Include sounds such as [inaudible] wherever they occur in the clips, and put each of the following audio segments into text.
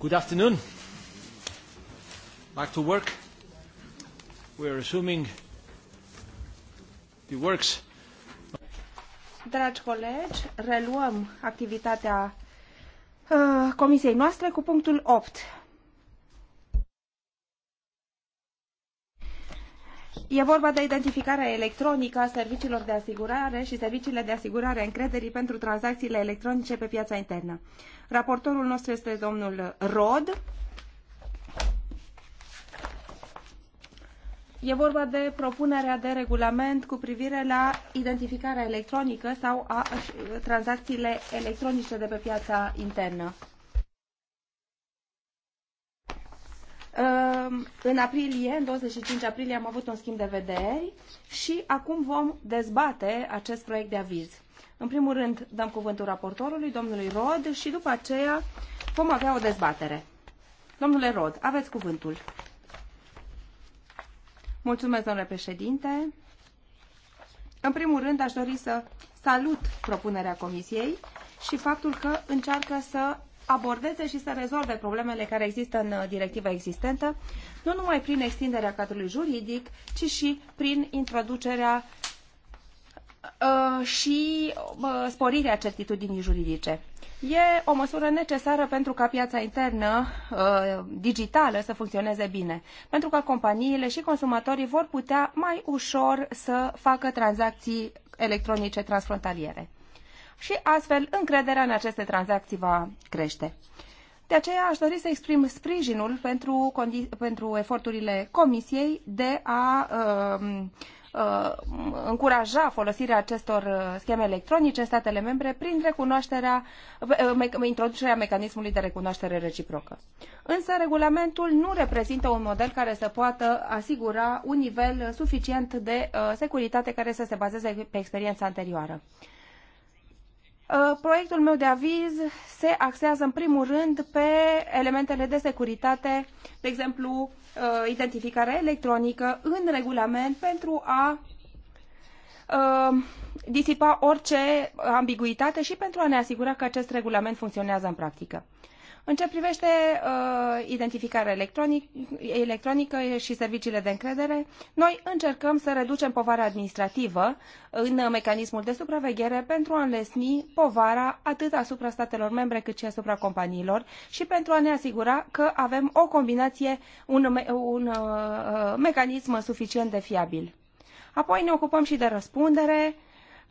Good afternoon. Back to work. We are assuming the works. Dragi colegi, reluăm activitatea uh, comisiei noastre cu punctul 8. E vorba de identificarea electronică a serviciilor de asigurare și serviciile de asigurare a încrederii pentru tranzacțiile electronice pe piața internă. Raportorul nostru este domnul Rod. E vorba de propunerea de regulament cu privire la identificarea electronică sau a tranzacțiile electronice de pe piața internă. Ehm, în aprilie, în 25 aprilie, am avut un schimb de vederi și acum vom dezbate acest proiect de aviz. În primul rând, dăm cuvântul raportorului, domnului Rod, și după aceea vom avea o dezbatere. Domnule Rod, aveți cuvântul. Mulțumesc, domnule președinte. În primul rând, aș dori să salut propunerea Comisiei și faptul că încearcă să abordeze și să rezolve problemele care există în uh, directiva existentă, nu numai prin extinderea cadrului juridic, ci și prin introducerea uh, și uh, sporirea certitudinii juridice. E o măsură necesară pentru ca piața internă digitală să funcționeze bine, pentru că companiile și consumatorii vor putea mai ușor să facă tranzacții electronice transfrontaliere și astfel încrederea în aceste tranzacții va crește. De aceea aș dori să exprim sprijinul pentru, pentru eforturile Comisiei de a uh, uh, încuraja folosirea acestor uh, scheme electronice în statele membre prin recunoașterea, uh, introducerea mecanismului de recunoaștere reciprocă. Însă regulamentul nu reprezintă un model care să poată asigura un nivel suficient de uh, securitate care să se bazeze pe experiența anterioară. Uh, proiectul meu de aviz se axează în primul rând pe elementele de securitate, de exemplu uh, identificare electronică în regulament pentru a uh, disipa orice ambiguitate și pentru a ne asigura că acest regulament funcționează în practică. În ce privește uh, identificarea electronic, electronică și serviciile de încredere, noi încercăm să reducem povara administrativă în mecanismul de supraveghere pentru a înlesni povara atât asupra statelor membre cât și asupra companiilor și pentru a ne asigura că avem o combinație, un, un uh, uh, mecanism suficient de fiabil. Apoi ne ocupăm și de răspundere,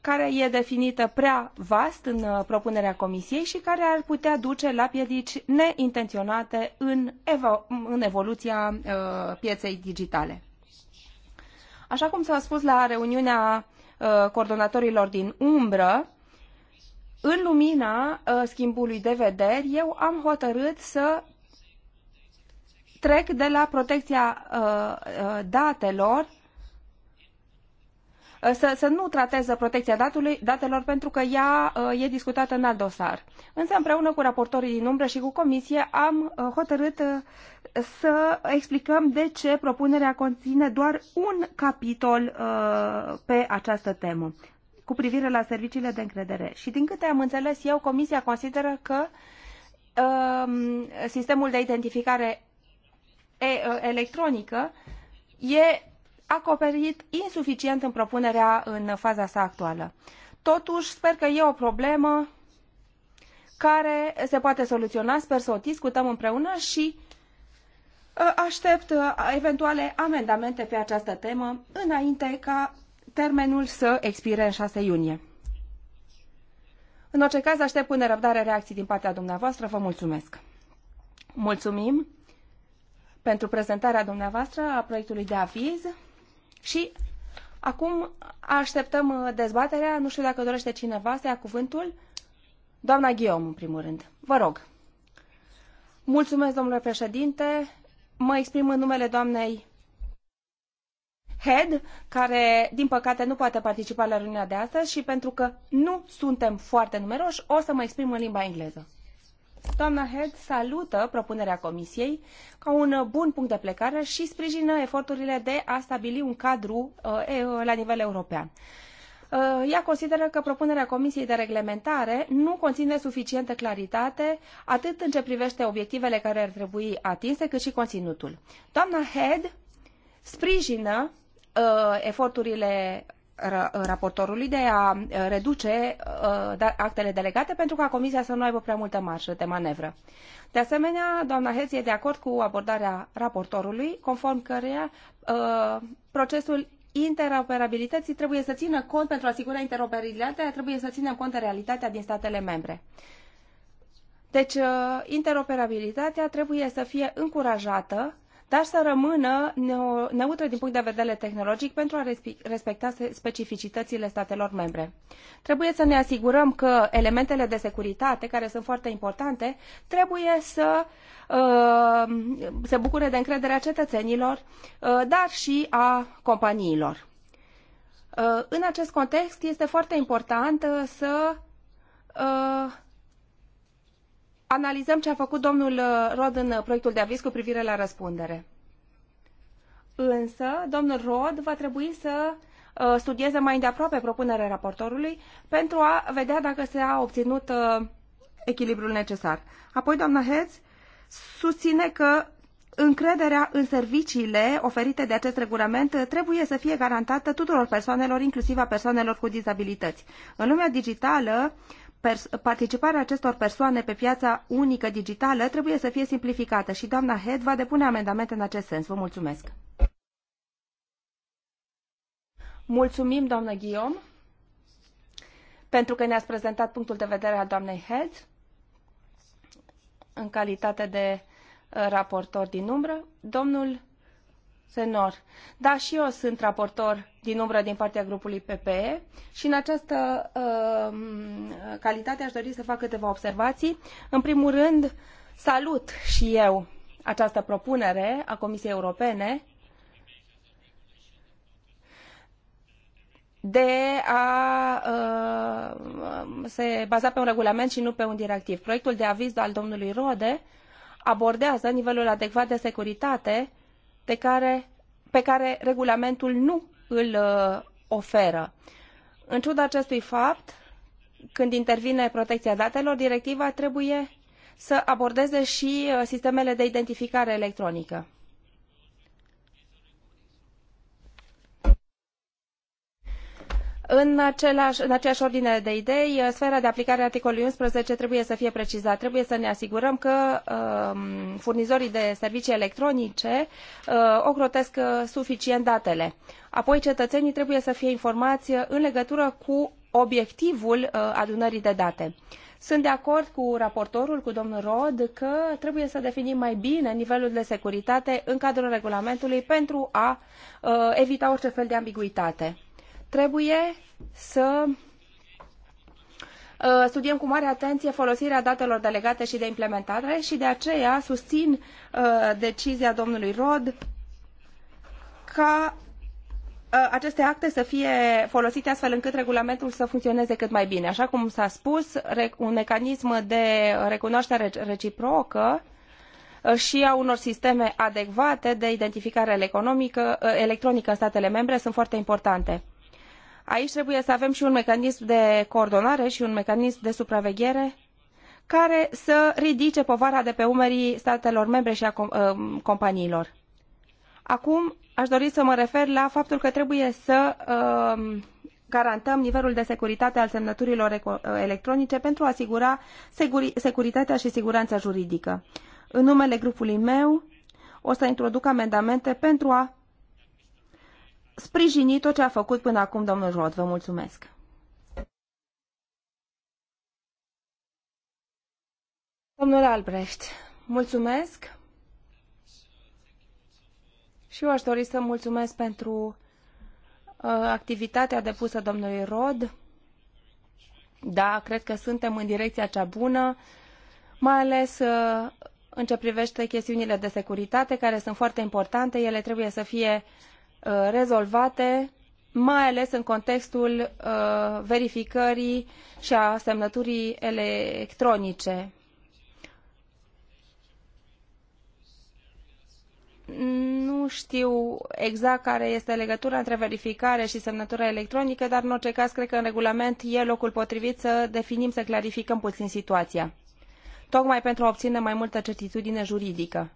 care e definită prea vast în uh, propunerea Comisiei și care ar putea duce la piedici neintenționate în, evo- în evoluția uh, pieței digitale. Așa cum s-a spus la reuniunea uh, coordonatorilor din umbră, în lumina uh, schimbului de vederi, eu am hotărât să trec de la protecția uh, uh datelor Uh, să, să nu trateze protecția datului, datelor pentru că ea uh, e discutată în alt dosar. Însă împreună cu raportorii din umbră și cu comisie am uh, hotărât să explicăm de ce propunerea conține doar un capitol pe această temă cu privire la serviciile de încredere. Și din câte am înțeles eu, Comisia consideră că um, sistemul de identificare electronică e acoperit insuficient în propunerea în faza sa actuală. Totuși, sper că e o problemă care se poate soluționa, sper să o discutăm împreună și ă, aștept ă, eventuale amendamente pe această temă înainte ca termenul să expire în 6 iunie. În orice caz, aștept cu nerăbdare reacții din partea dumneavoastră. Vă mulțumesc! Mulțumim pentru prezentarea dumneavoastră a proiectului de aviz. Și acum așteptăm uh, dezbaterea. Nu știu dacă dorește cineva să ia cuvântul. Doamna Ghiom, în primul rând. Vă rog. Mulțumesc, domnule președinte. Mă exprim în numele doamnei Head, care, din păcate, nu poate participa la reuniunea de astăzi și pentru că nu suntem foarte numeroși, o să mă exprim în limba engleză. Doamna Head salută propunerea Comisiei ca un uh, bun punct de plecare și sprijină eforturile de a stabili un cadru uh, uh, la nivel european. ea consideră că propunerea Comisiei de Reglementare nu conține suficientă claritate atât în ce privește obiectivele care ar trebui atinse, cât și conținutul. Doamna Head sprijină eforturile raportorului de a uh, reduce uh, da, actele delegate pentru ca Comisia să nu aibă prea multă marjă de manevră. De asemenea, doamna Hetz e de acord cu abordarea raportorului, conform căreia uh, procesul interoperabilității trebuie să țină cont, pentru a asigura interoperabilitatea, trebuie să țină cont de realitatea din statele membre. Deci, interoperabilitatea trebuie să fie încurajată dar să rămână neutră din punct de vedere tehnologic pentru a respecta specificitățile statelor membre. Trebuie să ne asigurăm că elementele de securitate, care sunt foarte importante, trebuie să uh, se bucure de încrederea cetățenilor, uh, dar și a companiilor. Uh, în acest context este foarte important să analizăm ce a făcut domnul uh, Rod în uh, proiectul de aviz cu privire la răspundere. Însă, domnul Rod va trebui să uh, studieze mai îndeaproape propunerea raportorului pentru a vedea dacă se a obținut echilibrul necesar. Apoi, doamna Hetz susține că încrederea în serviciile oferite de acest regulament trebuie să fie garantată tuturor persoanelor, inclusiv a persoanelor cu dizabilități. În lumea digitală, participarea acestor persoane pe piața unică digitală trebuie să fie simplificată și doamna Head va depune amendamente în acest sens. Vă mulțumesc! Mulțumim, doamnă Guillaume, pentru că ne-ați prezentat punctul de vedere al doamnei Head în calitate de uh, raportor din umbră. Domnul Senor. Da, și eu sunt raportor din umbră din partea grupului PPE și în această uh, calitate aș dori să fac câteva observații. În primul rând, salut și eu această propunere a Comisiei Europene de a uh, se baza pe un regulament și nu pe un directiv. Proiectul de aviz al domnului Rode abordează nivelul adecvat de securitate uh, de care, pe care regulamentul nu îl uh, oferă. În ciuda acestui fapt, când intervine protecția datelor, directiva trebuie să abordeze și uh, sistemele de identificare electronică. În, același, în aceeași ordine de idei, uh, sfera de aplicare a articolului 11 trebuie să fie precizată. Trebuie să ne asigurăm că um, furnizorii de servicii electronice uh, ocrotesc uh, suficient datele. Apoi, cetățenii trebuie să fie informați uh, în legătură cu obiectivul uh, adunării de date. Sunt de acord cu raportorul, cu domnul Rod, că trebuie să definim mai bine nivelul de securitate în cadrul regulamentului pentru a uh, evita orice fel de ambiguitate. Trebuie să uh, studiem cu mare atenție folosirea datelor delegate și de implementare și de aceea susțin uh, decizia domnului Rod ca uh, aceste acte să fie folosite astfel încât regulamentul să funcționeze cât mai bine. Așa cum s-a spus, un mecanism de recunoaștere reciprocă și a unor sisteme adecvate de identificare electronică în statele membre sunt foarte importante aici trebuie să avem și un mecanism de coordonare și un mecanism de supraveghere care să ridice povara de pe umerii statelor membre și a ă, companiilor. Acum aș dori să mă refer la faptul că trebuie să ă, garantăm nivelul de securitate al semnăturilor electronice pentru a asigura securitatea și siguranța juridică. În numele grupului meu o să introduc amendamente pentru a sprijini tot ce a făcut până acum domnul Rod. Vă mulțumesc! Domnul Albrecht, mulțumesc și eu aș dori să mulțumesc pentru uh, activitatea depusă domnului Rod. Da, cred că suntem în direcția cea bună, mai ales uh, în ce privește chestiunile de securitate, care sunt foarte importante. Ele trebuie să fie uh, Uh, rezolvate mai ales în contextul uh, verificării și a semnăturii electronice. Nu știu exact care este legătura între verificare și semnătura electronică, dar în orice caz cred că în regulament e locul potrivit să definim, să clarificăm puțin situația. Tocmai pentru a obține mai multă certitudine juridică.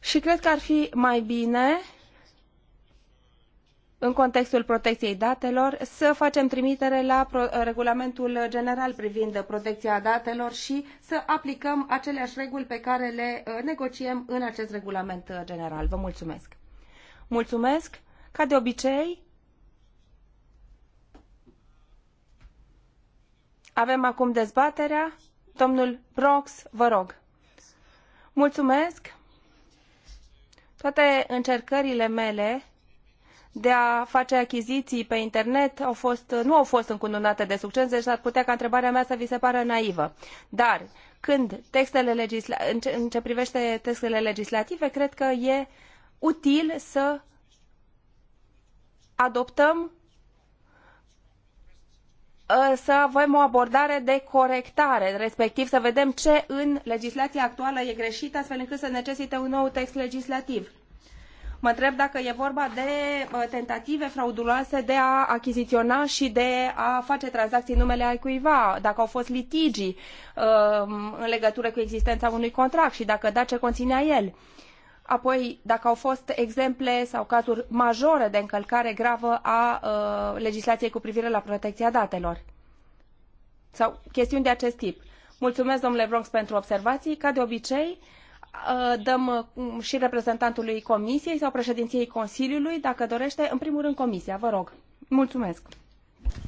Și cred că ar fi mai bine, în contextul protecției datelor, să facem trimitere la regulamentul general privind protecția datelor și să aplicăm aceleași reguli pe care le uh, negociem în acest regulament uh, general. Vă mulțumesc! Mulțumesc! Ca de obicei, avem acum dezbaterea. Domnul Brox, vă rog. Mulțumesc! Toate încercările mele de a face achiziții pe internet au fost, nu au fost încununate de succes, deci ar putea ca întrebarea mea să vi se pară naivă. Dar când textele legisla... în, ce, în ce privește textele legislative, cred că e util să adoptăm Uh, să avem o abordare de corectare, respectiv să vedem ce în legislația actuală e greșit, astfel încât să necesite un nou text legislativ. Mă întreb dacă e vorba de uh, tentative frauduloase de a achiziționa și de a face tranzacții în numele al cuiva, dacă au fost litigii uh, în legătură cu existența unui contract și dacă da, ce conținea el apoi dacă au fost exemple sau cazuri majore de încălcare gravă a uh, legislației cu privire la protecția datelor sau chestiuni de acest tip. Mulțumesc, domnule Bronx, pentru observații. Ca de obicei, uh, dăm um, și reprezentantului Comisiei sau președinției Consiliului, dacă dorește, în primul rând Comisia. Vă rog. Mulțumesc.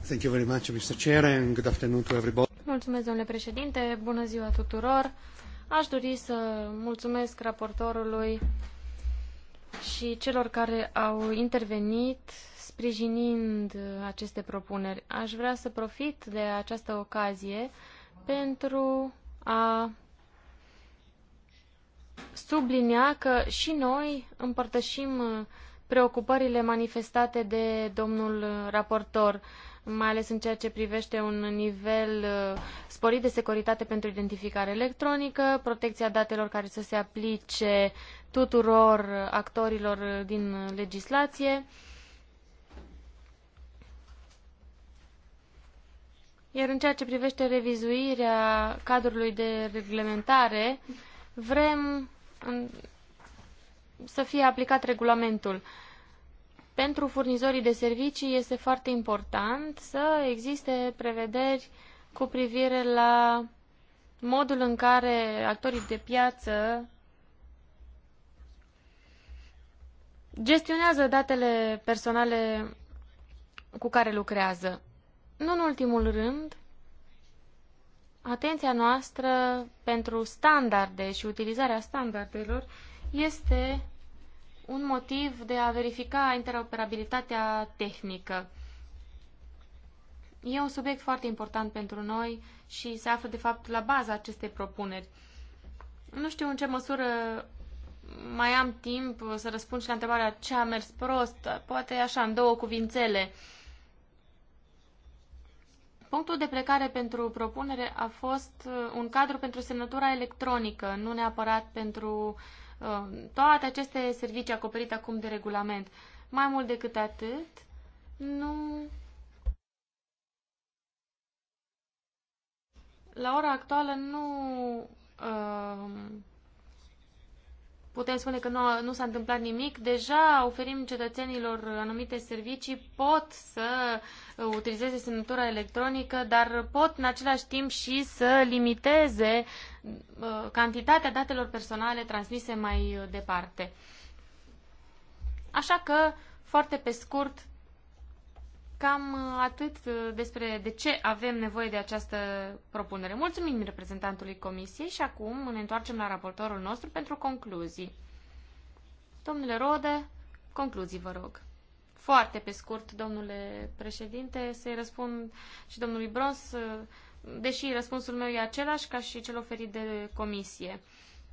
Thank you very much, Mr. Chair, and good afternoon to everybody. Mulțumesc, domnule președinte. Bună ziua tuturor. Uh, Aș dori să mulțumesc raportorului și celor care au intervenit sprijinind aceste propuneri. Aș vrea să profit de această ocazie pentru a sublinia că și noi împărtășim preocupările manifestate de domnul raportor mai ales în ceea ce privește un nivel uh, sporit de securitate pentru identificare electronică, protecția datelor care să se aplice tuturor actorilor din legislație. Iar în ceea ce privește revizuirea cadrului de reglementare, vrem să fie aplicat regulamentul pentru furnizorii de servicii este foarte important să existe prevederi cu privire la modul în care actorii de piață gestionează datele personale cu care lucrează. Nu în ultimul rând, atenția noastră pentru standarde și utilizarea standardelor este un motiv de a verifica interoperabilitatea tehnică. E un subiect foarte important pentru noi și se află, de fapt, la baza acestei propuneri. Nu știu în ce măsură mai am timp să răspund și la întrebarea ce a mers prost, poate așa, în două cuvințele. Punctul de plecare pentru propunere a fost un cadru pentru semnătura electronică, nu neapărat pentru Um, toate aceste servicii acoperite acum de regulament. Mai mult decât atât, nu... La ora actuală nu uh, putem spune că nu, nu s-a întâmplat nimic, deja oferim cetățenilor anumite servicii, pot să uh, utilizeze semnătura electronică, dar pot în același timp și să limiteze uh, cantitatea datelor personale transmise mai departe. Așa că, foarte pe scurt, Cam uh, atât uh, despre de ce avem nevoie de această propunere. Mulțumim reprezentantului Comisiei și acum ne întoarcem la raportorul nostru pentru concluzii. Domnule Rode, concluzii vă rog. Foarte pe scurt, domnule președinte, să-i răspund și domnului Brons, uh, deși răspunsul meu e același ca și cel oferit de comisie.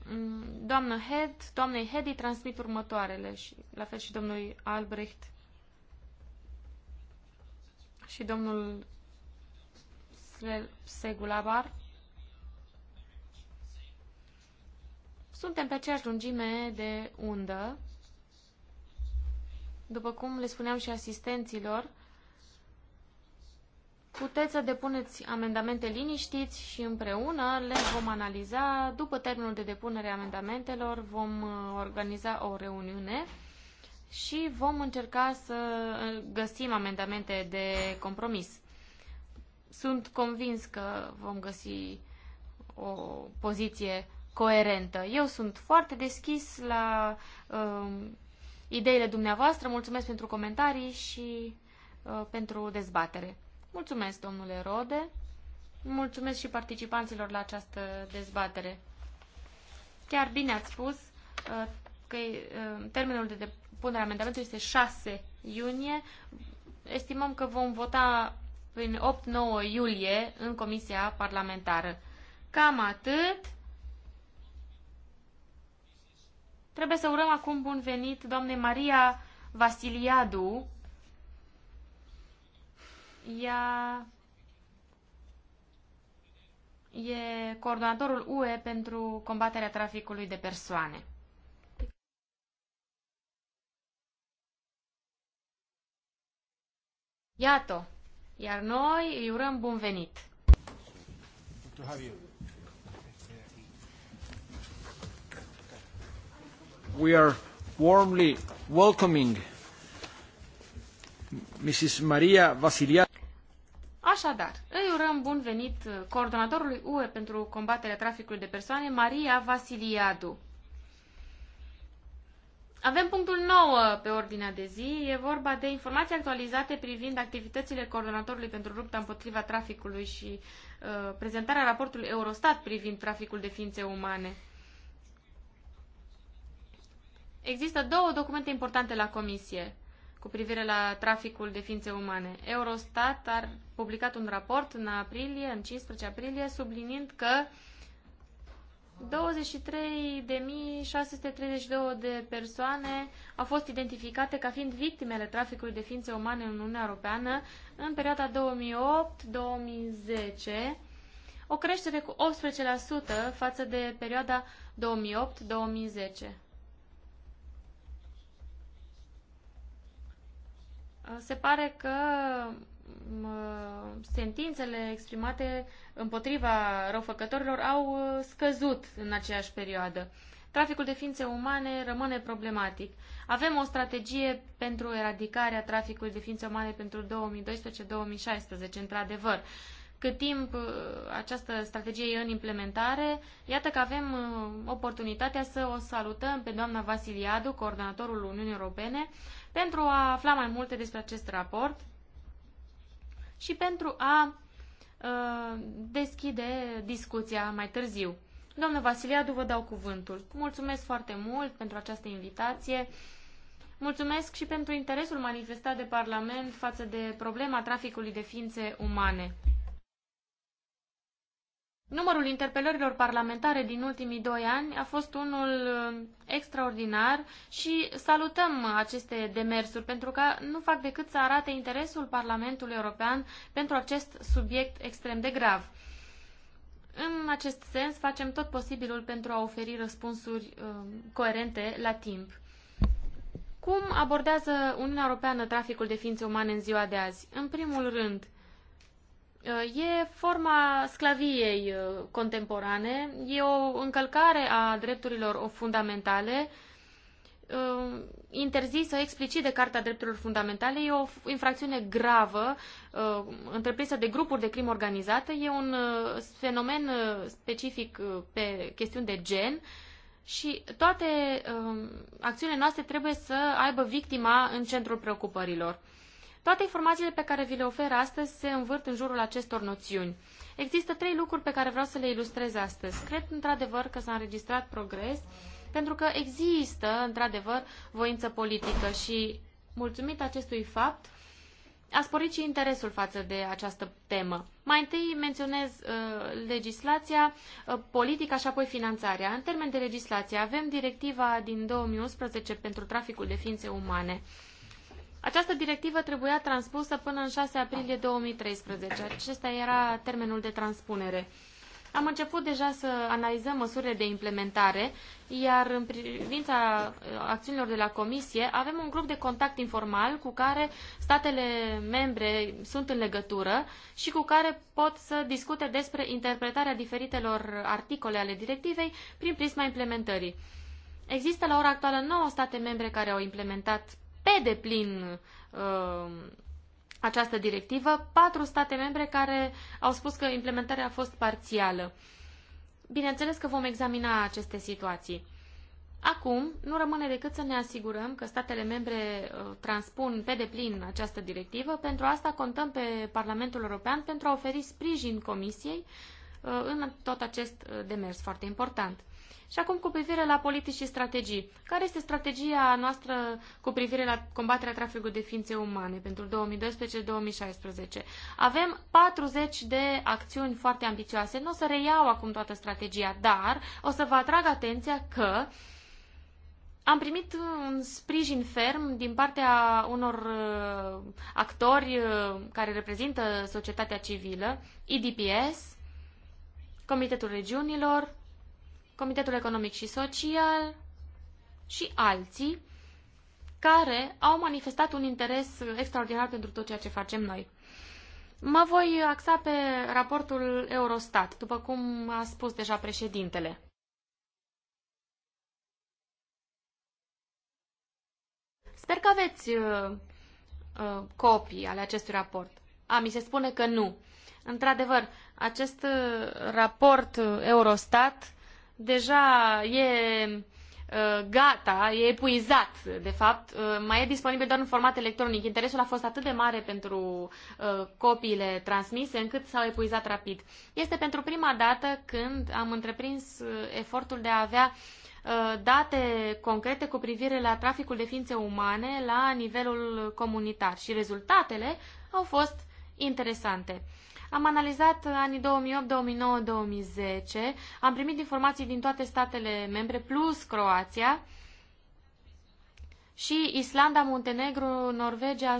Mm, doamnă Head, doamnei Head îi transmit următoarele și la fel și domnului Albrecht și domnul Segulabar. Suntem pe aceeași lungime de undă. După cum le spuneam și asistenților, puteți să depuneți amendamente liniștiți și împreună le vom analiza. După termenul de depunere a amendamentelor vom uh, organiza o reuniune și vom încerca să uh, găsim amendamente de compromis. Sunt convins că vom găsi o poziție coerentă. Eu sunt foarte deschis la uh, ideile dumneavoastră. Mulțumesc pentru comentarii și uh, pentru dezbatere. Mulțumesc, domnule Rode. Mulțumesc și participanților la această dezbatere. Chiar bine ați spus uh, că uh, termenul de punerea amendamentului este 6 iunie. Estimăm că vom vota prin 8-9 iulie în Comisia Parlamentară. Cam atât. Trebuie să urăm acum bun venit doamne Maria Vasiliadu. Ea e coordonatorul UE pentru combaterea traficului de persoane. Iată, iar noi îi urăm bun venit. We are warmly welcoming Mrs. Maria Vasilia. Așadar, îi urăm bun venit coordonatorului UE pentru combaterea traficului de persoane, Maria Vasiliadu. Avem punctul 9 pe ordinea de zi. E vorba de informații actualizate privind activitățile coordonatorului pentru lupta împotriva traficului și uh, prezentarea raportului Eurostat privind traficul de ființe umane. Există două documente importante la Comisie cu privire la traficul de ființe umane. Eurostat a publicat un raport în aprilie, în 15 aprilie, subliniind că uh, 23.632 de persoane au fost identificate ca fiind victimele traficului de ființe umane în Uniunea Europeană în perioada 2008-2010, o creștere cu 18% față de perioada 2008-2010. Se pare că sentințele exprimate împotriva răufăcătorilor au uh, scăzut în aceeași perioadă. Traficul de ființe umane rămâne problematic. Avem o strategie pentru eradicarea traficului de ființe umane pentru 2012-2016, într-adevăr. Cât timp uh, această strategie e în implementare, iată că avem uh, oportunitatea să o salutăm pe doamna Vasiliadu, coordonatorul Uniunii Europene, pentru a afla mai multe despre acest raport, și pentru a uh, deschide discuția mai târziu. Domnul Vasiliadu, vă dau cuvântul. Mulțumesc foarte mult pentru această invitație. Mulțumesc și pentru interesul manifestat de Parlament față de problema traficului de ființe umane. Numărul interpelărilor parlamentare din ultimii doi ani a fost unul uh, extraordinar și salutăm aceste demersuri pentru că nu fac decât să arate interesul Parlamentului European pentru acest subiect extrem de grav. În acest sens, facem tot posibilul pentru a oferi răspunsuri uh, coerente la timp. Cum abordează Uniunea Europeană traficul de ființe umane în ziua de azi? În primul rând, E forma sclaviei uh, contemporane, e o încălcare a drepturilor fundamentale, uh, interzisă explicit de Carta Drepturilor Fundamentale, e o infracțiune gravă uh, întreprinsă de grupuri de crimă organizată, e un fenomen specific pe chestiuni de gen și toate acțiunile noastre trebuie să aibă victima în centrul preocupărilor. Toate informațiile pe care vi le ofer astăzi se învârt în jurul acestor noțiuni. Există trei lucruri pe care vreau să le ilustrez astăzi. Cred într-adevăr că s-a înregistrat progres, pentru că există într-adevăr voință politică și, mulțumit acestui fapt, a sporit și interesul față de această temă. Mai întâi menționez uh, legislația, uh, politica și apoi finanțarea. În termen de legislație avem directiva din 2011 pentru traficul de ființe umane. Uh, această directivă trebuia transpusă până în 6 aprilie 2013. Acesta era termenul de transpunere. Am început deja să analizăm măsurile de implementare, iar în privința uh, acțiunilor de la Comisie avem un grup de contact informal cu care statele membre sunt în legătură și cu care pot să discute despre interpretarea diferitelor articole ale directivei prin prisma implementării. Există la ora actuală 9 state membre care au implementat pe deplin uh, această directivă, patru state membre care au spus că implementarea a fost parțială. Bineînțeles că vom examina aceste situații. Acum, nu rămâne decât să ne asigurăm că statele membre uh, transpun pe deplin această directivă. Pentru asta contăm pe Parlamentul European pentru a oferi sprijin Comisiei uh, în tot acest uh, demers foarte important. Și acum cu privire la politici și strategii. Care este strategia noastră cu privire la combaterea traficului de ființe umane pentru 2012-2016? Avem 40 de acțiuni foarte ambițioase. Nu o să reiau acum toată strategia, dar o să vă atrag atenția că am primit un sprijin ferm din partea unor uh, actori uh, care reprezintă societatea civilă, IDPS, Comitetul Regiunilor, Comitetul Economic și Social și alții care au manifestat un interes extraordinar pentru tot ceea ce facem noi. Mă voi axa pe raportul Eurostat, după cum a spus deja președintele. Sper că aveți uh, uh, copii ale acestui raport. A, mi se spune că nu. Într-adevăr, acest uh, raport uh, Eurostat deja e ă, gata, e epuizat, de fapt, ă, mai e disponibil doar în format electronic. Interesul a fost atât de mare pentru ă, copiile transmise încât s-au epuizat rapid. Este pentru prima dată când am întreprins efortul de a avea date concrete cu privire la traficul de ființe umane la nivelul comunitar și rezultatele au fost interesante. Am analizat anii 2008, 2009, 2010, am primit informații din toate statele membre, plus Croația, și Islanda, Muntenegru, Norvegia,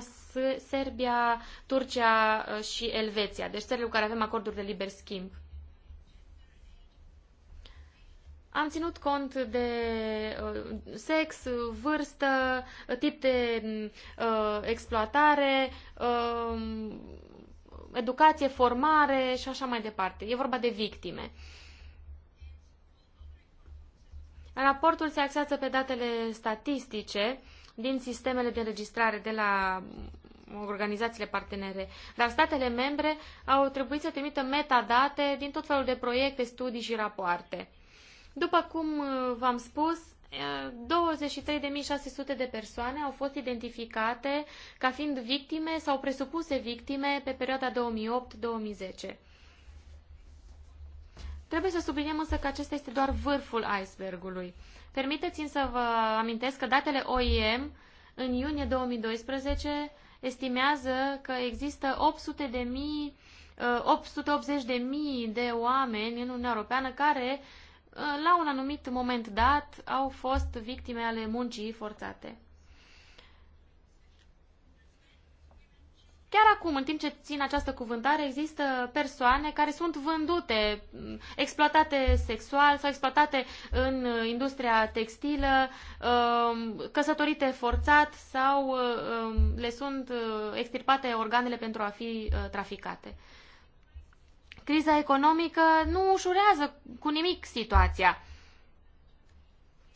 Serbia, Turcia uh, și Elveția, deci țările cu care avem acorduri de liber schimb. Am ținut cont de uh, sex, vârstă, tip de uh, exploatare, uh, educație, formare și așa mai departe. E vorba de victime. Raportul se axează pe datele statistice din sistemele de înregistrare de la organizațiile partenere, dar statele membre au trebuit să trimită metadate din tot felul de proiecte, studii și rapoarte. După cum v-am spus, 23.600 de persoane au fost identificate ca fiind victime sau presupuse victime pe perioada 2008-2010. Trebuie să subliniem însă că acesta este doar vârful icebergului. Permiteți-mi să vă amintesc că datele OIM în iunie 2012 estimează că există 800 de mii, 880 de mii de oameni în Uniunea Europeană care Uh, la un anumit moment dat, au fost victime ale muncii forțate. Chiar acum, în timp ce țin această cuvântare, există persoane care sunt vândute, mm, exploatate sexual sau exploatate în uh, industria textilă, um, căsătorite forțat sau uh, um, le sunt extirpate organele pentru a fi traficate. Criza economică nu ușurează cu nimic situația.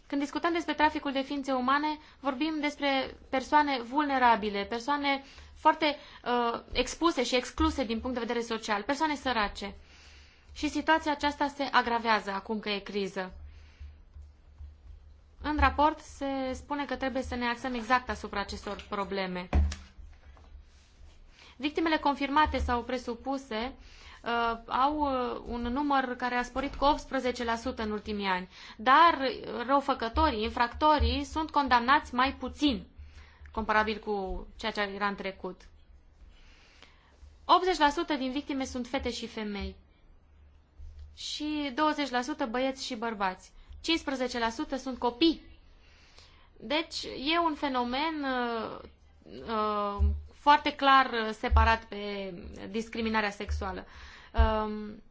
Când discutăm despre traficul de ființe umane, vorbim despre persoane vulnerabile, persoane foarte uh, expuse și excluse din punct de vedere social, persoane sărace. Și situația aceasta se agravează acum că e criză. În raport se spune că trebuie să ne axăm exact asupra acestor probleme. Victimele confirmate sau presupuse uh, au uh, un număr care a sporit cu 18% în ultimii ani, dar răufăcătorii, infractorii sunt condamnați mai puțin comparabil cu ceea ce era în trecut. 80% din victime sunt fete și femei și 20% băieți și bărbați. 15% sunt copii. Deci e un fenomen uh, uh, foarte clar uh, separat pe discriminarea sexuală. Um,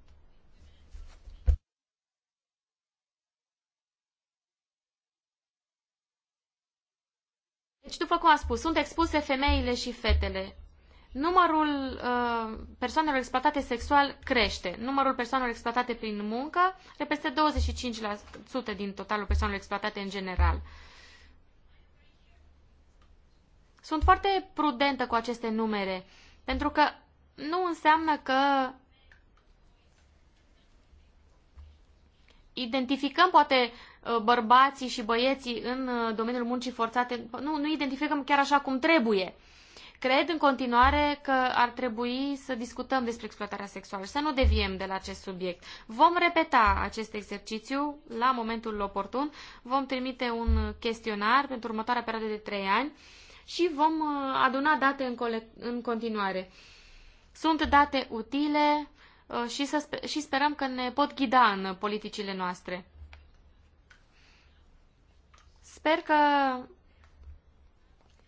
Deci, după cum am spus, sunt expuse femeile și fetele. Numărul uh, persoanelor exploatate sexual crește. Numărul persoanelor exploatate prin muncă reprezintă 25% din totalul persoanelor exploatate în general. Sunt foarte prudentă cu aceste numere, pentru că nu înseamnă că identificăm poate uh, bărbații și băieții în uh, domeniul muncii forțate, nu, nu identificăm chiar așa cum trebuie. Cred în continuare că ar trebui să discutăm despre exploatarea sexuală să nu deviem de la acest subiect. Vom repeta acest exercițiu la momentul oportun, vom trimite un chestionar pentru următoarea perioadă de trei ani și vom uh, aduna date în, în continuare. Sunt date utile, Uh, și, să, și sperăm că ne pot ghida în politicile noastre. Sper că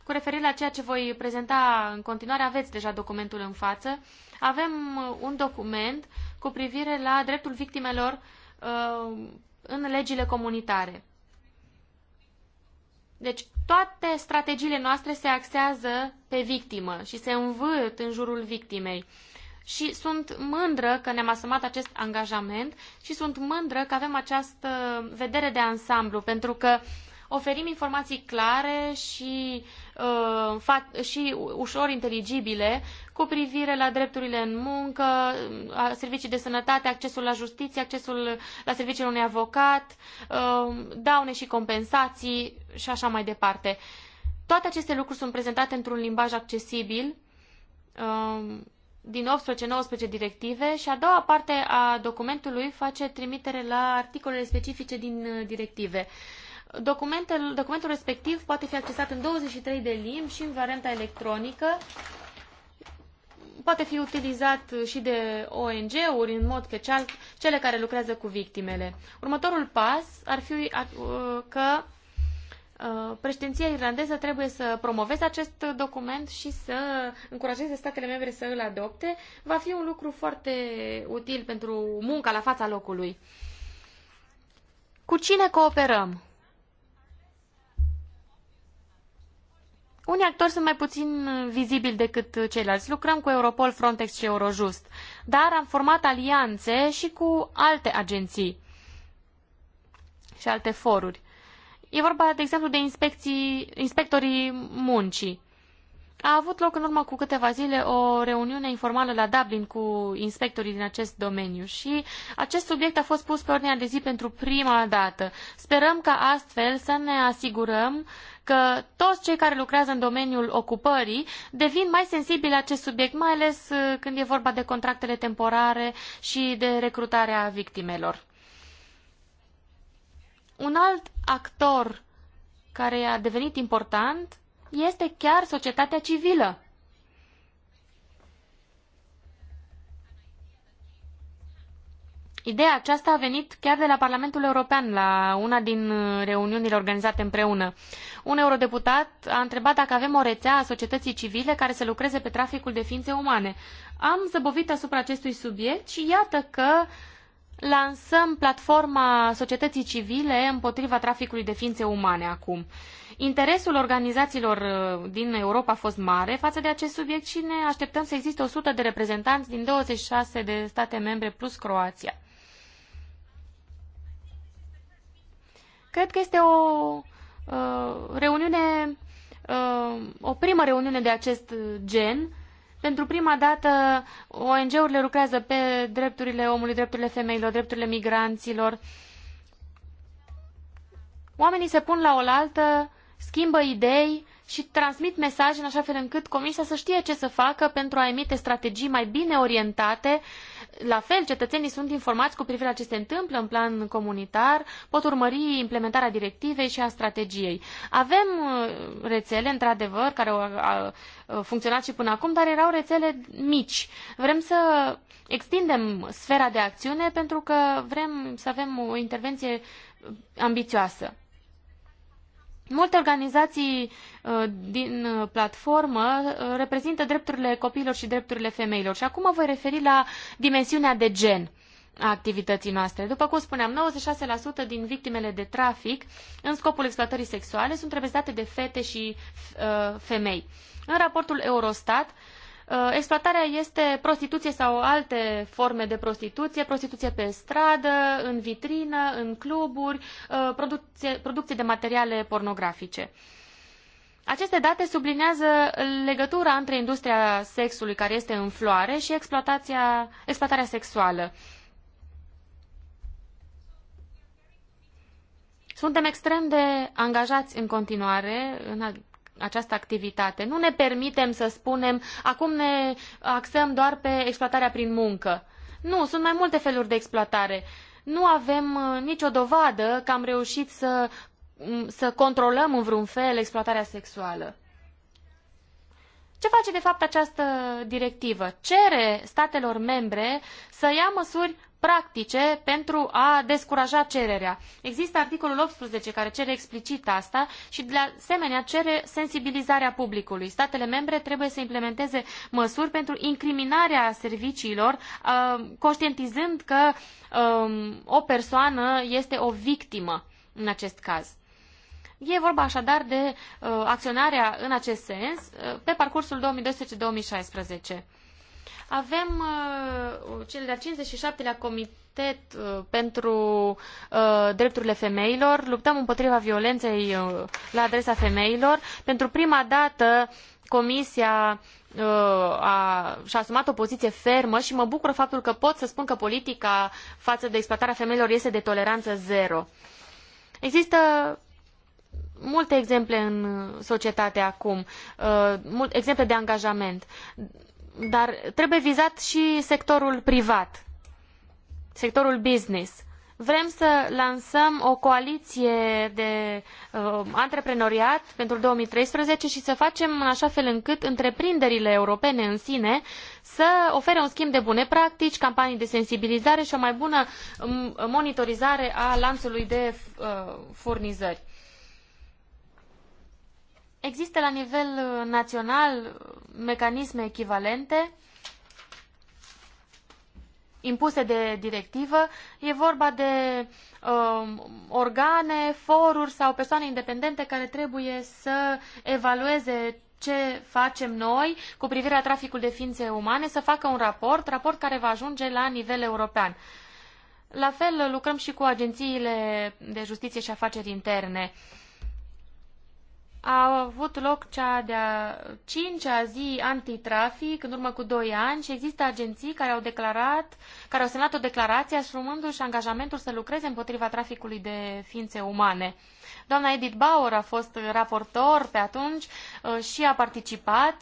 cu referire la ceea ce voi prezenta în continuare, aveți deja documentul în față. Avem uh, un document cu privire la dreptul victimelor uh, în legile comunitare. Deci toate strategiile noastre se axează pe victimă și se învârt în jurul victimei și sunt mândră că ne-am asumat acest angajament și sunt mândră că avem această vedere de ansamblu, pentru că oferim informații clare și, uh, și ușor inteligibile cu privire la drepturile în muncă, servicii de sănătate, accesul la justiție, accesul la serviciul unui avocat, uh, daune și compensații și așa mai departe. Toate aceste lucruri sunt prezentate într-un limbaj accesibil. Uh, din 18-19 directive și a doua parte a documentului face trimitere la articolele specifice din uh, directive. Documentul, documentul respectiv poate fi accesat în 23 de limbi și în varianta electronică. Poate fi utilizat uh, și de ONG-uri în mod special cele care lucrează cu victimele. Următorul pas ar fi uh, că Uh, președinția irlandeză trebuie să promoveze acest document și să încurajeze statele membre să îl adopte. Va fi un lucru foarte util pentru munca la fața locului. Cu cine cooperăm? Unii actori sunt mai puțin vizibili decât ceilalți. Lucrăm cu Europol, Frontex și Eurojust, dar am format alianțe și cu alte agenții și alte foruri. E vorba, de exemplu, de inspecții, inspectorii muncii. A avut loc în urmă cu câteva zile o reuniune informală la Dublin cu inspectorii din acest domeniu și acest subiect a fost pus pe ordinea de zi pentru prima dată. Sperăm ca astfel să ne asigurăm că toți cei care lucrează în domeniul ocupării devin mai sensibili la acest subiect, mai ales uh, când e vorba de contractele temporare și de recrutarea victimelor. Un alt actor care a devenit important este chiar societatea civilă. Ideea aceasta a venit chiar de la Parlamentul European, la una din reuniunile organizate împreună. Un eurodeputat a întrebat dacă avem o rețea a societății civile care să lucreze pe traficul de ființe umane. Am zăbovit asupra acestui subiect și iată că uh, lansăm platforma societății civile împotriva traficului de ființe umane acum. Interesul organizațiilor uh, din Europa a fost mare față de acest subiect și ne așteptăm să existe 100 de reprezentanți din 26 de state membre plus Croația. Cred că este o uh, reuniune, uh, o primă reuniune de acest gen pentru prima dată, ONG-urile lucrează pe drepturile omului, drepturile femeilor, drepturile migranților. Oamenii se pun la oaltă, schimbă idei, și transmit mesaje în așa fel încât Comisia să știe ce să facă pentru a emite strategii mai bine orientate. La fel, cetățenii sunt informați cu privire la ce se întâmplă în plan comunitar, pot urmări implementarea directivei și a strategiei. Avem uh, rețele, într-adevăr, care au funcționat și până acum, dar erau rețele mici. Vrem să extindem sfera de acțiune pentru că vrem să avem o intervenție ambițioasă. Multe organizații uh, din uh, platformă uh, reprezintă drepturile copiilor și drepturile femeilor. Și acum mă voi referi la dimensiunea de gen a activității noastre. După cum spuneam, 96% din victimele de trafic în scopul exploatării sexuale sunt reprezentate de fete și uh, femei. În raportul Eurostat, Uh, exploatarea este prostituție sau alte forme de prostituție, prostituție pe stradă, în vitrină, în cluburi, uh, producție, producție de materiale pornografice. Aceste date sublinează legătura între industria sexului care este în floare și exploatația, exploatarea sexuală. Suntem extrem de angajați în continuare în această activitate. Nu ne permitem să spunem, acum ne axăm doar pe exploatarea prin muncă. Nu, sunt mai multe feluri de exploatare. Nu avem uh, nicio dovadă că am reușit să, să controlăm în vreun fel exploatarea sexuală. Ce face de fapt această directivă? Cere statelor membre să ia măsuri practice pentru a descuraja cererea. Există articolul 18 care cere explicit asta și de asemenea cere sensibilizarea publicului. Statele membre trebuie să implementeze măsuri pentru incriminarea serviciilor, uh, conștientizând că um, o persoană este o victimă în acest caz. E vorba așadar de uh, acționarea în acest sens uh, pe parcursul 2012-2016. Avem uh, cel de-al 57-lea comitet uh, pentru uh, drepturile femeilor. Luptăm împotriva violenței uh, la adresa femeilor. Pentru prima dată Comisia uh, a, și-a asumat o poziție fermă și mă bucură faptul că pot să spun că politica față de exploatarea femeilor este de toleranță zero. Există multe exemple în societate acum, uh, exemple de angajament dar trebuie vizat și sectorul privat, sectorul business. Vrem să lansăm o coaliție de uh, antreprenoriat pentru 2013 și să facem în așa fel încât întreprinderile europene în sine să ofere un schimb de bune practici, campanii de sensibilizare și o mai bună monitorizare a lanțului de uh, furnizări. Există la nivel uh, național uh, mecanisme echivalente impuse de directivă. E vorba de uh, organe, foruri sau persoane independente care trebuie să evalueze ce facem noi cu privire la traficul de ființe umane, să facă un raport, raport care va ajunge la nivel european. La fel lucrăm și cu agențiile de justiție și afaceri interne. Uh, a avut loc cea de-a cincea zi antitrafic în urmă cu doi ani și există agenții care au declarat, care au semnat o declarație asumându-și angajamentul să lucreze împotriva traficului de ființe umane. Doamna Edith Bauer a fost raportor pe atunci uh, și a participat.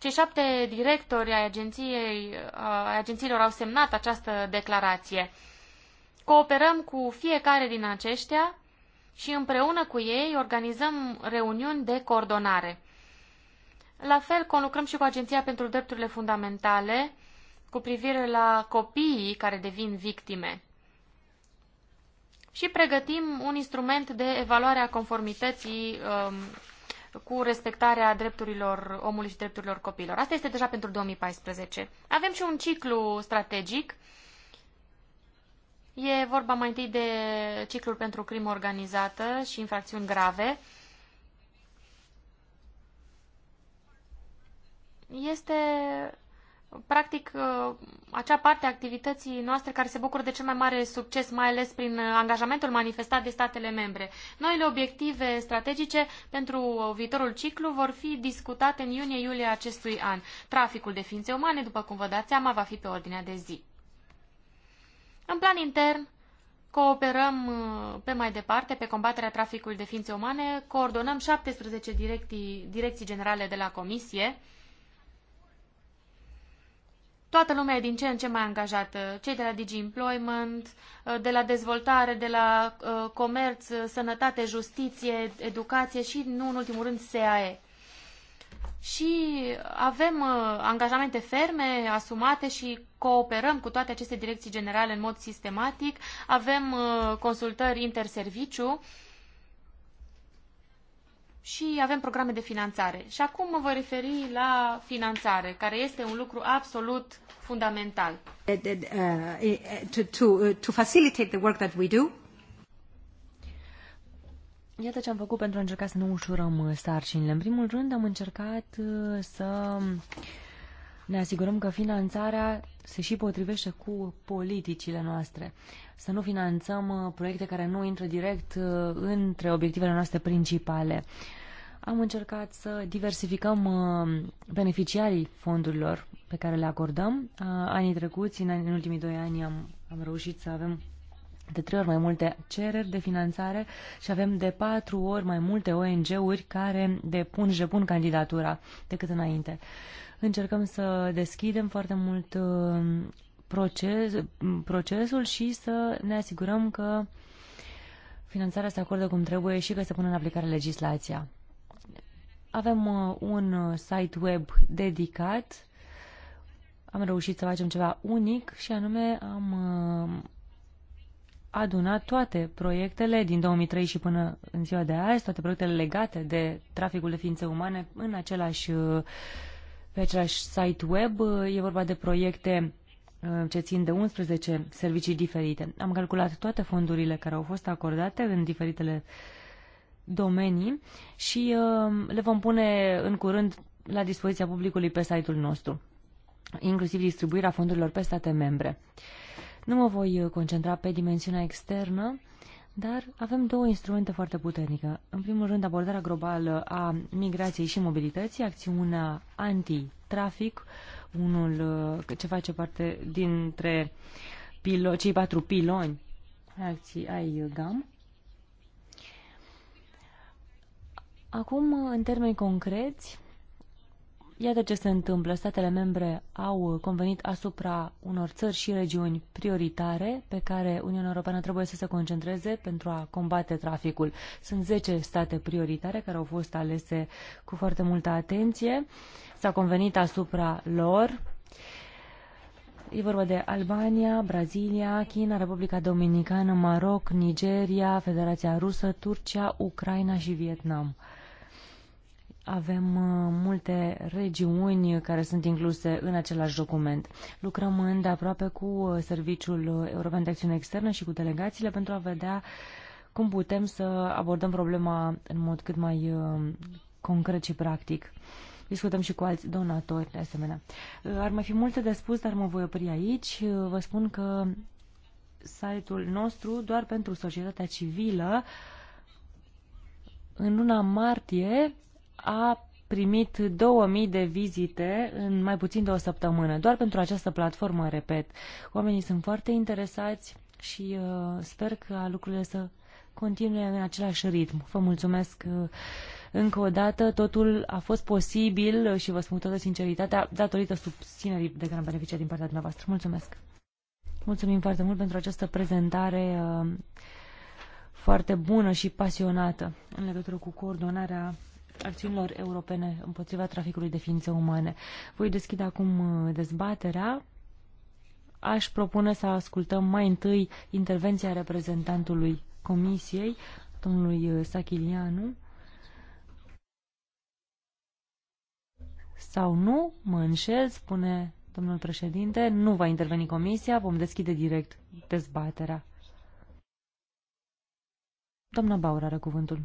Cei șapte directori ai, agenției, uh, ai agențiilor au semnat această declarație. Cooperăm cu fiecare din aceștia și împreună cu ei organizăm reuniuni de coordonare. La fel, conlucrăm și cu Agenția pentru Drepturile Fundamentale cu privire la copiii care devin victime. Și pregătim un instrument de evaluare a conformității um, cu respectarea drepturilor omului și drepturilor copiilor. Asta este deja pentru 2014. Avem și un ciclu strategic uh, E vorba mai întâi de cicluri pentru crimă organizată și infracțiuni grave. Este practic acea parte a activității noastre care se bucură de cel mai mare succes, mai ales prin angajamentul manifestat de statele membre. Noile obiective strategice pentru viitorul ciclu vor fi discutate în iunie-iulie acestui an. Traficul de ființe umane, după cum vă dați seama, va fi pe ordinea de zi. În plan intern, cooperăm uh, pe mai departe pe combaterea traficului de ființe umane, coordonăm 17 directii, direcții generale de la Comisie. Toată lumea e din ce în ce mai angajată. Cei de la Digi Employment, uh, de la dezvoltare, de la uh, comerț, sănătate, justiție, educație și, nu în ultimul rând, SAE și avem uh, angajamente ferme, asumate și cooperăm cu toate aceste direcții generale în mod sistematic, avem uh, consultări interserviciu și avem programe de finanțare. Și acum mă voi referi la finanțare, care este un lucru absolut fundamental. Uh, to, to, to facilitate the work that we do, Iată ce am făcut pentru a încerca să nu ușurăm uh, sarcinile. În primul rând am încercat uh, să ne asigurăm că finanțarea se și potrivește cu politicile noastre. Să nu finanțăm uh, proiecte care nu intră direct între obiectivele noastre principale. Am încercat să diversificăm beneficiarii fondurilor pe care le acordăm. Anii trecuți, în ultimii doi ani, am, am reușit să avem de trei ori mai multe cereri de finanțare și avem de patru ori mai multe ONG-uri care depun și depun candidatura decât înainte. Încercăm să deschidem foarte mult uh, proces, procesul și să ne asigurăm că finanțarea se acordă cum trebuie și că se pune în aplicare legislația. Avem uh, un uh, site web dedicat am reușit să facem ceva unic și anume am Adunat toate proiectele din 2003 și până în ziua de azi, toate proiectele legate de traficul de ființe umane în același, pe același site web. E vorba de proiecte uh, ce țin de 11 servicii diferite. Am calculat toate fondurile care au fost acordate în diferitele domenii și uh, le vom pune în curând la dispoziția publicului pe site-ul nostru, inclusiv distribuirea fondurilor pe state membre. Nu mă voi uh, concentra pe dimensiunea externă, dar avem două instrumente foarte puternice. În primul rând, abordarea globală a migrației și mobilității, acțiunea anti-trafic, unul uh, ce face parte dintre pilo, cei patru piloni acții ai GAM. Acum, în termeni concreți, Iată ce se întâmplă. Statele membre au convenit asupra unor țări și regiuni prioritare pe care Uniunea Europeană trebuie să se concentreze pentru a combate traficul. Sunt 10 state prioritare care au fost alese cu foarte multă atenție. S-a convenit asupra lor. E vorba de Albania, Brazilia, China, Republica Dominicană, Maroc, Nigeria, Federația Rusă, Turcia, Ucraina și Vietnam avem uh, multe regiuni care sunt incluse în același document. Lucrăm îndeaproape cu uh, Serviciul European de Acțiune Externă și cu delegațiile pentru a vedea cum putem să abordăm problema în mod cât mai uh, concret și practic. Discutăm și cu alți donatori, de asemenea. Ar mai fi multe de spus, dar mă voi opri aici. Vă spun că site-ul nostru, doar pentru societatea civilă, în luna martie a primit 2000 de vizite în mai puțin de o săptămână, doar pentru această platformă, repet. Oamenii sunt foarte interesați și uh, sper că lucrurile să continue în același ritm. Vă mulțumesc uh, încă o dată. Totul a fost posibil și vă spun toată sinceritatea datorită susținerii de care am beneficiat din partea dumneavoastră. Mulțumesc! Mulțumim foarte mult pentru această prezentare uh, foarte bună și pasionată în legătură cu coordonarea acțiunilor europene împotriva traficului de ființe umane. Voi deschide acum uh, dezbaterea. Aș propune să ascultăm mai întâi intervenția reprezentantului Comisiei, domnului uh, Sachilianu. Sau nu, mă înșel, spune domnul președinte, nu va interveni comisia, vom deschide direct dezbaterea. Doamna Baur are cuvântul.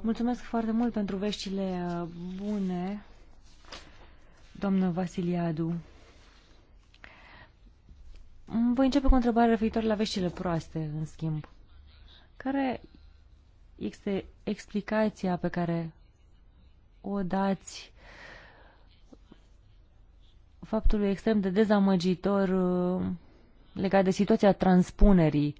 Mulțumesc foarte mult pentru veștile uh, bune, doamnă Vasiliadu. Mm, voi începe cu o întrebare referitoare la veștile proaste, în schimb. Care este explicația pe care o dați faptului extrem de dezamăgitor uh, legat de situația transpunerii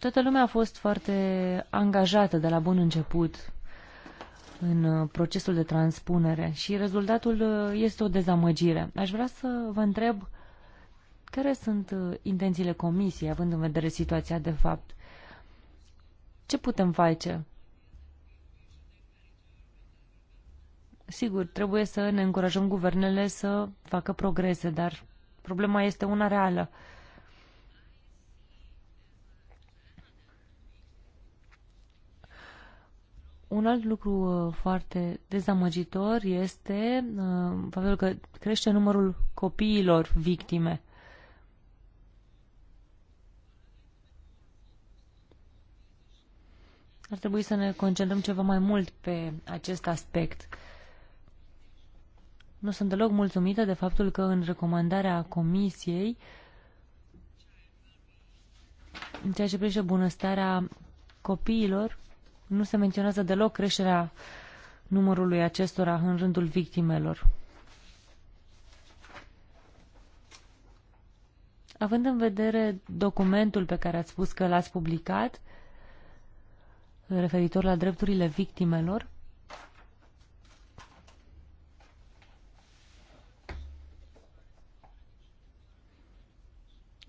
Toată lumea a fost foarte angajată de la bun început în uh, procesul de transpunere și rezultatul uh, este o dezamăgire. Aș vrea să vă întreb care sunt uh, intențiile comisiei, având în vedere situația de fapt. Ce putem face? Sigur, trebuie să ne încurajăm guvernele să facă progrese, dar problema este una reală. Uh, Un alt lucru uh, foarte dezamăgitor este uh, faptul că crește numărul copiilor victime. Ar trebui să ne concentrăm ceva mai mult pe acest aspect. Nu sunt deloc mulțumită de faptul că în recomandarea comisiei, în ceea ce privește bunăstarea copiilor, nu se menționează deloc creșterea numărului acestora în rândul victimelor. Având în vedere documentul pe care ați spus că l-ați publicat, referitor la drepturile victimelor,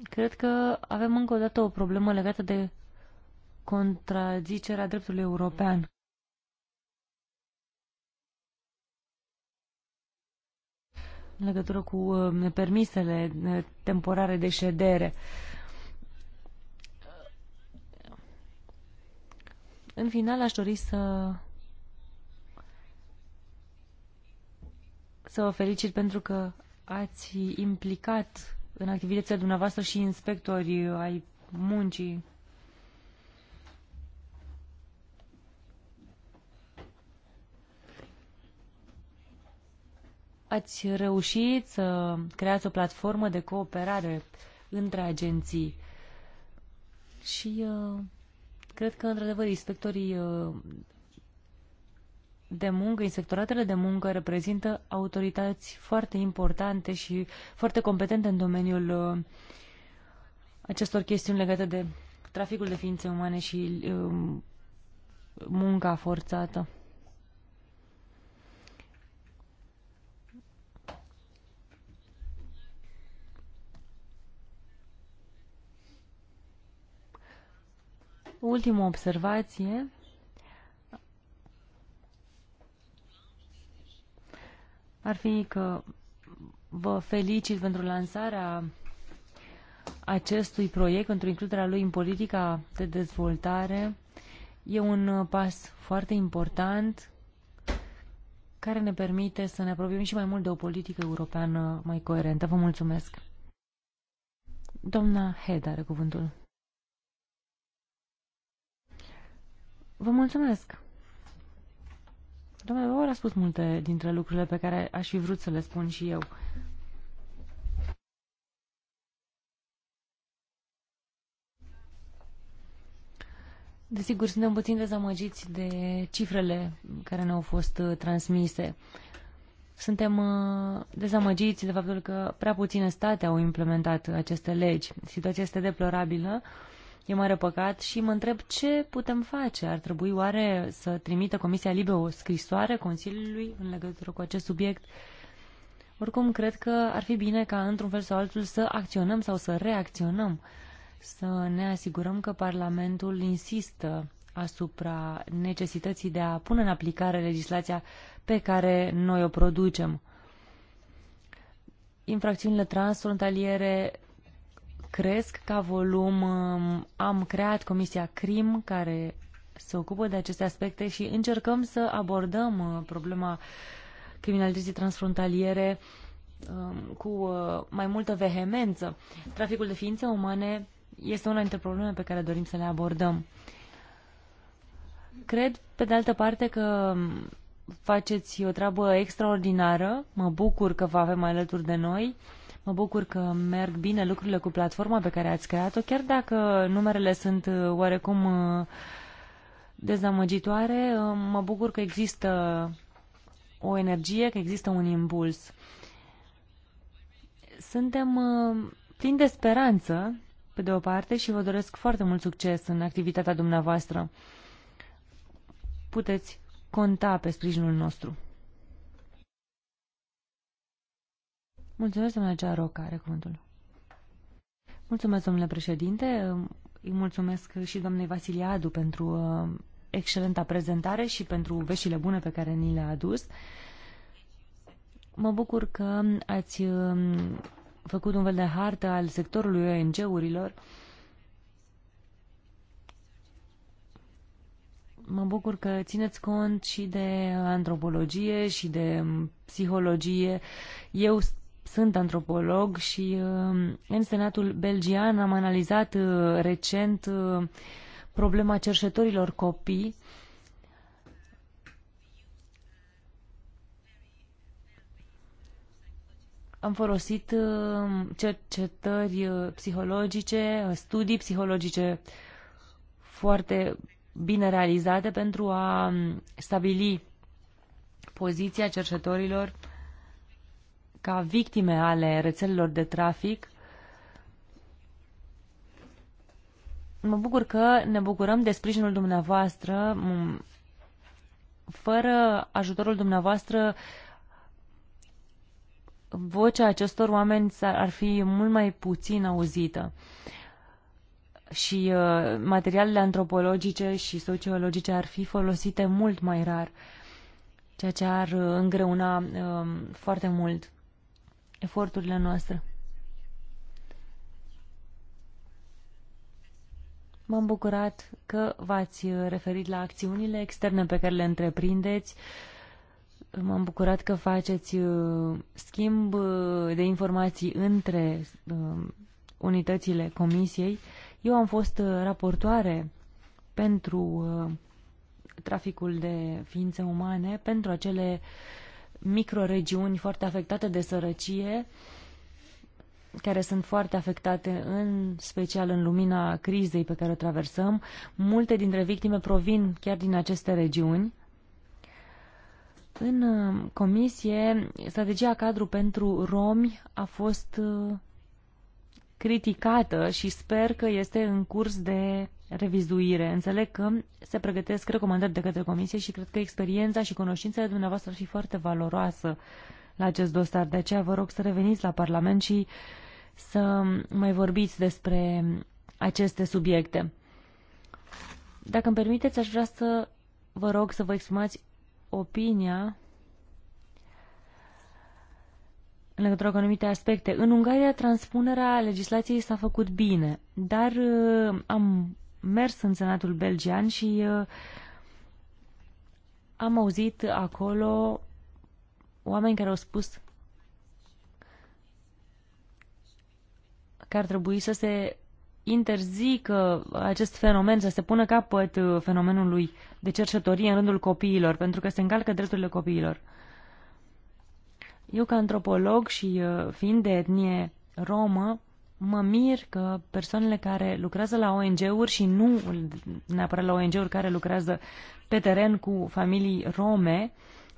cred că avem încă o dată o problemă legată de contrazicerea dreptului european. în legătură cu uh, permisele uh, temporare de ședere. În final aș dori să să vă felicit pentru că ați implicat în activitățile dumneavoastră și inspectorii ai muncii ați reușit să creați o platformă de cooperare între agenții și uh, cred că, într-adevăr, inspectorii uh, de muncă, inspectoratele de muncă reprezintă autorități foarte importante și foarte competente în domeniul uh, acestor chestiuni legate de traficul de ființe umane și munca forțată. Ultima observație. Ar fi că vă felicit pentru lansarea acestui proiect, pentru includerea lui în politica de dezvoltare. E un pas foarte important care ne permite să ne apropiem și mai mult de o politică europeană mai coerentă. Vă mulțumesc! Doamna Head are cuvântul. Vă mulțumesc! Domnule Bauer a spus multe dintre lucrurile pe care aș fi vrut să le spun și eu. Desigur, suntem puțin dezamăgiți de cifrele care ne-au fost uh, transmise. Suntem uh, dezamăgiți de faptul că prea puține state au implementat aceste legi. Situația este deplorabilă. E mare păcat și mă întreb ce putem face. Ar trebui oare să trimită Comisia Libe o scrisoare Consiliului în legătură cu acest subiect? Oricum, cred că ar fi bine ca, într-un fel sau altul, să acționăm sau să reacționăm, să ne asigurăm că Parlamentul insistă asupra necesității de a pune în aplicare legislația pe care noi o producem. Infracțiunile transfrontaliere cresc ca volum. Um, am creat Comisia CRIM, care se ocupă de aceste aspecte și încercăm să abordăm uh, problema criminalității transfrontaliere um, cu uh, mai multă vehemență. Traficul de ființe umane este una dintre problemele pe care dorim să le abordăm. Cred, pe de altă parte, că um, faceți o treabă extraordinară. Mă bucur că vă avem alături de noi Mă bucur că merg bine lucrurile cu platforma pe care ați creat-o, chiar dacă numerele sunt uh, oarecum uh, dezamăgitoare, uh, mă bucur că există o energie, că există un impuls. Suntem plini de speranță, pe de o parte, și vă doresc foarte mult succes în activitatea dumneavoastră. Puteți conta pe sprijinul nostru. Mulțumesc, domnule Cearoca, are cuvântul. Mulțumesc, domnule președinte. Îi mulțumesc și domnului Vasiliadu pentru uh, excelenta prezentare și pentru veștile bune pe care ni le-a adus. Mă bucur că ați uh, făcut un fel de hartă al sectorului ONG-urilor. Mă bucur că țineți cont și de antropologie și de psihologie. Eu sunt antropolog și uh, în Senatul belgian am analizat uh, recent uh, problema cerșetorilor copii am folosit cercetări psihologice, studii psihologice foarte bine realizate pentru a um, stabili poziția cercetorilor ca victime ale rețelelor de trafic. Mă bucur că ne bucurăm de sprijinul dumneavoastră. Fără ajutorul dumneavoastră, vocea acestor oameni ar fi mult mai puțin auzită. Și uh, materialele antropologice și sociologice ar fi folosite mult mai rar, ceea ce ar uh, îngreuna uh, foarte mult eforturile noastre. M-am bucurat că v-ați referit la acțiunile externe pe care le întreprindeți. M-am bucurat că faceți uh, schimb uh, de informații între uh, unitățile comisiei. Eu am fost raportoare pentru traficul de ființe umane, pentru acele uh, microregiuni foarte afectate de sărăcie, care sunt foarte afectate, în special în lumina crizei pe care o traversăm. Multe dintre victime provin chiar din aceste regiuni. În uh, comisie, strategia cadru pentru romi a fost uh, criticată și sper că este în curs de revizuire. Înțeleg că se pregătesc recomandări de către Comisie și cred că experiența și cunoștințele dumneavoastră ar fi foarte valoroasă la acest dosar. De aceea vă rog să reveniți la Parlament și să mai vorbiți despre aceste subiecte. Dacă îmi permiteți, aș vrea să vă rog să vă exprimați opinia în legătură cu anumite aspecte. În Ungaria, transpunerea legislației s-a făcut bine, dar uh, am mers în Senatul belgian și uh, am auzit acolo oameni care au spus că ar trebui să se interzică acest fenomen, să se pună capăt uh, fenomenului de cercetorie în rândul copiilor, pentru că se încalcă drepturile copiilor. Eu, ca antropolog și uh, fiind de etnie romă, mă mir că persoanele care lucrează la ONG-uri și nu neapărat la ONG-uri care lucrează pe teren cu familii rome,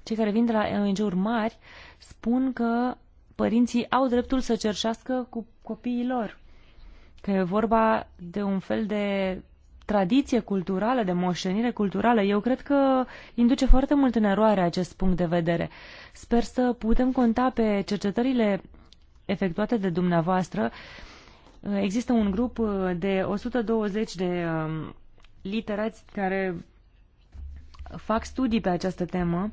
cei care vin de la ONG-uri mari, spun că părinții au dreptul să cerșească cu copiii lor. Că e vorba de un fel de tradiție culturală, de moștenire culturală. Eu cred că induce foarte mult în eroare acest punct de vedere. Sper să putem conta pe cercetările efectuate de dumneavoastră. Există un grup uh, de 120 de um, literați care fac studii pe această temă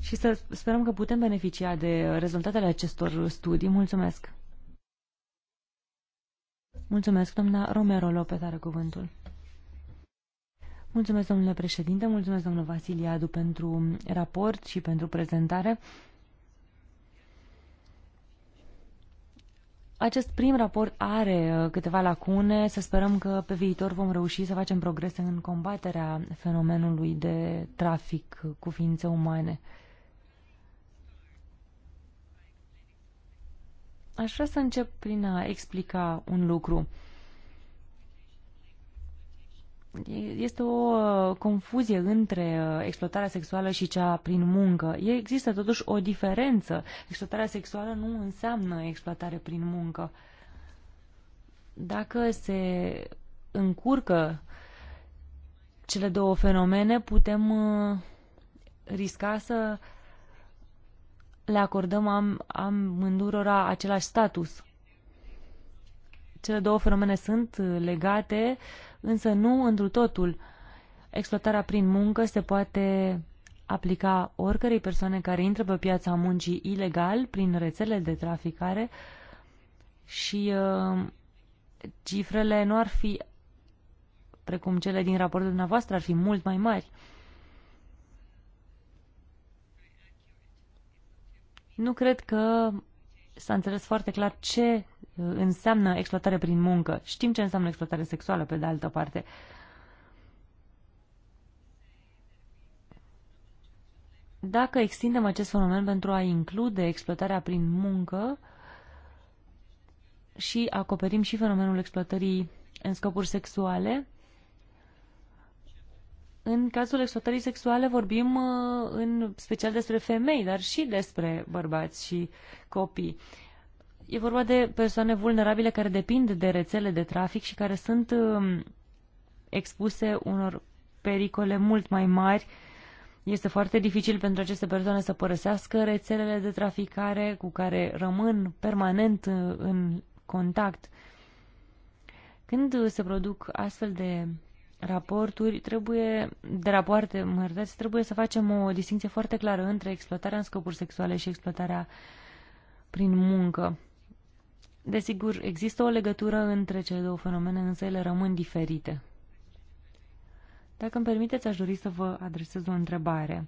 și să sperăm că putem beneficia de rezultatele acestor studii. Mulțumesc! Mulțumesc, doamna Romero Lopez are cuvântul. Mulțumesc, domnule președinte, mulțumesc, domnule Vasiliadu, pentru raport și pentru prezentare. Acest prim raport are uh, câteva lacune. Să sperăm că pe viitor vom reuși să facem progrese în combaterea fenomenului de trafic cu ființe umane. Aș vrea să încep prin a explica un lucru este o uh, confuzie între uh, exploatarea sexuală și cea prin muncă. Există totuși o diferență. Exploatarea sexuală nu înseamnă exploatare prin muncă. Dacă se încurcă cele două fenomene, putem uh, risca să le acordăm am, mândurora același status. Cele două fenomene sunt legate uh, însă nu întru totul. Exploatarea prin muncă se poate aplica oricărei persoane care intră pe piața muncii ilegal prin rețele de traficare și uh, cifrele nu ar fi precum cele din raportul dumneavoastră, ar fi mult mai mari. Nu cred că s-a înțeles foarte clar ce Uh, înseamnă exploatare prin muncă. Știm ce înseamnă exploatare sexuală, pe de altă parte. Dacă extindem acest fenomen pentru a include exploatarea prin muncă și acoperim și fenomenul exploatării în scopuri sexuale, în cazul exploatării sexuale vorbim uh, în special despre femei, dar și despre bărbați și copii. E vorba de persoane vulnerabile care depind de rețele de trafic și care sunt um, expuse unor pericole mult mai mari. Este foarte dificil pentru aceste persoane să părăsească rețelele de traficare cu care rămân permanent uh, în contact. Când se produc astfel de raporturi, trebuie, de rapoarte, mă trebuie să facem o distinție foarte clară între exploatarea în scopuri sexuale și exploatarea prin muncă. Desigur, există o legătură între cele două fenomene, însă ele rămân diferite. Dacă îmi permiteți, aș dori să vă adresez o întrebare.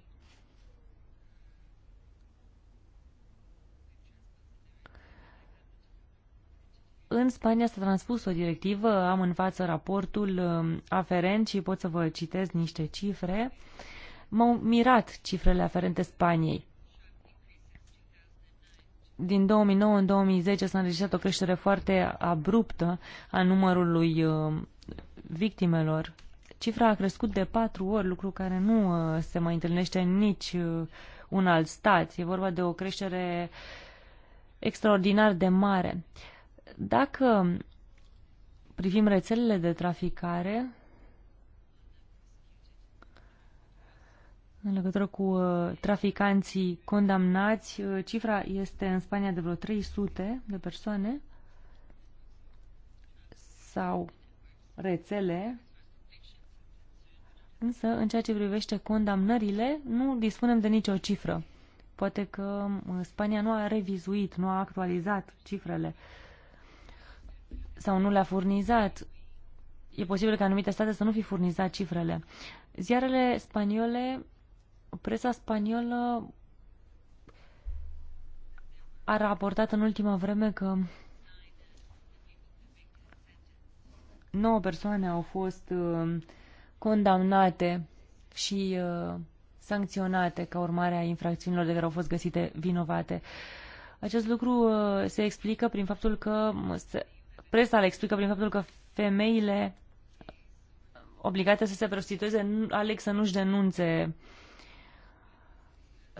În Spania s-a transpus o directivă, am în față raportul um, aferent și pot să vă citesc niște cifre. M-au mirat cifrele aferente Spaniei din 2009 în 2010 s-a înregistrat o creștere foarte abruptă a numărului uh, victimelor. Cifra a crescut de patru ori, lucru care nu uh, se mai întâlnește în nici uh, un alt stat. E vorba de o creștere extraordinar de mare. Dacă privim rețelele de traficare, În legătură cu uh, traficanții condamnați, uh, cifra este în Spania de vreo 300 de persoane sau rețele, însă în ceea ce privește condamnările nu dispunem de nicio cifră. Poate că uh, Spania nu a revizuit, nu a actualizat cifrele sau nu le-a furnizat. E posibil ca anumite state să nu fi furnizat cifrele. Ziarele spaniole presa spaniolă a raportat în ultima vreme că 9 persoane au fost uh, condamnate și uh, sancționate ca urmare a infracțiunilor de care au fost găsite vinovate. Acest lucru uh, se explică prin faptul că presa le explică prin faptul că femeile obligate să se prostitueze aleg să nu-și denunțe uh,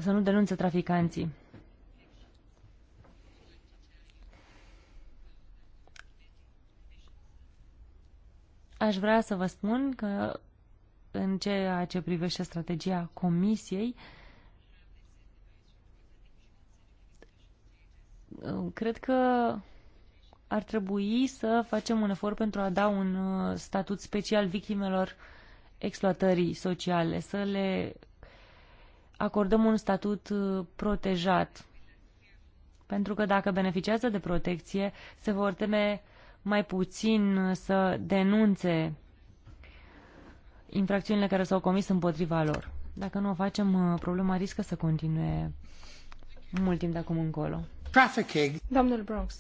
să nu denunțe traficanții. Aș vrea să vă spun că în ceea ce privește strategia Comisiei, cred că ar trebui să facem un efort pentru a da un statut special victimelor exploatării sociale, să le acordăm un statut uh, protejat. Pentru că dacă beneficiază de protecție, se vor teme mai puțin uh, să denunțe infracțiunile care s-au comis împotriva lor. Dacă nu o facem, uh, problema riscă să continue mult timp de acum încolo. Trafficking. Domnul Bronx,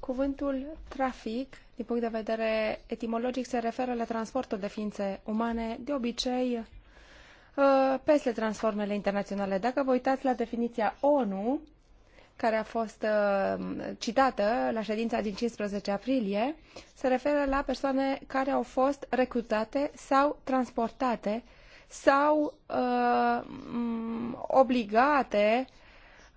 cuvântul trafic, din punct de vedere etimologic, se referă la transportul de ființe umane, de obicei Uh, peste transformele internaționale. Dacă vă uitați la definiția ONU, care a fost uh, citată la ședința din 15 aprilie, se referă la persoane care au fost recrutate sau transportate sau uh, obligate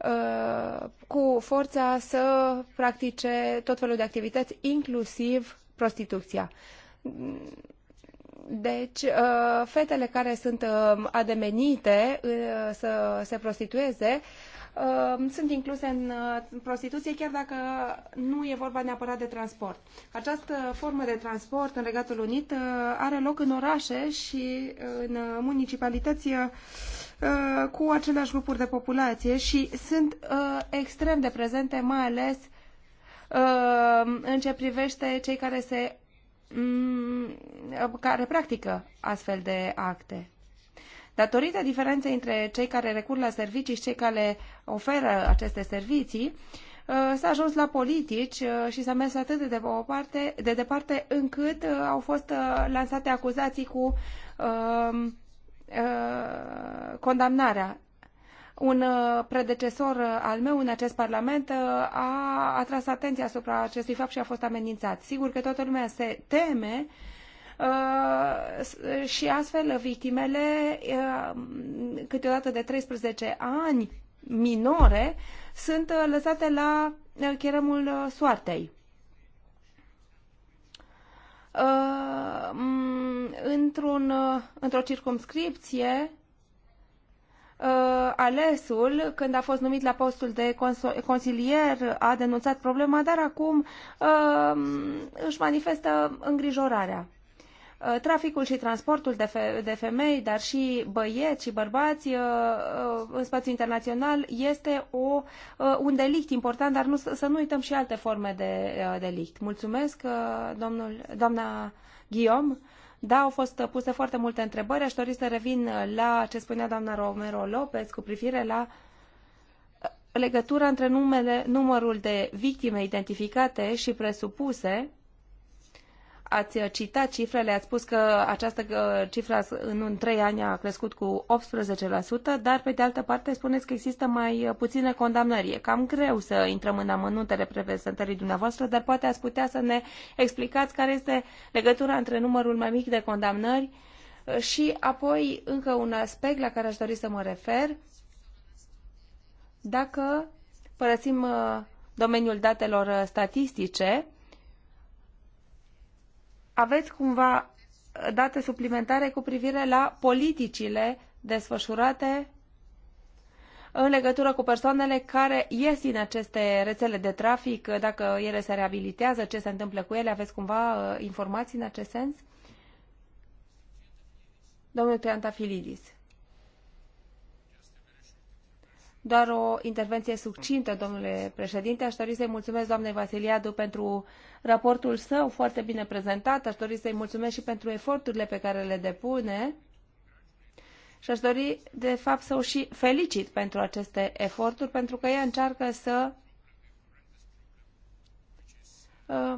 uh, cu forța să practice tot felul de activități, inclusiv prostituția deci, uh, fetele care sunt uh, ademenite uh, să se prostitueze sunt incluse în prostituție, chiar dacă nu e vorba neapărat de transport. Această formă de transport în Regatul Unit are loc în orașe și în municipalități cu aceleași grupuri de populație și sunt extrem de prezente, mai ales în ce privește cei care se Mm, care practică astfel de acte. Datorită diferenței între cei care recur la servicii și cei care oferă aceste servicii, uh, s-a ajuns la politici uh, și s-a mers atât de departe, de departe încât uh, au fost lansate acuzații cu uh, uh, condamnarea un uh, predecesor uh, al meu în acest parlament uh, a atras atenția asupra acestui fapt și a fost amenințat. Sigur că toată lumea se teme și astfel victimele câteodată de 13 ani minore sunt lăsate la cheremul soartei. Într-un, într-o circumscripție Uh, alesul, când a fost numit la postul de consilier, a denunțat problema, dar acum uh, își manifestă îngrijorarea uh, traficul și transportul de, fe de, femei, dar și băieți și bărbați în spațiu internațional este o, un delict important, dar nu, să nu uităm și alte forme de delict. Mulțumesc, domnul, doamna Guillaume. Da, au fost puse foarte multe întrebări. Aș dori să revin la ce spunea doamna Romero Lopez cu privire la uh, legătura între numele, numărul de victime identificate și presupuse ați uh, citat cifrele, ați spus că această uh, cifră în trei ani a crescut cu 18%, dar pe de altă parte spuneți că există mai uh, puține condamnări. E cam greu să intrăm în amănuntele prezentării dumneavoastră, dar poate ați putea să ne explicați care este legătura între numărul mai mic de condamnări și apoi încă un aspect la care aș dori să mă refer. Dacă părăsim domeniul datelor statistice, aveți cumva date suplimentare cu privire la politicile desfășurate în legătură cu persoanele care ies din aceste rețele de trafic, dacă ele se reabilitează, ce se întâmplă cu ele, aveți cumva uh, informații în acest sens? Domnul Triantafilidis. Doar o intervenție succintă, domnule președinte. Aș dori să-i mulțumesc doamnei Vasiliadu pentru raportul său foarte bine prezentat. Aș dori să-i mulțumesc și pentru eforturile pe care le depune. Și aș dori, de fapt, să o și felicit pentru aceste eforturi, pentru că ea încearcă să uh,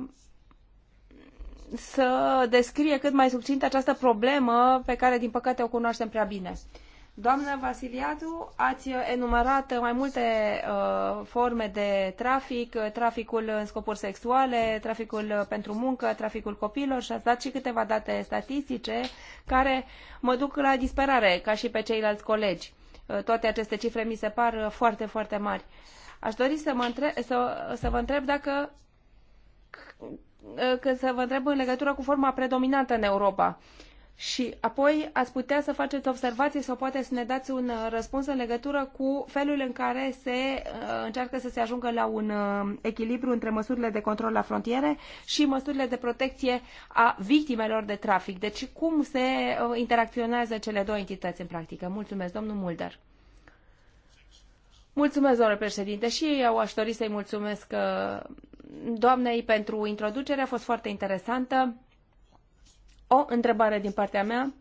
să descrie cât mai succint această problemă pe care, din păcate, o cunoaștem prea bine. Doamnă Vasiliadu, ați enumerat mai multe uh, forme de trafic, traficul în scopuri sexuale, traficul pentru muncă, traficul copilor și ați dat și câteva date statistice care mă duc la disperare, ca și pe ceilalți colegi. Uh, toate aceste cifre mi se par foarte, foarte mari. Aș dori să, mă întreb, să, să vă întreb dacă uh, că să vă întreb în legătură cu forma predominantă în Europa. Uh, și apoi ați putea să faceți observații sau poate să ne dați un uh, răspuns în legătură cu felul în care se uh, încearcă să se ajungă la un uh, echilibru între măsurile de control la frontiere și măsurile de protecție a victimelor de trafic. Deci cum se interacționează cele două entități în practică? Mulțumesc, domnul Mulder. Mulțumesc, domnule președinte, și eu aș dori să-i mulțumesc doamnei pentru introducere, a fost foarte interesantă o întrebare din partea mea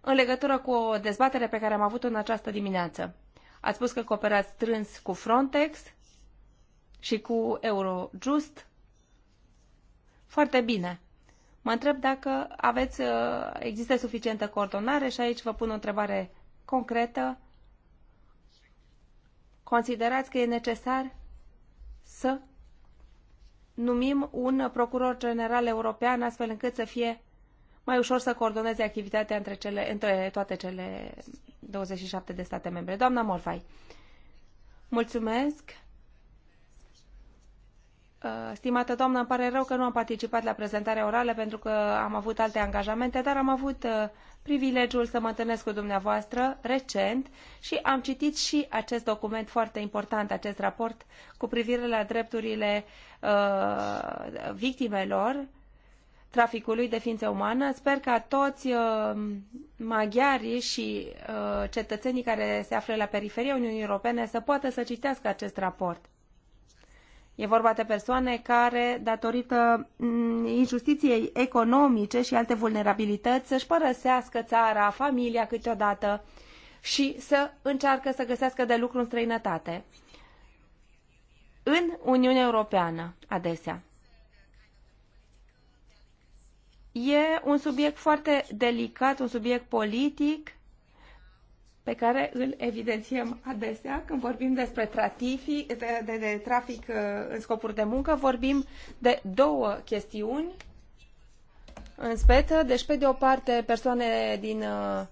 în legătură cu o dezbatere pe care am avut-o în această dimineață. Ați spus că cooperați strâns cu Frontex și cu Eurojust. Foarte bine. Mă întreb dacă aveți, uh, există suficientă coordonare și aici vă pun o întrebare concretă. Considerați că e necesar să numim un procuror general european astfel încât să fie mai ușor să coordoneze activitatea între, cele, între toate cele 27 de state membre. Doamna Morvai, mulțumesc. Uh, stimată doamnă, îmi pare rău că nu am participat la prezentarea orală pentru că am avut alte angajamente, dar am avut uh, privilegiul să mă întâlnesc cu dumneavoastră recent și am citit și acest document foarte important, acest raport cu privire la drepturile uh, victimelor traficului de ființe umane. Sper ca toți uh, maghiarii și uh, cetățenii care se află la periferia Uniunii Europene să poată să citească acest raport. E vorba de persoane care, datorită mm, injustiției economice și alte vulnerabilități, să-și părăsească țara, familia câteodată și să încearcă să găsească de lucru în străinătate. În Uniunea Europeană, adesea. E un subiect foarte delicat, un subiect politic pe care îl evidențiem adesea când vorbim despre trafic, de, de, de trafic uh, în scopuri de muncă, vorbim de două chestiuni în speță. Deci, pe de o parte, persoane din uh,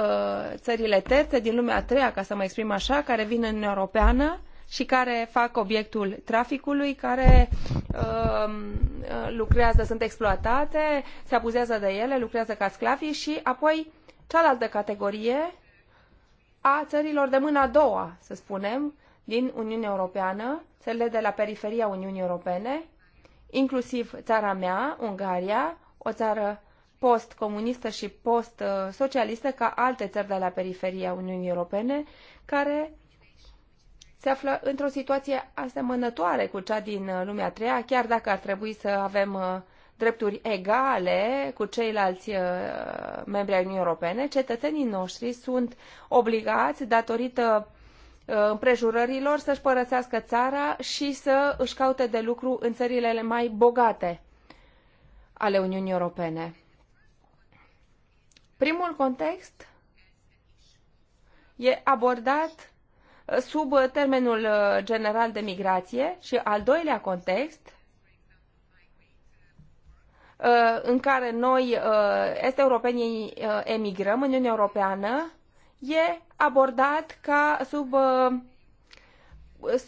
uh, țările terțe, din lumea a treia, ca să mă exprim așa, care vin în Europeană și care fac obiectul traficului, care uh, lucrează, sunt exploatate, se abuzează de ele, lucrează ca sclavii și apoi cealaltă categorie a țărilor de mâna a doua, să spunem, din Uniunea Europeană, țările de la periferia Uniunii Europene, inclusiv țara mea, Ungaria, o țară post-comunistă și post-socialistă ca alte țări de la periferia Uniunii Europene, care se află într-o situație asemănătoare cu cea din uh, lumea a treia, chiar dacă ar trebui să avem uh, drepturi egale cu ceilalți uh, membri ai Uniunii Europene, cetățenii noștri sunt obligați, datorită împrejurărilor, să-și părăsească țara și să își caute de lucru în țările mai bogate ale Uniunii Europene. Primul context e abordat sub uh, termenul uh, general de migrație și al doilea context uh, în care noi, este europenii, emigrăm în Uniunea Europeană, e abordat ca sub,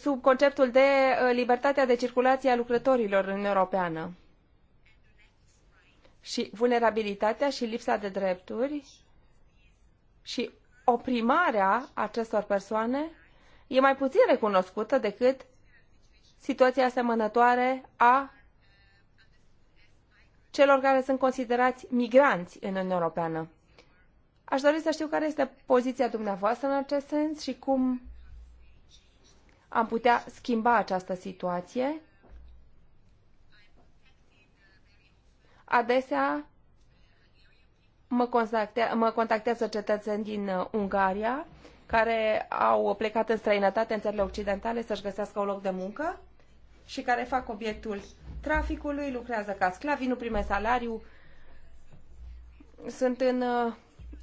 sub conceptul de libertatea de circulație a lucrătorilor în Uniunea Europeană. Și vulnerabilitatea și lipsa de drepturi și oprimarea acestor persoane e mai puțin recunoscută decât situația asemănătoare a celor care sunt considerați migranți în Uniunea Europeană. Aș dori să știu care este poziția dumneavoastră în acest sens și cum am putea schimba această situație. Adesea mă, mă contactează cetățeni din uh, Ungaria care au plecat în străinătate, în țările occidentale, să-și găsească un loc de muncă și care fac obiectul traficului, lucrează ca sclavi, nu prime salariu, sunt în uh,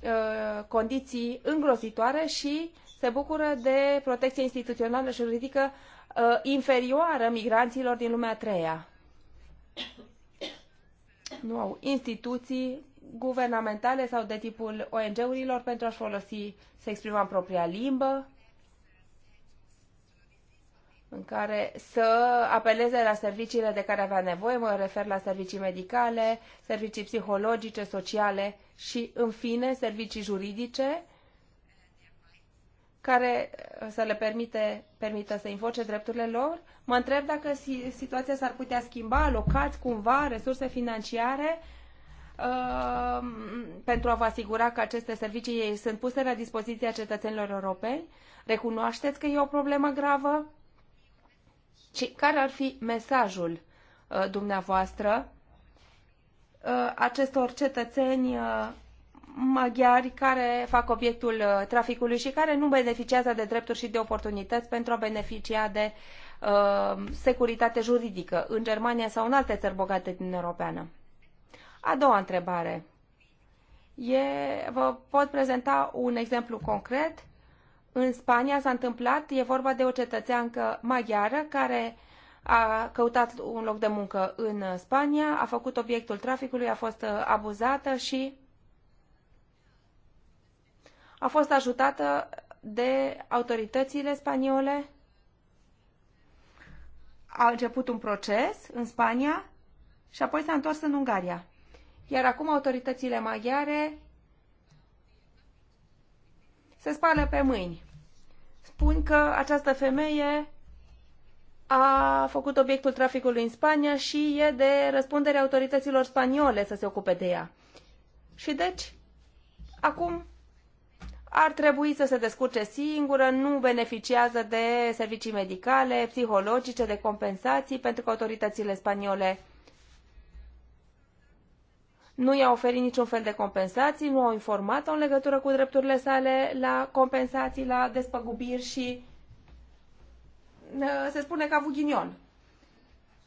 uh, condiții îngrozitoare și se bucură de protecție instituțională și juridică uh, inferioară migranților din lumea treia. Nu au instituții, guvernamentale sau de tipul ONG-urilor pentru a-și folosi, să exprima în propria limbă, în care să apeleze la serviciile de care avea nevoie, mă refer la servicii medicale, servicii psihologice, sociale și, în fine, servicii juridice, care uh, să le permite, permită să invoce drepturile lor. Mă întreb dacă situația s-ar putea schimba, alocați cumva resurse financiare uh, Uh, pentru a vă asigura că aceste servicii sunt puse la dispoziția cetățenilor europeni? Recunoașteți că e o problemă gravă? Și care ar fi mesajul uh, dumneavoastră uh, acestor cetățeni maghiari care fac obiectul traficului și care nu beneficiază de drepturi și de oportunități pentru a beneficia de securitate juridică în Germania sau în alte țări bogate din Europeană? A doua întrebare. E, vă pot prezenta un exemplu concret. În Spania s-a întâmplat, e vorba de o cetățeancă maghiară care a căutat un loc de muncă în Spania, a făcut obiectul traficului, a fost uh, abuzată și a fost ajutată de autoritățile spaniole. A început un proces în Spania și apoi s-a întors în Ungaria. Iar acum autoritățile maghiare se spală pe mâini. Spun că această femeie a făcut obiectul traficului în Spania și e de răspundere autorităților spaniole să se ocupe de ea. Și deci, acum ar trebui să se descurce singură, nu beneficiază de servicii medicale, psihologice, de compensații, pentru că autoritățile spaniole nu i-a oferit niciun fel de compensații, nu au informat-o în legătură cu drepturile sale la compensații, la despăgubiri și uh, se spune că a avut ghinion.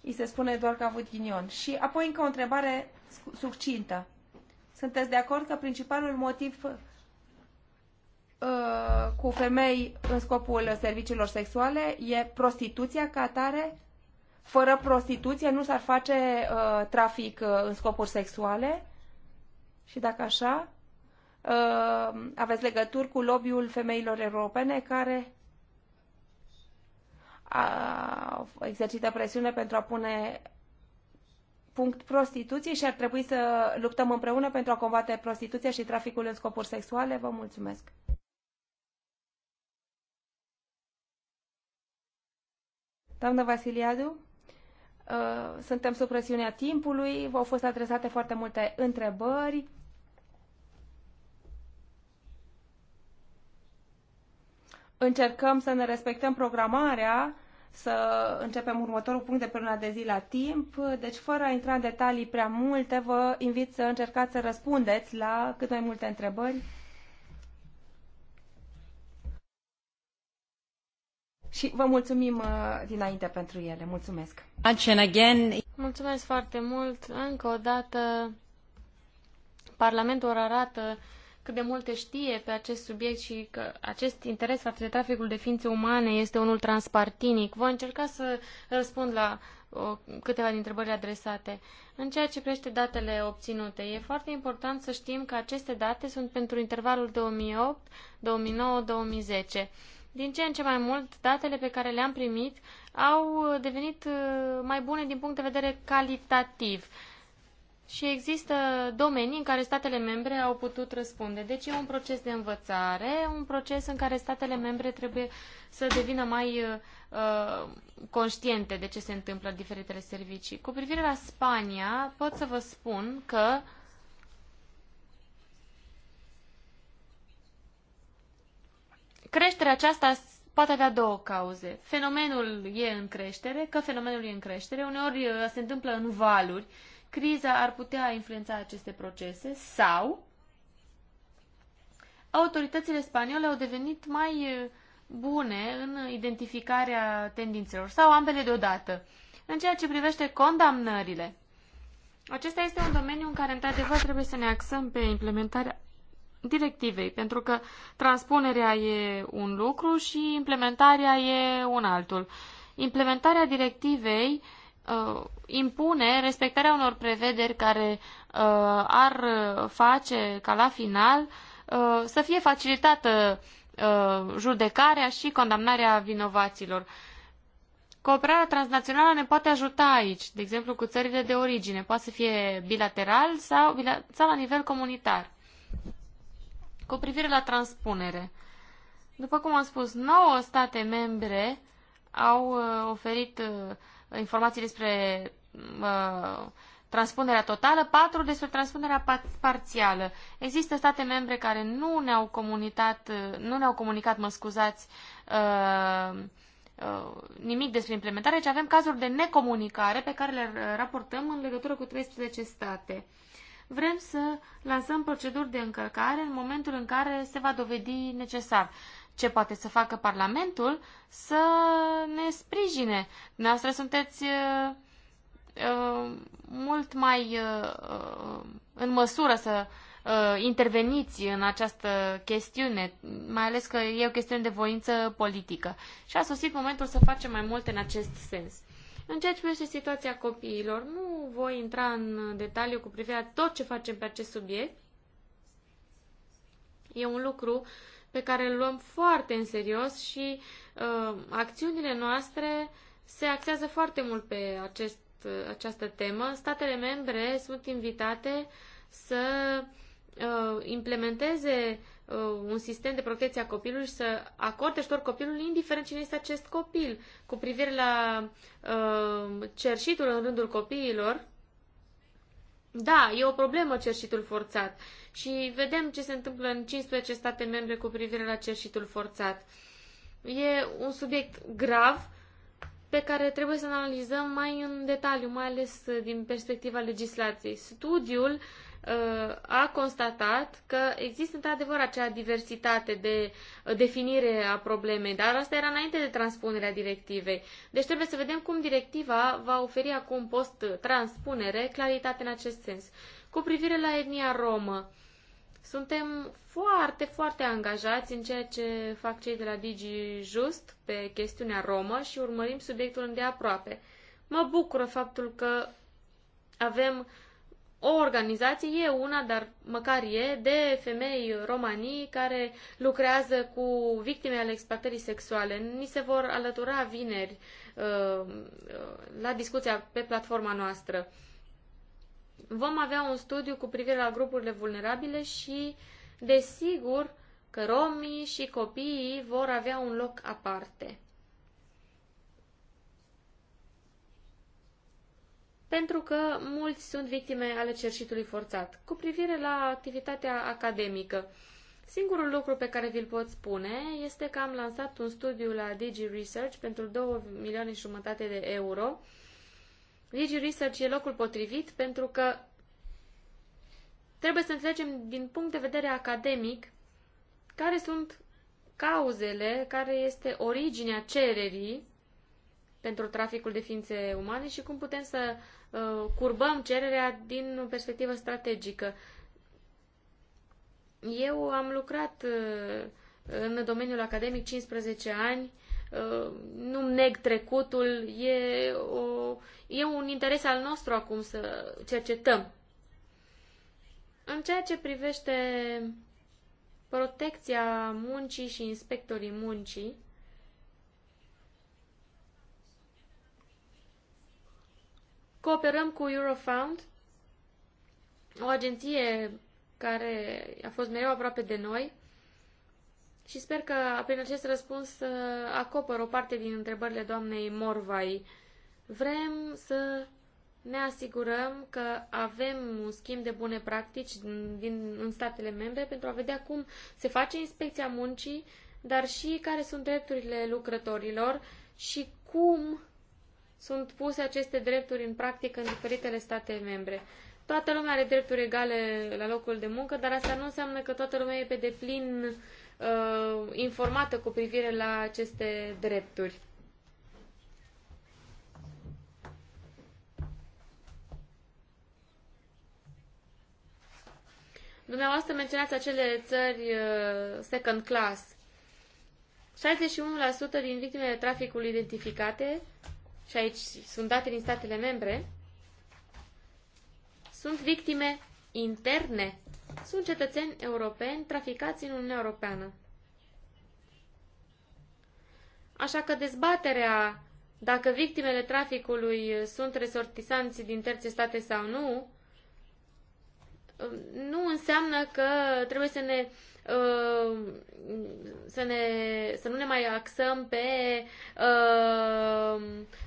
I se spune doar că a avut ghinion. Și apoi încă o întrebare succintă. Sunteți de acord că principalul motiv uh, cu femei în scopul serviciilor sexuale e prostituția ca atare? fără prostituție nu s-ar face uh, trafic uh, în scopuri sexuale? Și dacă așa, uh, aveți legături cu lobby-ul femeilor europene care a, exercită presiune pentru a pune punct prostituției și ar trebui să luptăm împreună pentru a combate prostituția și traficul în scopuri sexuale. Vă mulțumesc! Doamna Vasiliadu? Uh, suntem sub presiunea timpului, v-au fost adresate foarte multe întrebări. Încercăm să ne respectăm programarea, să începem următorul punct de pe luna de zi la timp, deci fără a intra în detalii prea multe, vă invit să încercați să răspundeți la cât mai multe întrebări. și vă mulțumim uh, dinainte pentru ele. Mulțumesc! Mulțumesc foarte mult! Încă o dată, Parlamentul arată cât de multe știe pe acest subiect și că acest interes față de traficul de ființe umane este unul transpartinic. Voi încerca să răspund la o, câteva din întrebările adresate. În ceea ce privește datele obținute, e foarte important să știm că aceste date sunt pentru intervalul 2008, 2009, 2010. Din ce în ce mai mult, datele pe care le-am primit au devenit uh, mai bune din punct de vedere calitativ. Și există domenii în care statele membre au putut răspunde. Deci e un proces de învățare, un proces în care statele membre trebuie să devină mai uh, conștiente de ce se întâmplă în diferitele servicii. Cu privire la Spania, pot să vă spun că uh, Creșterea aceasta poate avea două cauze. Fenomenul e în creștere, că fenomenul e în creștere, uneori uh, se întâmplă în valuri, criza ar putea influența aceste procese sau autoritățile spaniole au devenit mai uh, bune în identificarea tendințelor sau ambele deodată. În ceea ce privește condamnările, acesta este un domeniu în care, într-adevăr, trebuie să ne axăm pe implementarea directivei, pentru că transpunerea e un lucru și implementarea e un altul. Implementarea directivei uh, impune respectarea unor prevederi care uh, ar face ca la final uh, să fie facilitată uh, judecarea și condamnarea vinovaților. Cooperarea transnațională ne poate ajuta aici, de exemplu cu țările de origine, poate să fie bilateral sau, sau la nivel comunitar. Cu privire la transpunere, după cum am spus, 9 state membre au uh, oferit uh, informații despre uh, transpunerea totală, 4 despre transpunerea parțială. Există state membre care nu ne-au comunicat, nu ne-au comunicat, mă scuzați, nimic despre implementare, ci avem cazuri de necomunicare pe care le raportăm în legătură cu 13 state vrem să lansăm proceduri de încălcare în momentul în care se va dovedi necesar. Ce poate să facă Parlamentul? Să ne sprijine. Noastră sunteți uh, uh, mult mai uh, uh în măsură să uh, interveniți în această chestiune, mai ales că e o chestiune de voință politică. Și a sosit momentul să facem mai multe în acest sens. În ceea ce privește situația copiilor, nu voi intra în detaliu cu privire la tot ce facem pe acest subiect. E un lucru pe care îl luăm foarte în serios și uh, acțiunile noastre se axează foarte mult pe acest, uh, această temă. Statele membre sunt invitate să uh, implementeze Uh, un sistem de protecție a copilului și să acorde ajutor copilului, indiferent cine este acest copil. Cu privire la uh, cerșitul în rândul copiilor, da, e o problemă cerșitul forțat. Și vedem ce se întâmplă în 15 state membre cu privire la cerșitul forțat. E un subiect grav pe care trebuie să analizăm mai în detaliu, mai ales din perspectiva legislației. Studiul uh, Uh, a constatat că există într-adevăr acea diversitate de uh, definire a problemei, dar asta era înainte de transpunerea directivei. Deci trebuie să vedem cum directiva va oferi acum post-transpunere claritate în acest sens. Cu privire la etnia romă, suntem foarte, foarte angajați în ceea ce fac cei de la Digi Just pe chestiunea romă și urmărim subiectul îndeaproape. Mă bucură faptul că avem o organizație, e una, dar măcar e, de femei romanii care lucrează cu victime ale exploatării sexuale. Ni se vor alătura vineri uh, uh, la discuția pe platforma noastră. Vom avea un studiu cu privire la grupurile vulnerabile și, desigur, că romii și copiii vor avea un loc aparte. pentru că mulți sunt victime ale cerșitului forțat. Cu privire la activitatea academică, singurul lucru pe care vi-l pot spune este că am lansat un studiu la Digi Research pentru 2 milioane și jumătate de euro. Digi Research e locul potrivit pentru că trebuie să înțelegem din punct de vedere academic care sunt cauzele, care este originea cererii pentru traficul de ființe umane și cum putem să Uh, curbăm cererea din perspectivă strategică. Eu am lucrat uh, în domeniul academic 15 ani, uh, nu neg trecutul, e, o, e un interes al nostru acum să cercetăm. În ceea ce privește protecția muncii și inspectorii muncii, Cooperăm cu Eurofound, o agenție care a fost mereu aproape de noi și sper că prin acest răspuns uh, acopăr o parte din întrebările doamnei Morvai. Vrem să ne asigurăm că avem un schimb de bune practici din, din, în statele membre pentru a vedea cum se face inspecția muncii, dar și care sunt drepturile lucrătorilor și cum sunt puse aceste drepturi în practică în diferitele state membre. Toată lumea are drepturi egale la locul de muncă, dar asta nu înseamnă că toată lumea e pe deplin uh, informată cu privire la aceste drepturi. Dumneavoastră menționați acele țări uh, second class. 61% din victimele traficului identificate și aici sunt date din statele membre, sunt victime interne. Sunt cetățeni europeni traficați în Uniunea Europeană. Așa că dezbaterea dacă victimele traficului sunt resortisanți din terțe state sau nu, nu înseamnă că trebuie să ne Uh, să, ne, să nu ne mai axăm pe uh,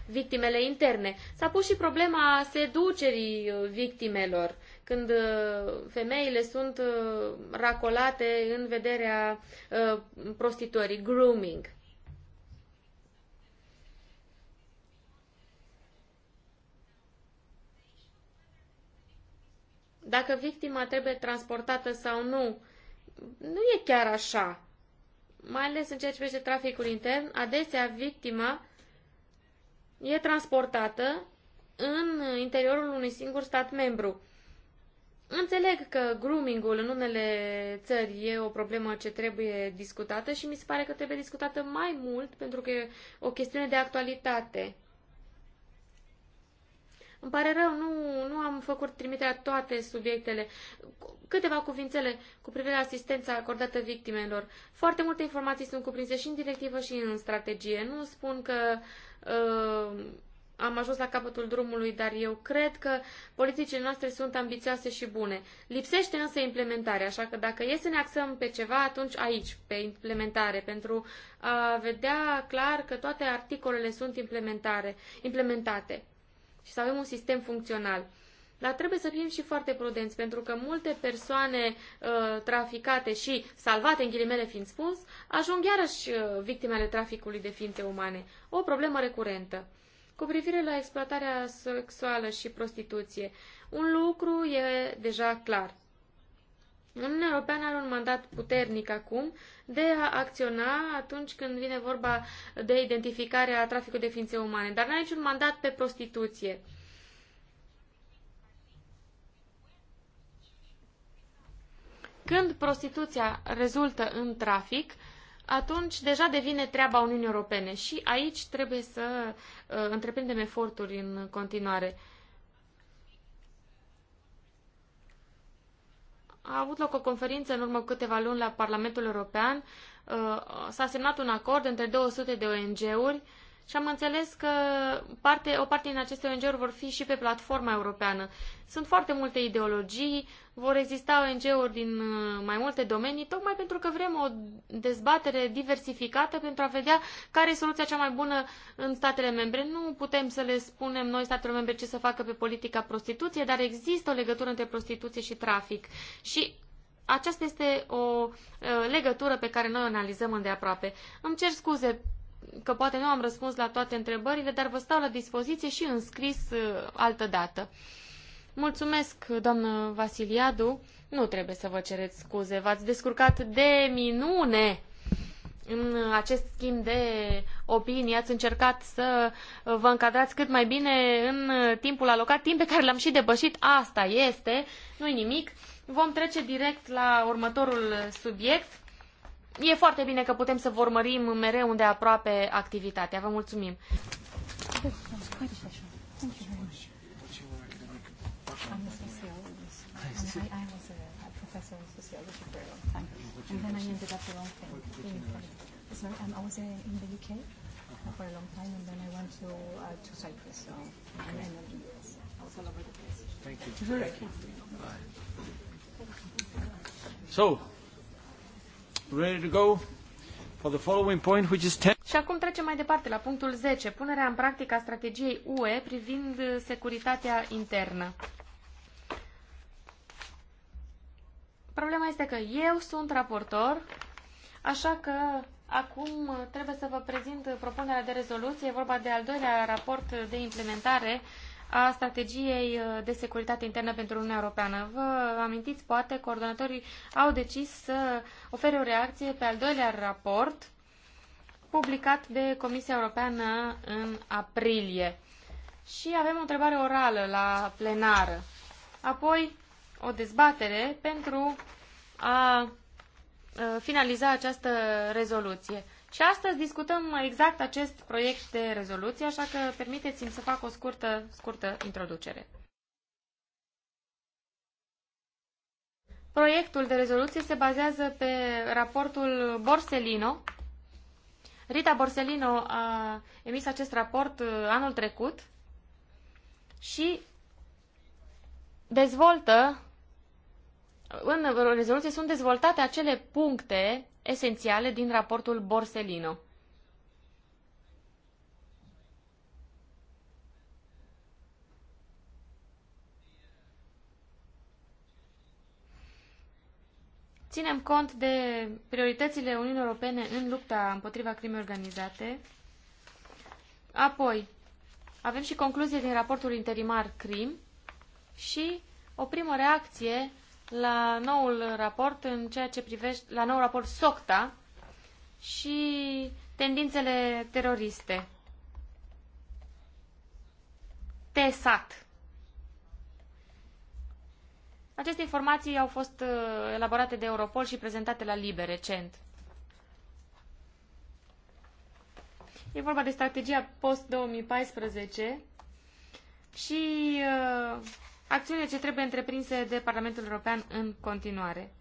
victimele interne. S-a pus și problema seducerii uh, victimelor, când uh, femeile sunt racolate în vederea prostitorii, grooming. Dacă victima trebuie transportată sau nu nu e chiar așa. Mai ales în ceea ce privește traficul intern, adesea victima e transportată în interiorul unui singur stat membru. Înțeleg că groomingul în unele țări e o problemă ce trebuie discutată și mi se pare că trebuie discutată mai mult pentru că e o chestiune de actualitate. Îmi pare rău, nu, nu am făcut trimiterea toate subiectele. Câteva cuvințele cu privire la asistența acordată victimelor. Foarte multe informații sunt cuprinse și în directivă și în strategie. Nu spun că uh, am ajuns la capătul drumului, dar eu cred că politicile noastre sunt ambițioase și bune. Lipsește însă implementarea, așa că dacă e să ne axăm pe ceva, atunci aici, pe implementare, pentru a vedea clar că toate articolele sunt implementare, implementate și să avem un sistem funcțional. Dar trebuie să fim și foarte prudenți, pentru că multe persoane uh, traficate și salvate, în ghilimele fiind spus, ajung iarăși uh, victimele traficului de ființe umane. O problemă recurentă. Cu privire la exploatarea sexuală și prostituție, un lucru e deja clar. Uniunea Europeană are un mandat puternic acum de a acționa atunci când vine vorba de identificarea traficului de ființe umane, dar nu are niciun mandat pe prostituție. Când prostituția rezultă în trafic, atunci deja devine treaba Uniunii Europene și aici trebuie să uh, întreprindem eforturi în continuare. Uh, a avut loc o conferință în urmă câteva luni la Parlamentul European. Uh, s-a semnat un acord între 200 de ONG-uri și am înțeles că parte, o parte din aceste ONG-uri vor fi și pe platforma europeană. Sunt foarte multe ideologii, vor exista ONG-uri din uh, mai multe domenii, tocmai pentru că vrem o dezbatere diversificată pentru a vedea care e soluția cea mai bună în statele membre. Nu putem să le spunem noi statele membre ce să facă pe politica prostituției, dar există o legătură între prostituție și trafic. Și aceasta este o uh, legătură pe care noi o analizăm îndeaproape. Îmi cer scuze că poate nu am răspuns la toate întrebările, dar vă stau la dispoziție și în scris uh, altă dată. Mulțumesc, doamnă Vasiliadu. Nu trebuie să vă cereți scuze, v-ați descurcat de minune în acest schimb de opinii. Ați încercat să uh, vă încadrați cât mai bine în uh, timpul alocat, timp pe care l-am și depășit. Asta este, nu-i nimic. Vom trece direct la următorul subiect e foarte bine că putem să vă urmărim mereu unde aproape activitatea. Vă mulțumim! for a long time, and then I went to uh, to Cyprus, so okay. and then I was all over the place. Thank you. Thank you. Bye. So ready to go for the following point, which is 10. Și acum trecem mai departe la punctul 10, punerea în practică a strategiei UE privind securitatea internă. Problema este că eu sunt raportor, așa că acum trebuie să vă prezint propunerea de rezoluție. E vorba de al doilea raport de implementare a strategiei uh, de securitate internă pentru Uniunea Europeană. Vă amintiți, poate, coordonatorii au decis să ofere o reacție pe al doilea raport publicat de Comisia Europeană în aprilie. Și avem o întrebare orală la plenară. Apoi o dezbatere pentru a uh, finaliza această rezoluție. Și astăzi discutăm exact acest proiect de rezoluție, așa că permiteți-mi să fac o scurtă, scurtă introducere. Proiectul de rezoluție se bazează pe raportul Borsellino. Rita Borsellino a emis acest raport uh, anul trecut și dezvoltă, în rezoluție sunt dezvoltate acele puncte esențiale din raportul Borsellino. Ținem cont de prioritățile Uniunii Europene în lupta împotriva crimei organizate. Apoi, avem și concluzie din raportul interimar CRIM și o primă reacție la noul raport în ceea ce privește la noul raport SOCTA și tendințele teroriste. TESAT. Aceste informații au fost uh, elaborate de Europol și prezentate la LIBE recent. E vorba de strategia post-2014 și uh, acțiunile ce trebuie întreprinse de Parlamentul European în continuare.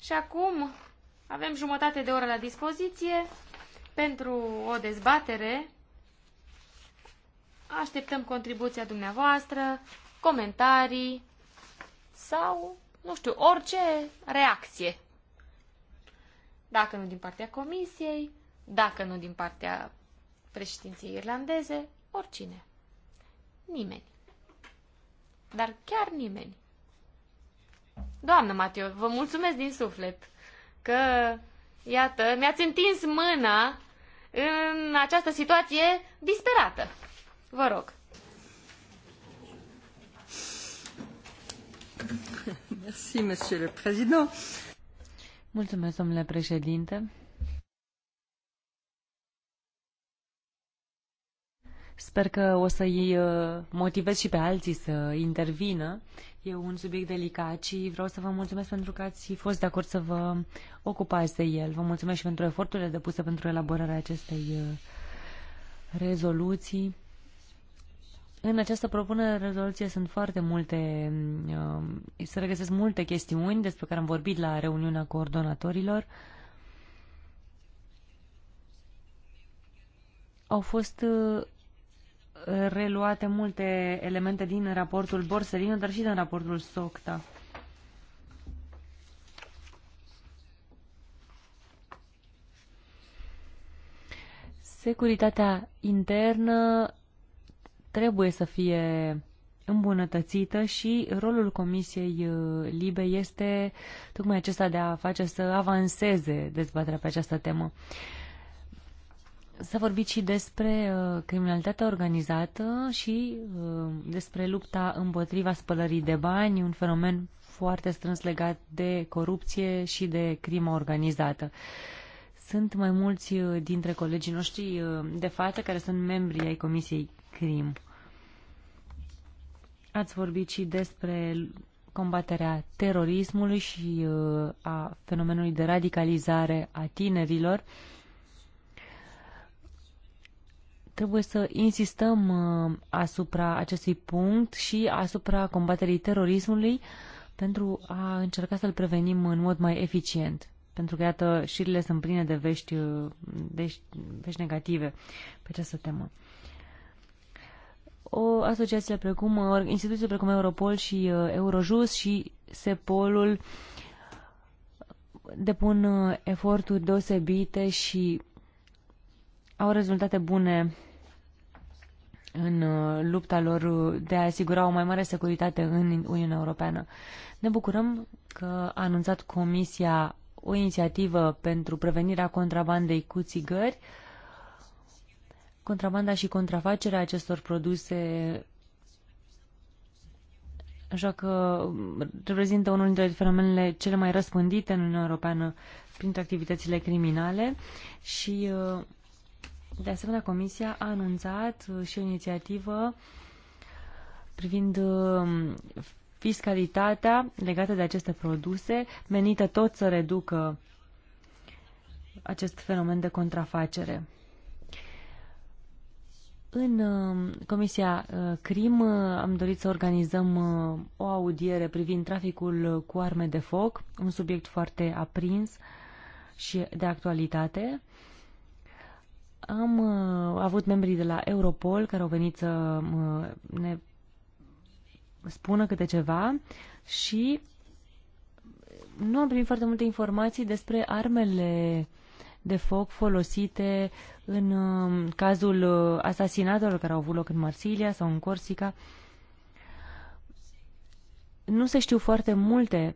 Și acum avem jumătate de oră la dispoziție pentru o dezbatere. Așteptăm contribuția dumneavoastră, comentarii sau, nu știu, orice reacție. Dacă nu din partea comisiei, dacă nu din partea președinției irlandeze, oricine. Nimeni dar chiar nimeni. Doamnă Mateo, vă mulțumesc din suflet că, iată, mi-ați întins mâna în această situație disperată. Vă rog. Mulțumesc, domnule președinte. Sper că o să-i uh, motivez și pe alții să intervină. E un subiect delicat și vreau să vă mulțumesc pentru că ați fost de acord să vă ocupați de el. Vă mulțumesc și pentru eforturile depuse pentru elaborarea acestei uh, rezoluții. În această propunere de rezoluție sunt foarte multe, uh, se regăsesc multe chestiuni despre care am vorbit la reuniunea coordonatorilor. Au fost reluate multe elemente din raportul Borsellino, dar și din raportul Socta. Securitatea internă trebuie să fie îmbunătățită și rolul Comisiei uh, Libe este tocmai acesta de a face să avanseze dezbaterea pe această temă. Uh, S-a vorbit și despre uh, criminalitatea organizată și uh, despre lupta împotriva spălării de bani, un fenomen foarte strâns legat de corupție și de crimă organizată. Sunt mai mulți uh, dintre colegii noștri uh, de față care sunt membri ai Comisiei CRIM. Ați vorbit și despre combaterea terorismului și uh, a fenomenului de radicalizare a tinerilor. Uh, Trebuie să insistăm uh, asupra acestui punct și asupra combaterii terorismului pentru a încerca să-l prevenim în mod mai eficient. Pentru că, iată, șirile sunt pline de vești, uh, de vești negative pe această temă o asociație precum uh, instituții precum Europol și Eurojust și Sepolul depun eforturi deosebite și au rezultate bune în uh, lupta lor uh, de a asigura o mai mare securitate în Uniunea Europeană. Ne bucurăm că a anunțat Comisia o inițiativă pentru prevenirea contrabandei cu țigări. Contrabanda și contrafacerea acestor produse așa că mm, reprezintă unul dintre fenomenele cele mai răspândite în Uniunea Europeană printre activitățile criminale și uh, de asemenea, Comisia a anunțat uh, și o inițiativă privind um, fiscalitatea legată de aceste produse, menită tot să reducă acest fenomen de contrafacere. În um, Comisia uh, CRIM uh, am dorit să organizăm o audiere privind traficul cu arme de foc, un subiect foarte aprins și de actualitate. Am uh, avut membrii de la Europol care au venit să uh, ne spună câte ceva și nu am primit foarte multe informații despre armele de foc folosite în uh, cazul uh, asasinatelor care au avut loc în Marsilia sau în Corsica. Nu se știu foarte multe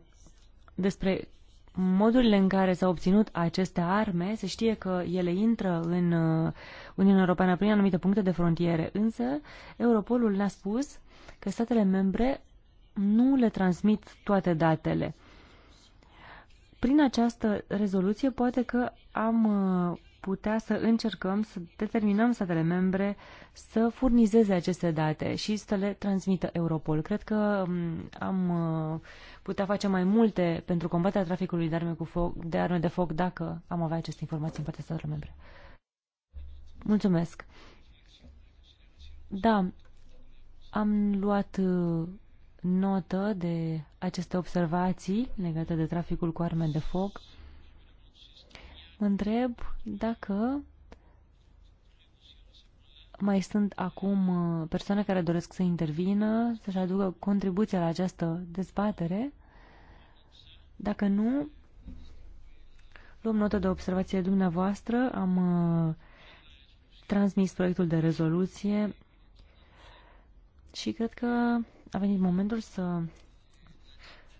despre modurile în care s-au obținut aceste arme, se știe că ele intră în uh, Uniunea Europeană prin anumite puncte de frontiere, însă Europolul ne-a spus că statele membre nu le transmit toate datele. Prin această rezoluție poate că am uh, putea să încercăm să determinăm statele membre să furnizeze aceste date și să le transmită Europol. Cred că mm, am uh, putea face mai multe pentru combaterea traficului de arme, cu foc, de, arme de foc dacă am avea aceste informații în partea statelor membre. Mulțumesc. Da, am luat uh, notă de aceste observații legate de traficul cu arme de foc. Mă întreb dacă mai sunt acum uh, persoane care doresc să intervină, să-și aducă contribuția la această dezbatere. Dacă nu, luăm notă de observație dumneavoastră. Am uh, transmis proiectul de rezoluție și cred că a venit momentul să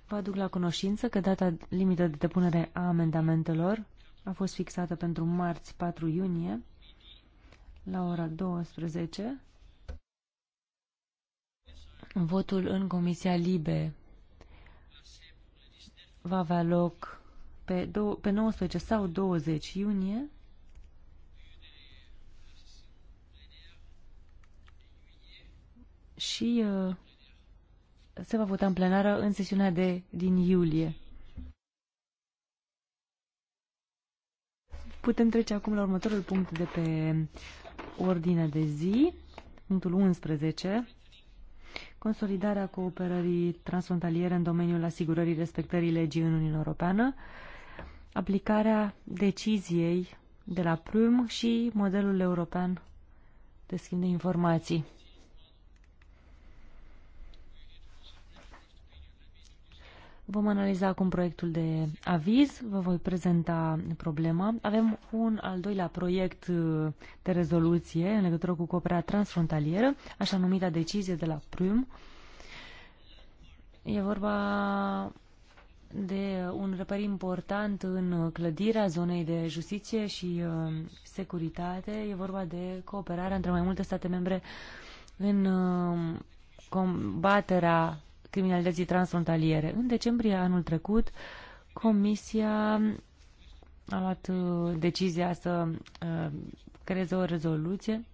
vă aduc la cunoștință că data limită de depunere a amendamentelor a fost fixată pentru marți 4 iunie la ora 12. Votul în Comisia Libe va avea loc pe, pe 19 sau 20 iunie. Și uh, se va vota în plenară în sesiunea de din iulie. Putem trece acum la următorul punct de pe ordinea de zi, punctul 11, consolidarea cooperării transfrontaliere în domeniul asigurării respectării legii în Uniunea Europeană, aplicarea deciziei de la Prüm și modelul european de schimb de informații. Vom analiza acum proiectul de aviz, vă voi prezenta problema. Avem un al doilea proiect uh, de rezoluție în legătură cu cooperarea transfrontalieră, așa numita decizie de la Prüm. E vorba de un reper important în clădirea zonei de justiție și uh, securitate. E vorba de cooperarea între mai multe state membre în uh, combaterea criminalității transfrontaliere. În decembrie anul trecut, Comisia a luat uh, decizia să uh, creeze o rezoluție.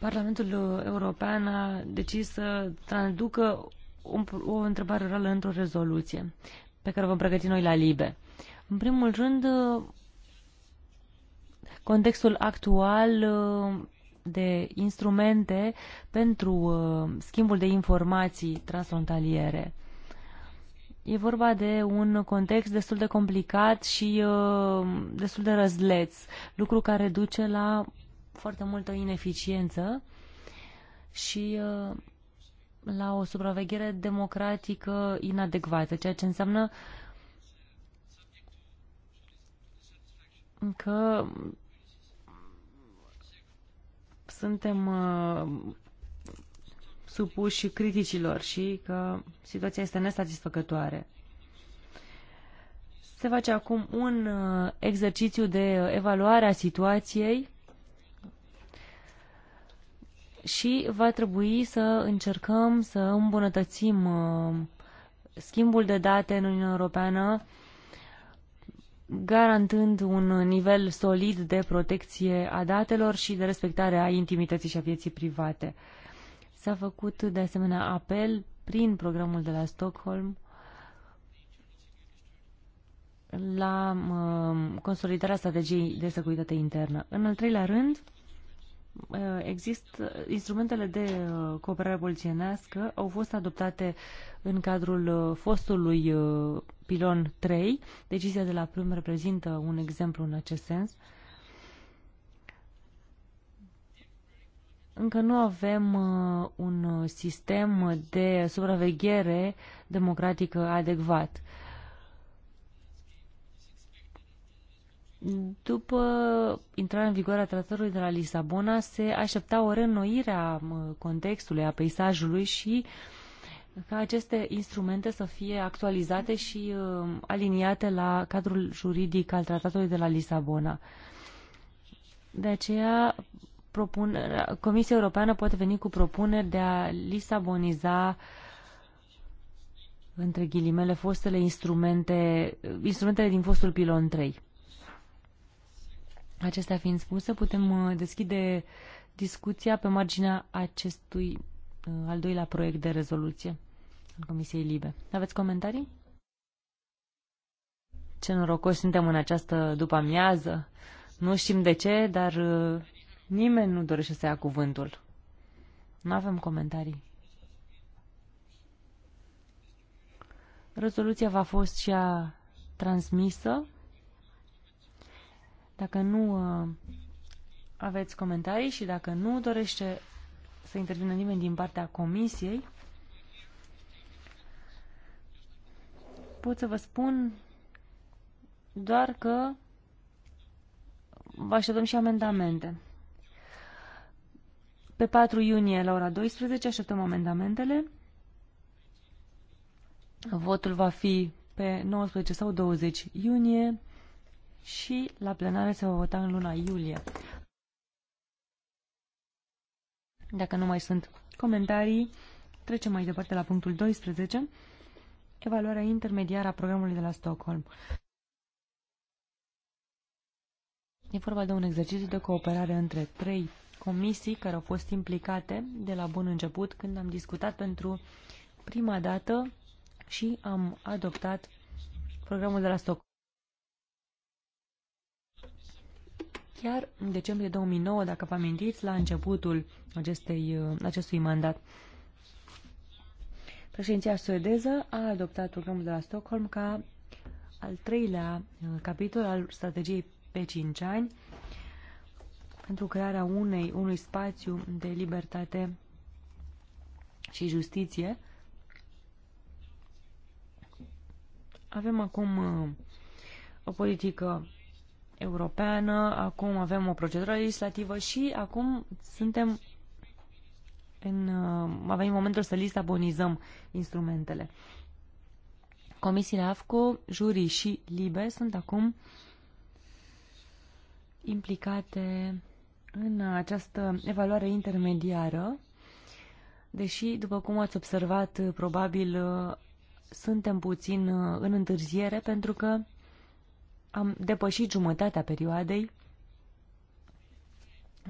Parlamentul European a decis să transducă o întrebare orală într-o rezoluție pe care vom pregăti noi la LIBE. În primul rând, uh, contextul actual de instrumente pentru uh, schimbul de informații transfrontaliere. E vorba de un context destul de complicat și uh, destul de răzleț, lucru care duce la foarte multă ineficiență și uh, la o supraveghere democratică inadecvată, ceea ce înseamnă că suntem uh, supuși criticilor și că situația este nesatisfăcătoare. Se face acum un uh, exercițiu de uh, evaluare a situației și va trebui să încercăm să îmbunătățim schimbul de date în Uniunea Europeană garantând un nivel solid de protecție a datelor și de respectare a intimității și a vieții private. S-a făcut de asemenea apel prin programul de la Stockholm la consolidarea strategiei de securitate internă. În al treilea rând, Uh, există instrumentele de uh, cooperare polițienească au fost adoptate în cadrul uh, fostului pilon 3. Decizia de la prim reprezintă un exemplu în acest sens. Încă nu avem un sistem de supraveghere democratică adecvat. După intrarea în vigoare a tratatului de la Lisabona, se aștepta o reînnoire a contextului, a peisajului și ca aceste instrumente să fie actualizate și uh, aliniate la cadrul juridic al tratatului de la Lisabona. De aceea, propun, Comisia Europeană poate veni cu propuneri de a lisaboniza între ghilimele fostele instrumente, instrumentele din fostul pilon 3. Acestea fiind spuse, putem uh, deschide discuția pe marginea acestui uh, al doilea proiect de rezoluție al Comisiei Libe. Aveți comentarii? Ce norocoși suntem în această după-amiază. Nu știm de ce, dar uh, nimeni nu dorește să ia cuvântul. Nu avem comentarii. Rezoluția va fost și a transmisă dacă nu uh, aveți comentarii și dacă nu dorește să intervină nimeni din partea comisiei, pot să vă spun doar că vă așteptăm și amendamente. Pe 4 iunie la ora 12 așteptăm amendamentele. Votul va fi pe 19 sau 20 iunie și la plenare se va vota în luna iulie. Dacă nu mai sunt comentarii, trecem mai departe la punctul 12, evaluarea intermediară a programului de la Stockholm. E vorba de un exercițiu de cooperare între trei comisii care au fost implicate de la bun început când am discutat pentru prima dată și am adoptat programul de la Stockholm. Chiar în decembrie 2009, dacă vă amintiți, la începutul acestei, acestui mandat, președinția suedeză a adoptat programul de la Stockholm ca al treilea uh, capitol al strategiei pe 5 ani pentru crearea unei, unui spațiu de libertate și justiție. Avem acum uh, o politică europeană, acum avem o procedură legislativă și acum suntem în, uh, a venit momentul să listabonizăm instrumentele. Comisiile AFCO, jurii și LIBE sunt acum implicate în această evaluare intermediară, deși, după cum ați observat, probabil uh, suntem puțin uh, în întârziere pentru că am depășit jumătatea perioadei.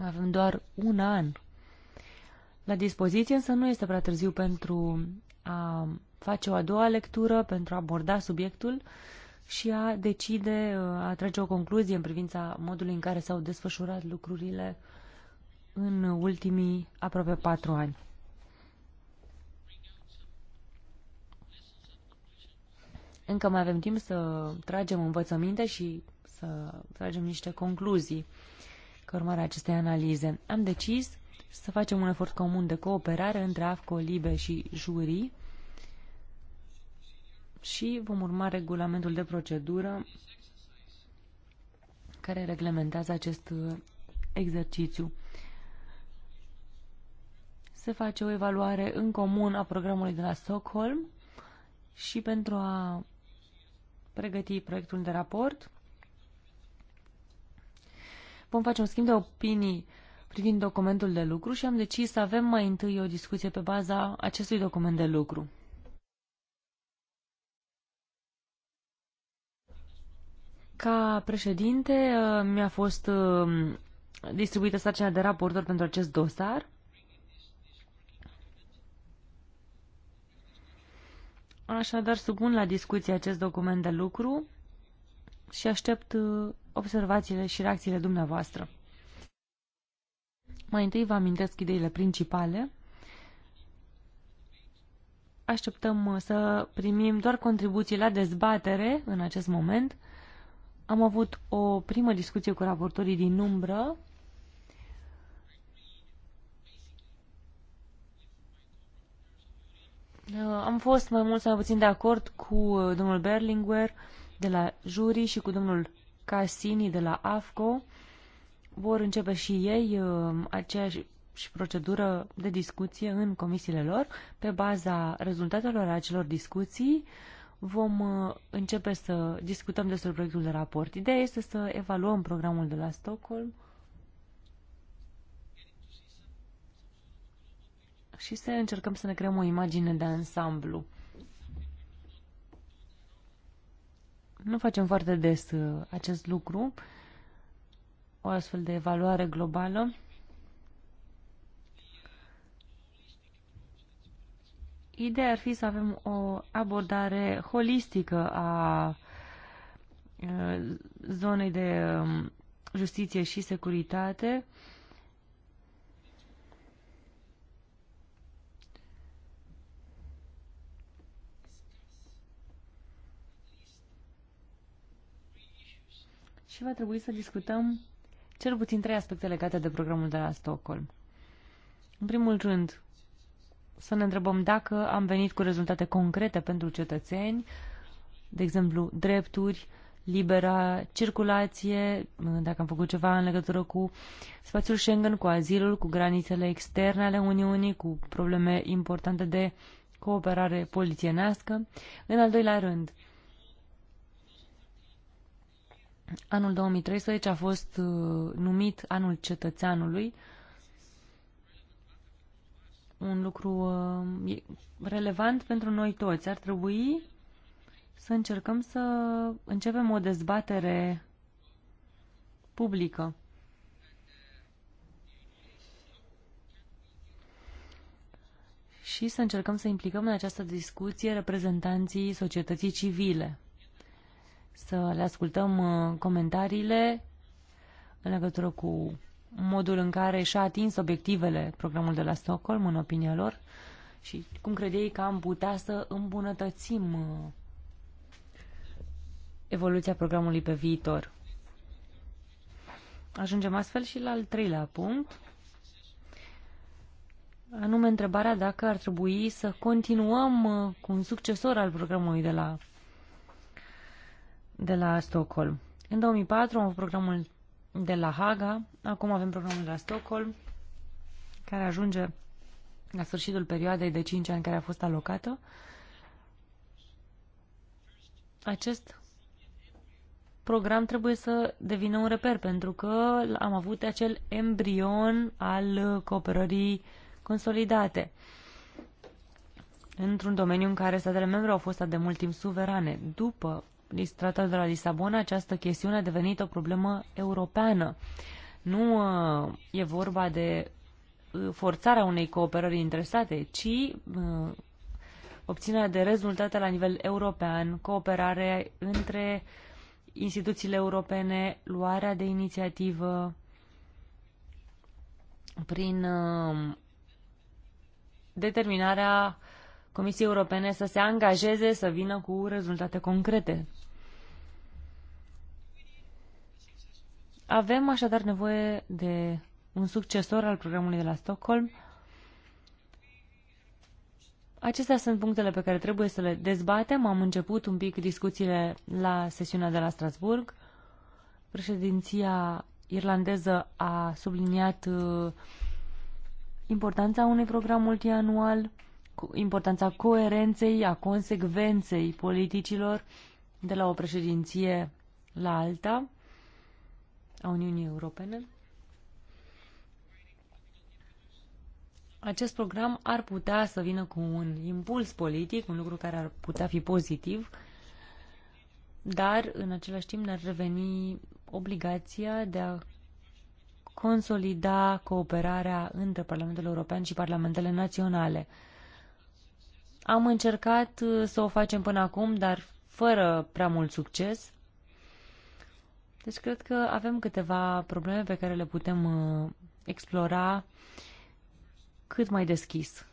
Avem doar un an la dispoziție, însă nu este prea târziu pentru a face o a doua lectură, pentru a aborda subiectul și a decide, a trage o concluzie în privința modului în care s-au desfășurat lucrurile în ultimii aproape patru ani. încă mai avem timp să tragem învățăminte și să tragem niște concluzii că urmarea acestei analize. Am decis să facem un efort comun de cooperare între AFCO, LIBE și jurii și vom urma regulamentul de procedură care reglementează acest exercițiu. Se face o evaluare în comun a programului de la Stockholm și pentru a pregăti proiectul de raport. Vom face un schimb de opinii privind documentul de lucru și am decis să avem mai întâi o discuție pe baza acestui document de lucru. Ca președinte, uh, mi-a fost uh, distribuită sarcina de raportor pentru acest dosar. Așadar, supun la discuție acest document de lucru și aștept uh, observațiile și reacțiile dumneavoastră. Mai întâi vă amintesc ideile principale. Așteptăm uh, să primim doar contribuții la dezbatere în acest moment. Am avut o primă discuție cu raportorii din umbră Uh, am fost mai mult sau mai puțin de acord cu uh, domnul Berlinguer de la juri și cu domnul Casini de la AFCO. Vor începe și ei uh, aceeași procedură de discuție în comisiile lor. Pe baza rezultatelor acelor discuții vom începe să discutăm despre proiectul de raport. Ideea este să evaluăm programul de la Stockholm și să încercăm să ne creăm o imagine de ansamblu. Nu facem foarte des uh, acest lucru, o astfel de evaluare globală. Ideea ar fi să avem o abordare holistică a uh, zonei de um, justiție și securitate, și va trebui să discutăm cel puțin trei aspecte legate de programul de la Stockholm. În primul rând, să ne întrebăm dacă am venit cu rezultate concrete pentru cetățeni, de exemplu, drepturi, libera circulație, dacă am făcut ceva în legătură cu spațiul Schengen, cu azilul, cu granițele externe ale Uniunii, cu probleme importante de cooperare polițienească. În al doilea rând, Anul 2013 a fost uh, numit anul cetățeanului, un lucru uh, relevant pentru noi toți. Ar trebui să încercăm să începem o dezbatere publică. Și să încercăm să implicăm în această discuție reprezentanții societății civile să le ascultăm uh, comentariile în legătură cu modul în care și-a atins obiectivele programul de la Stockholm, în opinia lor, și cum credeai că am putea să îmbunătățim uh, evoluția programului pe viitor. Ajungem astfel și la al treilea punct, anume întrebarea dacă ar trebui să continuăm uh, cu un succesor al programului de la de la Stockholm. În 2004 am avut programul de la Haga, acum avem programul de la Stockholm, care ajunge la sfârșitul perioadei de 5 ani care a fost alocată. Acest program trebuie să devină un reper, pentru că am avut acel embrion al cooperării consolidate într-un domeniu în care statele membre au fost de mult timp suverane. După tratatul de la Lisabona, această chestiune a devenit o problemă europeană. Nu uh, e vorba de uh, forțarea unei cooperări între state, ci uh, obținerea de rezultate la nivel european, cooperare între instituțiile europene, luarea de inițiativă prin determinarea Comisiei Europene să se angajeze să vină cu rezultate concrete. Avem așadar nevoie de un succesor al programului de la Stockholm. Acestea sunt punctele pe care trebuie să le dezbatem. Am început un pic discuțiile la sesiunea de la Strasburg. Președinția irlandeză a subliniat uh, importanța unui program multianual, importanța coerenței, a consecvenței politicilor de la o președinție la alta a Uniunii Europene, acest program ar putea să vină cu un impuls politic, un lucru care ar putea fi pozitiv, dar în același timp ne-ar reveni obligația de a consolida cooperarea între Parlamentul European și Parlamentele Naționale. Am încercat să o facem până acum, dar fără prea mult succes. Deci cred că avem câteva probleme pe care le putem uh, explora cât mai deschis.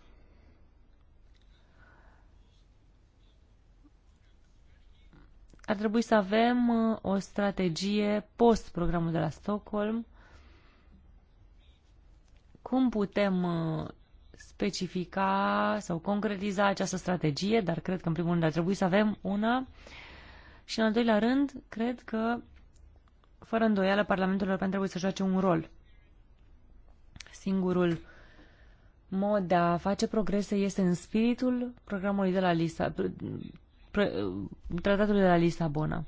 Ar trebui să avem uh, o strategie post-programul de la Stockholm. Cum putem uh, specifica sau concretiza această strategie, dar cred că în primul rând ar trebui să avem una. Și în al doilea rând, cred că fără îndoială, Parlamentul European trebuie să joace un rol. Singurul mod de a face progrese este în spiritul programului de la Lisabona, tratatului de la Lisabona.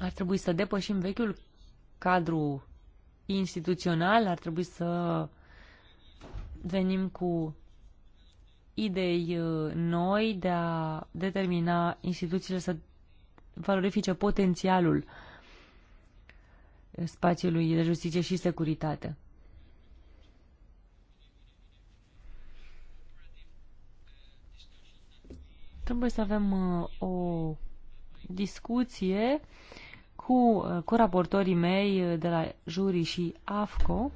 Ar trebui să depășim vechiul cadru instituțional, ar trebui să venim cu idei uh, noi de a determina instituțiile să valorifice potențialul spațiului de justiție și securitate. Trebuie să avem uh, o discuție cu uh, coraportorii mei de la Juri și AFCO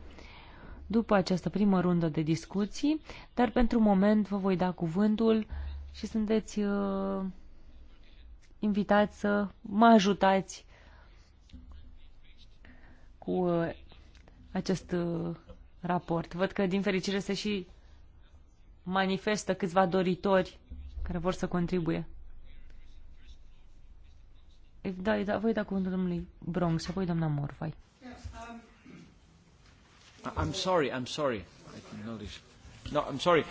după această primă rundă de discuții, dar pentru moment vă voi da cuvântul și sunteți uh, invitați să mă ajutați cu uh, acest uh, raport. Văd că, din fericire, se și manifestă câțiva doritori care vor să contribuie. Da, da, voi da cuvântul domnului Bronx apoi doamna Morvai. I'm sorry, I'm sorry. No, I'm sorry.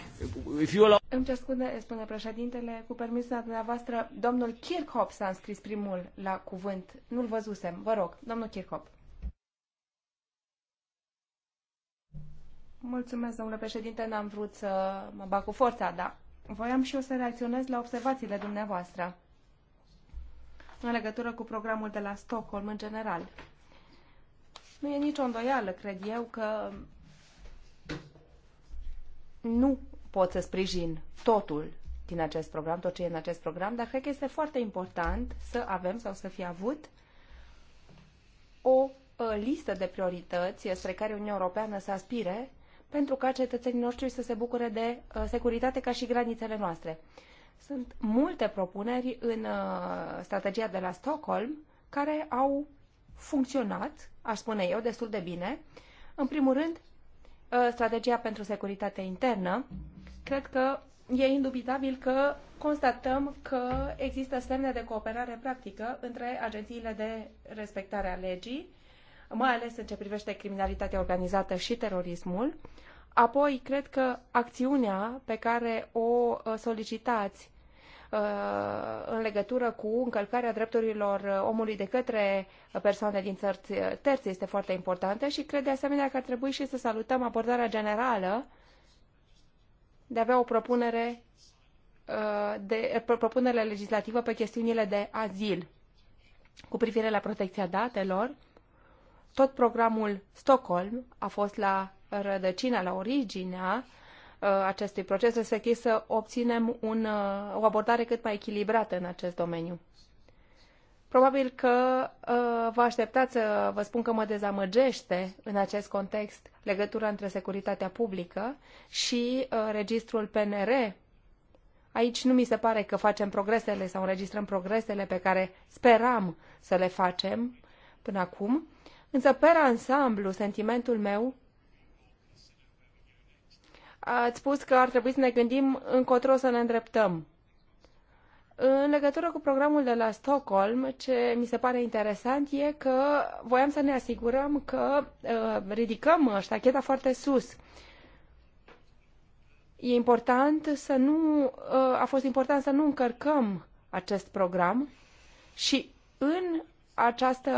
If you allow... Îmi cer scuze, spune președintele, cu permisul dumneavoastră, domnul Kirchhoff s-a înscris primul la cuvânt. Nu-l văzusem. Vă rog, domnul Kirchhoff. Mulțumesc, domnule președinte, n-am vrut să mă bag cu forța, dar voiam și eu să reacționez la observațiile dumneavoastră în legătură cu programul de la Stockholm în general. Nu e nicio îndoială, cred eu, că nu pot să sprijin totul din acest program, tot ce e în acest program, dar cred că este foarte important să avem sau să fi avut o ă, listă de priorități spre care Uniunea Europeană să aspire pentru ca cetățenii noștri să se bucure de ă, securitate ca și granițele noastre. Sunt multe propuneri în ă, strategia de la Stockholm care au funcționat, aș spune eu, destul de bine. În primul rând, ă, strategia pentru securitate internă. Cred că e indubitabil că constatăm că există semne de cooperare practică între agențiile de respectare a legii, mai ales în ce privește criminalitatea organizată și terorismul. Apoi, cred că acțiunea pe care o ă, solicitați Uh, în legătură cu încălcarea drepturilor omului de către persoane din țări terțe este foarte importantă și cred de asemenea că ar trebui și să salutăm abordarea generală de a avea o propunere uh, de propunere legislativă pe chestiunile de azil cu privire la protecția datelor. Tot programul Stockholm a fost la rădăcina, la originea Uh, acestui proces, respectiv să obținem un, uh, o abordare cât mai echilibrată în acest domeniu. Probabil că uh, vă așteptați să vă spun că mă dezamăgește în acest context legătura între securitatea publică și registrul PNR. Aici nu mi se pare că facem progresele sau înregistrăm progresele pe care speram să le facem până acum, însă, pe ansamblu, sentimentul meu Ați spus că ar trebui să ne gândim încotro să ne îndreptăm. În legătură cu programul de la Stockholm, ce mi se pare interesant e că voiam să ne asigurăm că uh, ridicăm ștacheta foarte sus. E important să nu, uh, a fost important să nu încărcăm acest program și în, această,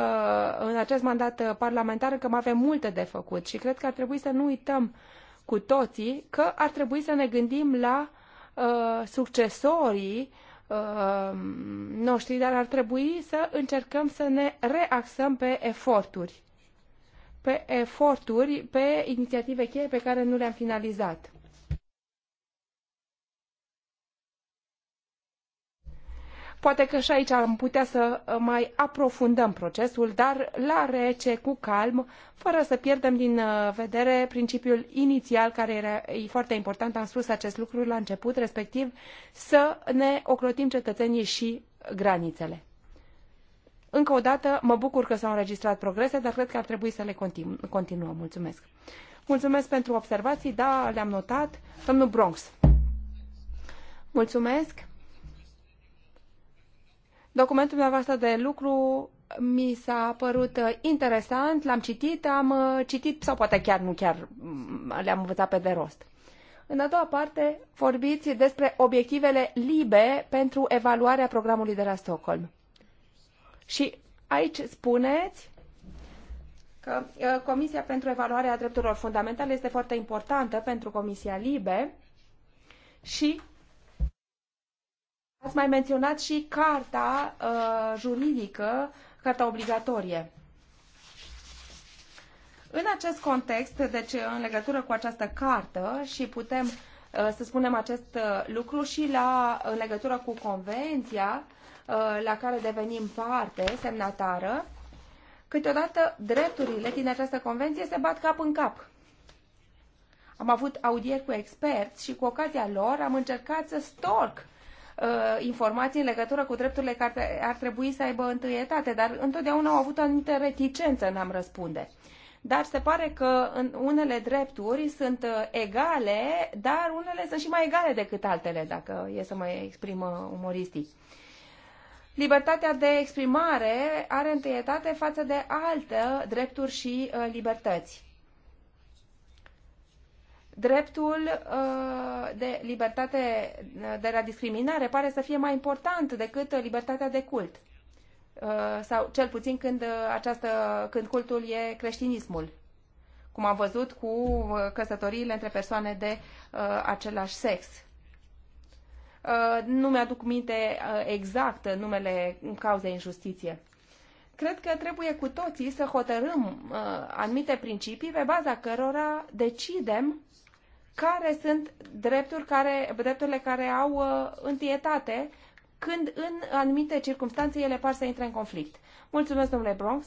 în acest mandat parlamentar că mai avem multe de făcut și cred că ar trebui să nu uităm uh, cu toții că ar trebui să ne gândim la uh, succesorii uh, noștri, dar ar trebui să încercăm să ne reaxăm pe eforturi, pe eforturi, pe inițiative cheie pe care nu le-am finalizat. Poate că și aici am putea să uh, mai aprofundăm procesul, dar la rece, cu calm, fără să pierdem din uh, vedere principiul inițial care era, e foarte important, am spus acest lucru la început, respectiv să ne ocrotim cetățenii și granițele. Încă o dată, mă bucur că s-au înregistrat progrese, dar cred că ar trebui să le continu continuăm. Mulțumesc! Mulțumesc pentru observații, da, le-am notat. Domnul Bronx. Mulțumesc! Documentul dumneavoastră de lucru mi s-a părut uh, interesant, l-am citit, am uh, citit sau poate chiar nu chiar mm, le-am învățat pe de rost. În a doua parte vorbiți despre obiectivele libe pentru evaluarea programului de la Stockholm. Și aici spuneți că uh, Comisia pentru Evaluarea Drepturilor Fundamentale este foarte importantă pentru Comisia Libe și Ați mai menționat și carta uh, juridică, carta obligatorie. În acest context, deci în legătură cu această cartă și putem uh, să spunem acest uh, lucru și la, în legătură cu convenția uh, la care devenim parte semnatară, câteodată drepturile din această convenție se bat cap în cap. Am avut audieri cu experți și cu ocazia lor am încercat să storc Uh, informații în legătură cu drepturile care ar trebui să aibă întâietate, dar întotdeauna au avut anumite reticențe în a-mi răspunde. Dar se pare că în unele drepturi sunt uh, egale, dar unele sunt și mai egale decât altele, dacă e să mă exprim uh, umoristic. Libertatea de exprimare are întâietate față de alte drepturi și libertăți dreptul uh, de libertate uh, de la discriminare pare să fie mai important decât libertatea de cult. Uh, sau cel puțin când, această, când cultul e creștinismul, cum am văzut cu căsătoriile între persoane de același sex. Nu mi-aduc minte exact numele cauzei în justiție cred că trebuie cu toții să hotărâm uh, anumite principii pe baza cărora decidem care sunt drepturi care, drepturile care au uh, întietate când în anumite circunstanțe ele par să intre în conflict. Mulțumesc, domnule Bronx.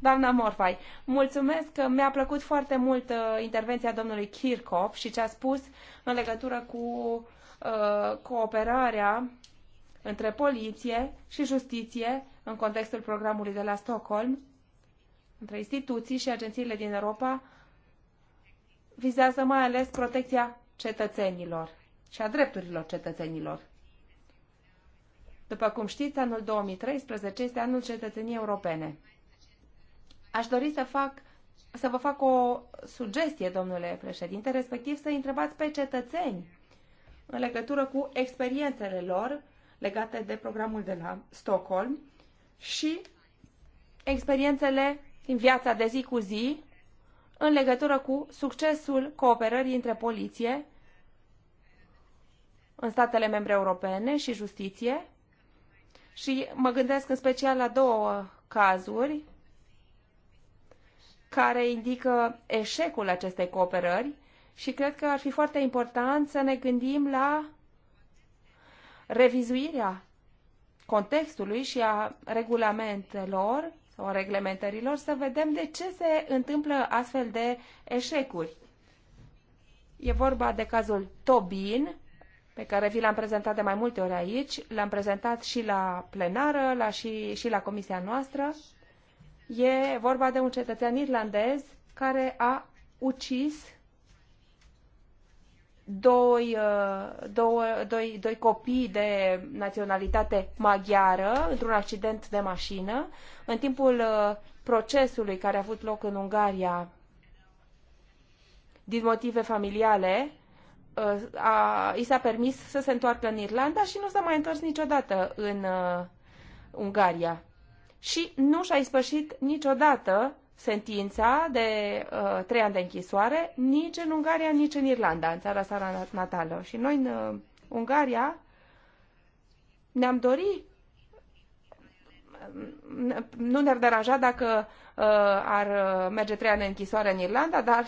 Doamna Morfai, mulțumesc că mi-a plăcut foarte mult uh, intervenția domnului Kirchhoff și ce a spus în legătură cu uh, cooperarea între poliție și justiție în contextul programului de la Stockholm între instituții și agențiile din Europa vizează mai ales protecția cetățenilor și a drepturilor cetățenilor. După cum știți, anul 2013 este anul cetățeniei europene. Aș dori să, fac, să vă fac o sugestie, domnule președinte, respectiv să întrebați pe cetățeni în legătură cu experiențele lor legate de programul de la Stockholm și experiențele din viața de zi cu zi în legătură cu succesul cooperării între poliție în statele membre europene și justiție. Și mă gândesc în special la două cazuri care indică eșecul acestei cooperări și cred că ar fi foarte important să ne gândim la revizuirea contextului și a regulamentelor sau a reglementărilor, să vedem de ce se întâmplă astfel de eșecuri. E vorba de cazul Tobin, pe care vi l-am prezentat de mai multe ori aici, l-am prezentat și la plenară la și, și la comisia noastră. E vorba de un cetățean irlandez care a ucis doi, uh, doi, doi, doi copii de naționalitate maghiară într-un accident de mașină. În timpul uh, procesului care a avut loc în Ungaria, din motive familiale, uh, a, i s-a permis să se întoarcă în Irlanda și nu s-a mai întors niciodată în uh, Ungaria. Și nu și-a ispășit niciodată sentința de uh, trei ani de închisoare nici în Ungaria, nici în Irlanda, în țara sa natală. Și noi în uh, Ungaria ne-am dorit nu ne-ar deranja dacă uh, ar uh, merge trei ani în închisoare în Irlanda, dar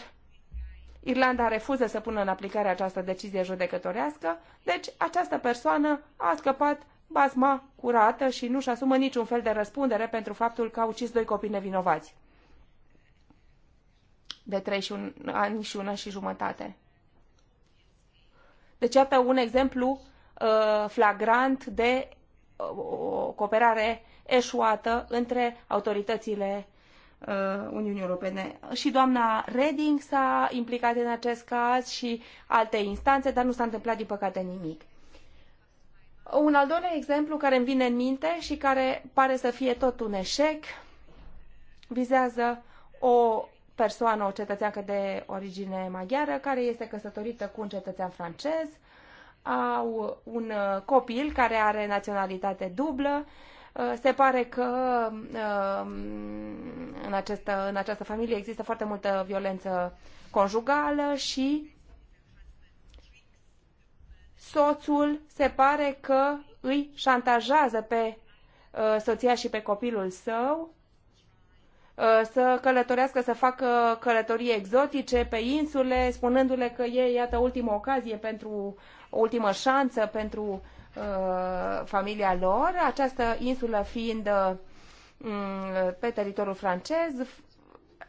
Irlanda refuză să pună în aplicare această decizie judecătorească, deci această persoană a scăpat basma curată și nu-și asumă niciun fel de răspundere pentru faptul că a ucis doi copii nevinovați de 3 și un, ani și una și jumătate. Deci, iată un exemplu uh, flagrant de uh, o cooperare eșuată între autoritățile uh, Uniunii Europene. Și doamna Reding s-a implicat în acest caz și alte instanțe, dar nu s-a întâmplat, din păcate, nimic. Un al doilea exemplu care îmi vine în minte și care pare să fie tot un eșec vizează o persoană, o cetățeancă de origine maghiară, care este căsătorită cu un cetățean francez, au un uh, copil care are naționalitate dublă. Uh, se pare că uh, în această, în această familie există foarte multă violență conjugală și soțul se pare că îi șantajează pe soția și pe copilul său Uh, să călătorească, să facă călătorii exotice pe insule, spunându-le că e, iată, ultima ocazie pentru, o ultimă șansă pentru uh, familia lor, această insulă fiind uh, pe teritoriul francez,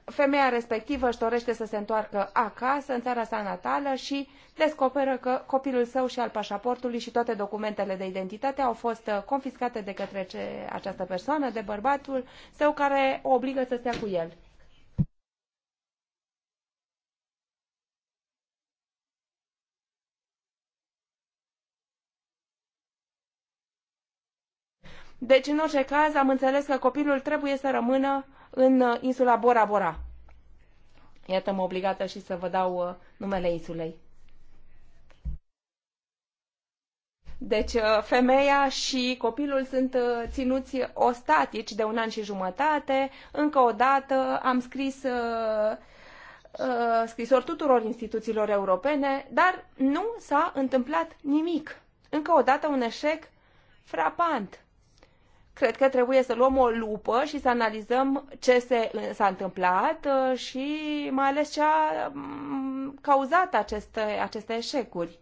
femeia respectivă își dorește să se întoarcă acasă, în țara sa natală și descoperă că copilul său și al pașaportului și toate documentele de identitate au fost uh, confiscate de către ce, această persoană, de bărbatul său care o obligă să stea cu el. Deci, în orice caz, am înțeles că copilul trebuie să rămână în uh, insula Bora Bora. Iată, mă obligată și să vă dau uh, numele insulei. Deci uh, femeia și copilul sunt ținuți ostatici de un an și jumătate. Încă o dată am scris scrisori tuturor instituțiilor europene, dar nu s-a întâmplat nimic. Încă o dată un eșec frapant cred că trebuie să luăm o lupă și să analizăm ce s-a întâmplat uh, și mai ales ce a mm, cauzat aceste, aceste eșecuri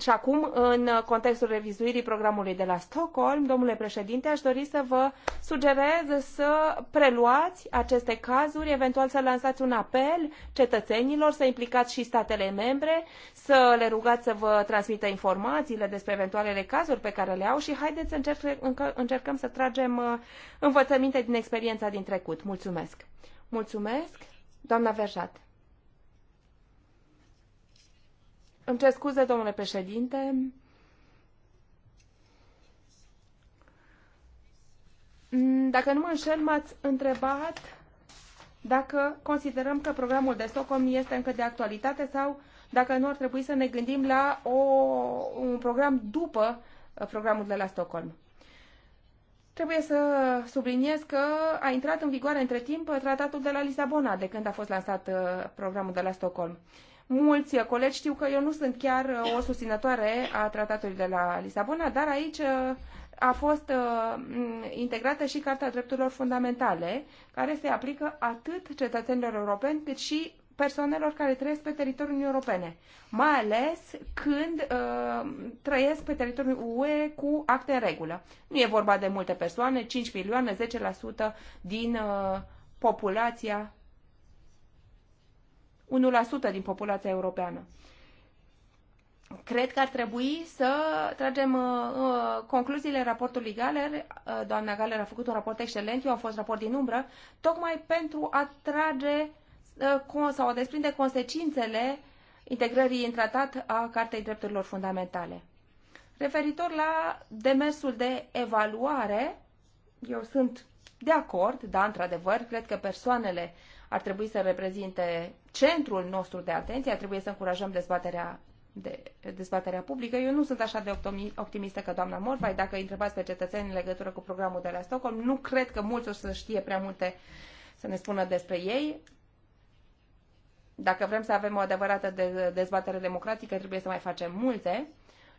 și acum, în contextul revizuirii programului de la Stockholm, domnule președinte, aș dori să vă sugerez să preluați aceste cazuri, eventual să lansați un apel cetățenilor, să implicați și statele membre, să le rugați să vă transmită informațiile despre eventualele cazuri pe care le au și haideți să încerc, încă, încercăm să tragem uh, învățăminte din experiența din trecut. Mulțumesc! Mulțumesc, doamna Verjat! Îmi cer scuze, domnule președinte. Mm, dacă nu mă înșel, m-ați întrebat dacă considerăm că programul de Stockholm este încă de actualitate sau dacă nu ar trebui să ne gândim la o, un program după programul de la Stockholm. Trebuie să subliniez că a intrat în vigoare între timp tratatul de la Lisabona, de când a fost lansat uh, programul de la Stockholm. Mulți colegi știu că eu nu sunt chiar uh, o susținătoare a tratatului de la Lisabona, dar aici uh, a fost uh, integrată și Carta Drepturilor Fundamentale, care se aplică atât cetățenilor europeni cât și persoanelor care trăiesc pe teritoriul Uniunii Europene, mai ales când uh, trăiesc pe teritoriul UE cu acte în regulă. Nu e vorba de multe persoane, 5 milioane, 10% din uh, populația 1% din populația europeană. Cred că ar trebui să tragem uh, uh concluziile raportului Galer. Uh, doamna Galer a făcut un raport excelent, eu am fost raport din umbră, tocmai pentru a trage uh, sau a desprinde consecințele integrării în tratat a Cartei Drepturilor Fundamentale. Referitor la demersul de evaluare, eu sunt de acord, da, într-adevăr, cred că persoanele ar trebui să reprezinte centrul nostru de atenție, trebuie să încurajăm dezbaterea de dezbaterea publică. Eu nu sunt așa de optimistă că doamna Morvai. Dacă întrebați pe cetățeni în legătură cu programul de la Stockholm, nu cred că mulți o să știe prea multe să ne spună despre ei. Dacă vrem să avem o adevărată de- dezbatere democratică, trebuie să mai facem multe.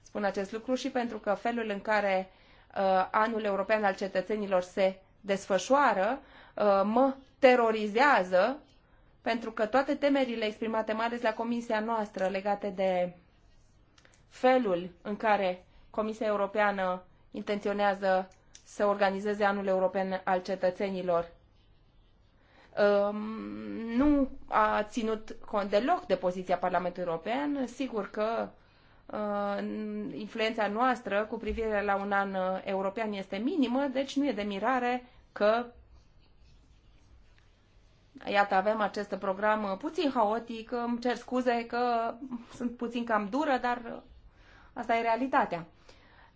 Spun acest lucru și pentru că felul în care uh, anul european al cetățenilor se desfășoară uh, mă terorizează pentru că toate temerile exprimate, mai ales la comisia noastră, legate de felul în care Comisia Europeană intenționează să organizeze anul european al cetățenilor, um, nu a ținut cont deloc de poziția Parlamentului European. Sigur că uh, influența noastră cu privire la un an uh, european este minimă, deci nu e de mirare că Iată, avem acest program puțin haotic, îmi cer scuze că sunt puțin cam dură, dar asta e realitatea.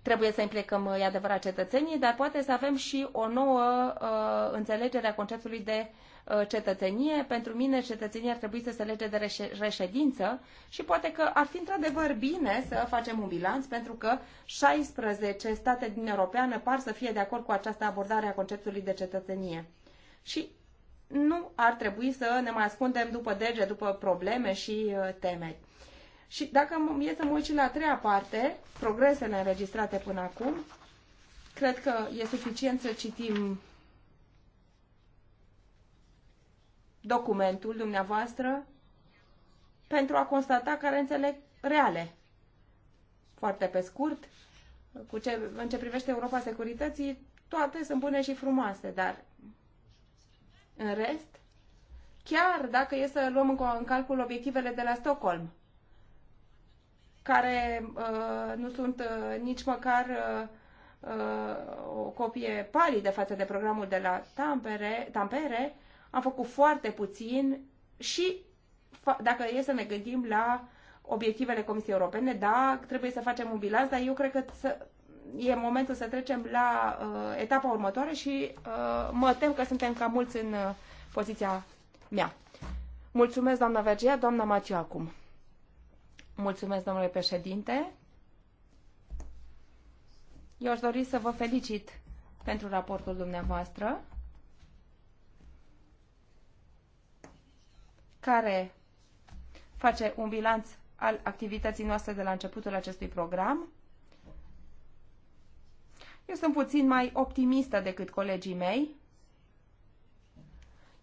Trebuie să implicăm, e adevărat, cetățenii, dar poate să avem și o nouă uh, înțelegere a conceptului de uh, cetățenie. Pentru mine, cetățenia ar trebui să se lege de reședință și poate că ar fi într-adevăr bine să facem un bilanț, pentru că 16 state din Europeană par să fie de acord cu această abordare a conceptului de cetățenie. Și nu ar trebui să ne mai ascundem după dege, după probleme și uh, temeri. Și dacă e să mă uit și la a treia parte, progresele înregistrate până acum, cred că e suficient să citim documentul dumneavoastră pentru a constata carențele reale. Foarte pe scurt, cu ce, în ce privește Europa Securității, toate sunt bune și frumoase, dar în rest, chiar dacă e să luăm în calcul obiectivele de la Stockholm, care uh, nu sunt uh, nici măcar uh, uh, o copie palidă față de programul de la Tampere, Tampere am făcut foarte puțin și dacă e să ne gândim la obiectivele Comisiei Europene, da, trebuie să facem un bilanț, dar eu cred că să, e momentul să trecem la uh, etapa următoare și uh, mă tem că suntem cam mulți în uh, poziția mea. Mulțumesc, doamna Vergea, doamna Matiu acum. Mulțumesc, domnule președinte. Eu aș dori să vă felicit pentru raportul dumneavoastră, care face un bilanț al activității noastre de la începutul acestui program eu sunt puțin mai optimistă decât colegii mei.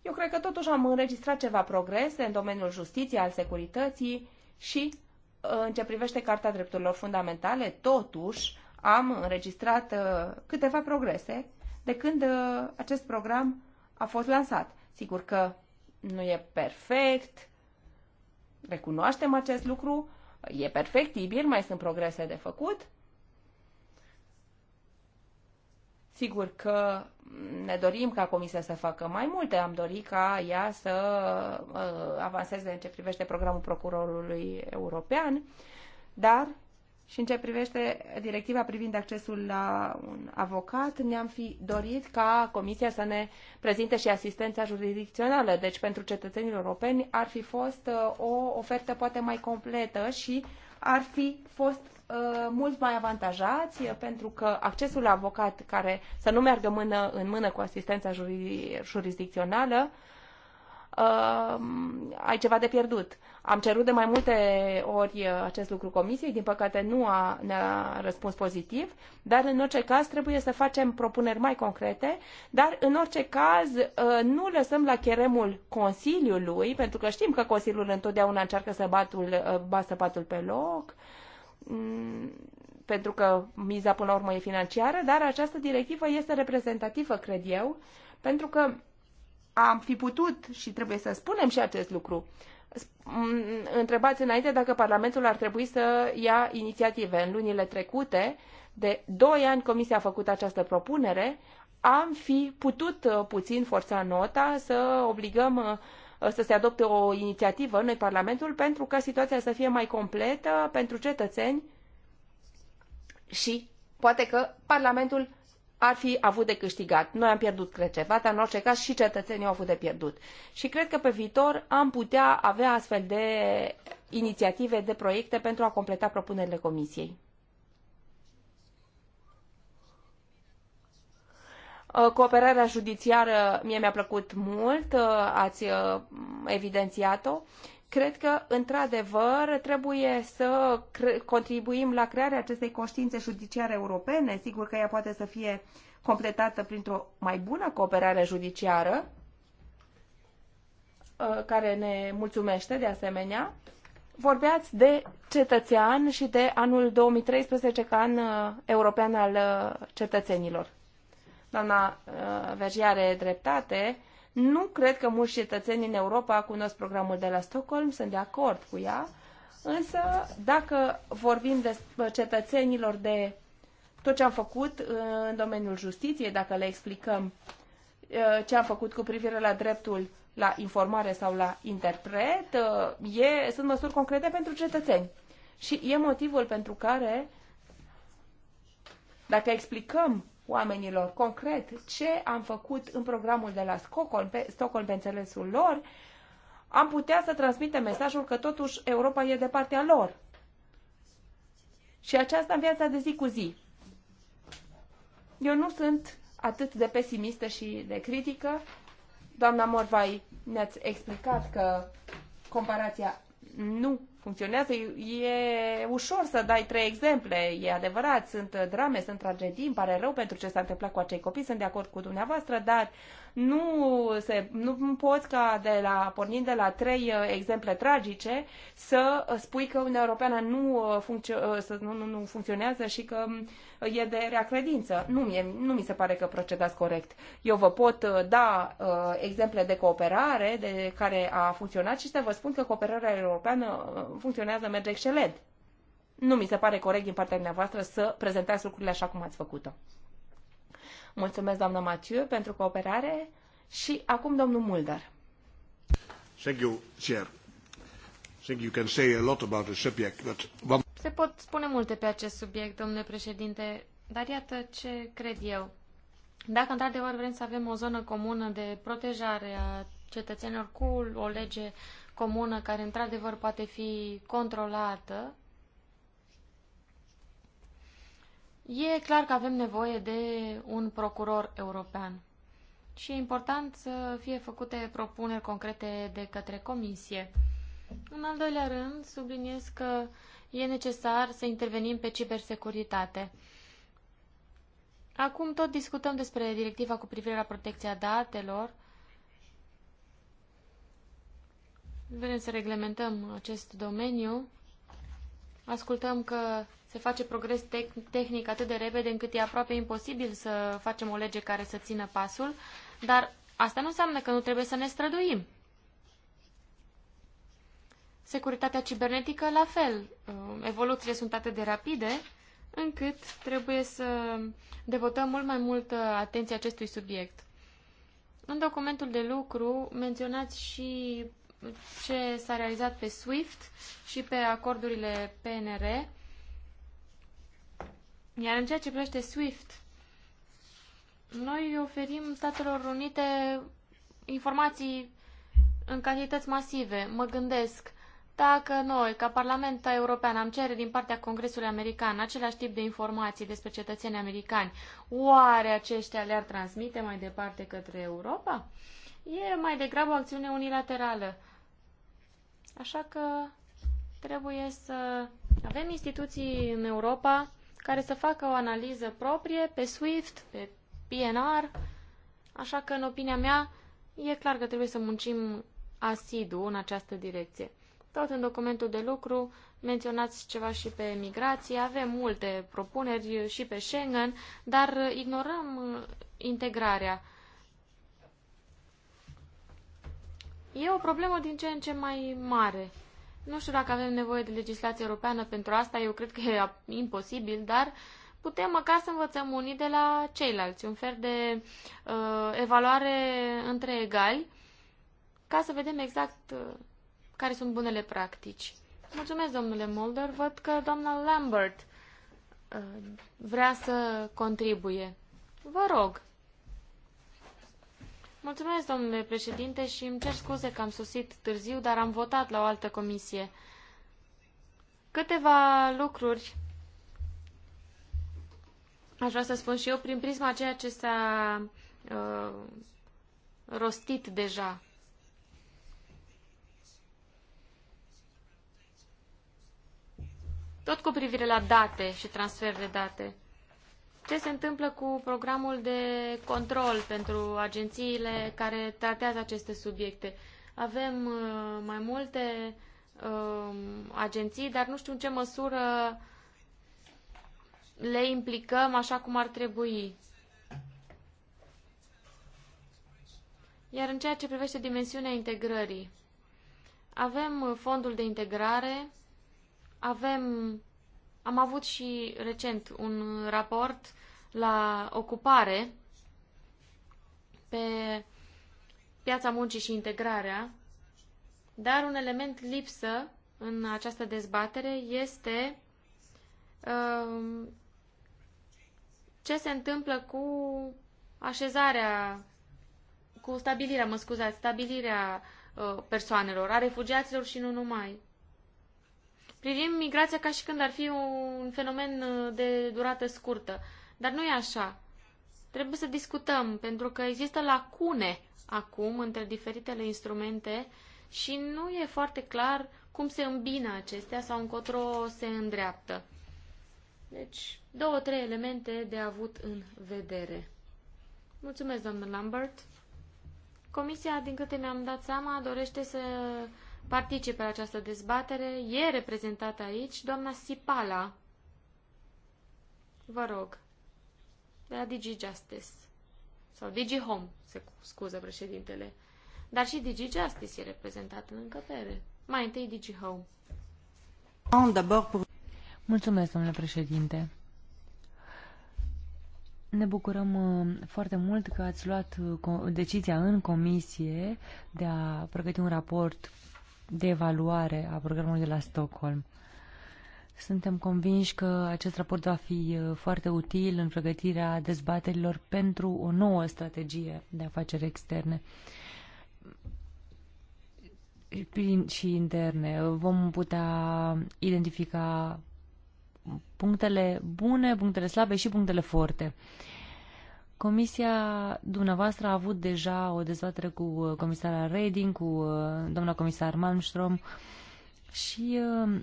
Eu cred că totuși am înregistrat ceva progrese în domeniul justiției, al securității și uh, în ce privește Carta Drepturilor Fundamentale, totuși am înregistrat uh, câteva progrese de când uh, acest program a fost lansat. Sigur că nu e perfect, recunoaștem acest lucru, e perfectibil, mai sunt progrese de făcut, Sigur că ne dorim ca Comisia să facă mai multe, am dorit ca ea să uh, avanseze în ce privește programul procurorului european, dar și în ce privește directiva privind accesul la un avocat, ne-am fi dorit ca Comisia să ne prezinte și asistența jurisdicțională. Deci, pentru cetățenii europeni ar fi fost uh, o ofertă poate mai completă și ar fi fost Uh, mult mai avantajați uh, pentru că accesul la avocat care să nu meargă mână în mână cu asistența jurisdicțională uh, ai ceva de pierdut. Am cerut de mai multe ori uh, acest lucru comisiei, din păcate nu a, ne-a răspuns pozitiv, dar în orice caz trebuie să facem propuneri mai concrete, dar în orice caz uh, nu lăsăm la cheremul Consiliului, pentru că știm că Consiliul întotdeauna încearcă să batul, uh, ba pe loc, uh, Mm, pentru că miza până la urmă e financiară, dar această directivă este reprezentativă, cred eu, pentru că am fi putut și trebuie să spunem și acest lucru. Întrebați înainte dacă Parlamentul ar trebui să ia inițiative. În lunile trecute, de 2 ani Comisia a făcut această propunere, am fi putut uh, puțin forța nota să obligăm uh, Uh, să se adopte o inițiativă în Parlamentul pentru ca situația să fie mai completă pentru cetățeni și poate că Parlamentul ar fi avut de câștigat. Noi am pierdut, cred, ceva, dar în orice caz și cetățenii au avut de pierdut. Și cred că pe viitor am putea avea astfel de inițiative, de proiecte pentru a completa propunerile Comisiei. Uh, cooperarea judiciară mie mi-a plăcut mult, uh, ați uh, evidențiat-o. Cred că, într-adevăr, trebuie să contribuim la crearea acestei conștiințe judiciare europene. Sigur că ea poate să fie completată printr-o mai bună cooperare judiciară, care ne mulțumește de asemenea. Vorbeați de cetățean și de anul 2013 ca an european al cetățenilor. Doamna uh, Vergia are dreptate. Nu cred că mulți cetățeni în Europa cunosc programul de la Stockholm, sunt de acord cu ea, însă dacă vorbim de cetățenilor de tot ce am făcut uh, în domeniul justiției, dacă le explicăm uh, ce am făcut cu privire la dreptul la informare sau la interpret, e, sunt măsuri concrete pentru cetățeni. Și e motivul pentru care, dacă explicăm oamenilor concret ce am făcut în programul de la Stockholm pe, Stockholm, pe înțelesul lor, am putea să transmitem mesajul că totuși Europa e de partea lor. Și aceasta în viața de zi cu zi. Eu nu sunt atât de pesimistă și de critică. Doamna Morvai, ne-ați explicat că comparația nu funcționează. E ușor să dai trei exemple, e adevărat, sunt drame, sunt tragedii, îmi pare rău pentru ce s-a întâmplat cu acei copii, sunt de acord cu dumneavoastră, dar nu, se, nu poți ca de la, pornind de la trei uh, exemple tragice să uh, spui că Uniunea Europeană nu, uh, funcțio- să, nu, nu, nu funcționează și că e de rea credință. Nu, mie, nu mi se pare că procedați corect. Eu vă pot da exemple de cooperare de care a funcționat și să vă spun că cooperarea europeană funcționează, merge excelent. Nu mi se pare corect din partea dumneavoastră să prezentați lucrurile așa cum ați făcut-o. Mulțumesc, doamnă Mathieu, pentru cooperare și acum domnul Mulder. Thank you, Chair. Think you can say a lot about the subject, but one... Se pot spune multe pe acest subiect, domnule președinte, dar iată ce cred eu. Dacă într-adevăr vrem să avem o zonă comună de protejare a cetățenilor cu o lege comună care într-adevăr poate fi controlată, E clar că avem nevoie de un procuror european și e important să fie făcute propuneri concrete de către Comisie. În al doilea rând, subliniez că e necesar să intervenim pe cibersecuritate. Acum tot discutăm despre directiva cu privire la protecția datelor. Vrem să reglementăm acest domeniu. Ascultăm că se face progres tec tehnic atât de repede încât e aproape imposibil să facem o lege care să țină pasul, dar asta nu înseamnă că nu trebuie să ne străduim. Securitatea cibernetică, la fel. Uh, evoluțiile sunt atât de rapide încât trebuie să devotăm mult mai multă atenție acestui subiect. În documentul de lucru menționați și ce s-a realizat pe SWIFT și pe acordurile PNR. Iar în ceea ce privește SWIFT, noi oferim Statelor Unite informații în cantități masive. Mă gândesc, dacă noi, ca Parlament European, am cere din partea Congresului American același tip de informații despre cetățenii americani, oare aceștia le-ar transmite mai departe către Europa? E mai degrabă o acțiune unilaterală. Așa că trebuie să avem instituții în Europa care să facă o analiză proprie pe SWIFT, pe PNR, așa că, în opinia mea, e clar că trebuie să muncim asidu în această direcție. Tot în documentul de lucru menționați ceva și pe migrație, avem multe propuneri și pe Schengen, dar ignorăm integrarea. E o problemă din ce în ce mai mare. Nu știu dacă avem nevoie de legislație europeană pentru asta, eu cred că e imposibil, dar putem măcar să învățăm unii de la ceilalți, un fel de uh, evaluare între egali, ca să vedem exact uh, care sunt bunele practici. Mulțumesc, domnule Mulder. Văd că doamna Lambert uh, vrea să contribuie. Vă rog. Mulțumesc, domnule președinte, și îmi cer scuze că am sosit târziu, dar am votat la o altă comisie. Câteva lucruri aș vrea să spun și eu prin prisma ceea ce s-a uh, rostit deja. Tot cu privire la date și transfer de date ce se întâmplă cu programul de control pentru agențiile care tratează aceste subiecte. Avem uh, mai multe um, agenții, dar nu știu în ce măsură le implicăm așa cum ar trebui. Iar în ceea ce privește dimensiunea integrării, avem uh, fondul de integrare, avem am avut și recent un raport la ocupare pe piața muncii și integrarea, dar un element lipsă în această dezbatere este um, ce se întâmplă cu așezarea, cu stabilirea, mă scuzați, stabilirea uh, persoanelor, a refugiaților și nu numai. Privim migrația ca și când ar fi un fenomen uh, de durată scurtă. Dar nu e așa. Trebuie să discutăm, pentru că există lacune acum între diferitele instrumente și nu e foarte clar cum se îmbină acestea sau încotro se îndreaptă. Deci, două, trei elemente de avut în vedere. Mulțumesc, doamnă Lambert. Comisia, din câte mi-am dat seama, dorește să participe la această dezbatere. E reprezentată aici doamna Sipala. Vă rog. De la Digi Justice. Sau Digi Home, se scuză președintele. Dar și Digi Justice e reprezentat în încăpere. Mai întâi Digi Home. Mulțumesc, domnule președinte. Ne bucurăm uh, foarte mult că ați luat uh, decizia în comisie de a pregăti un raport de evaluare a programului de la Stockholm. Suntem convinși că acest raport va fi uh, foarte util în pregătirea dezbaterilor pentru o nouă strategie de afaceri externe și interne. Vom putea identifica punctele bune, punctele slabe și punctele forte Comisia dumneavoastră a avut deja o dezbatere cu uh, comisara Reding, cu uh, doamna comisar Malmström și uh,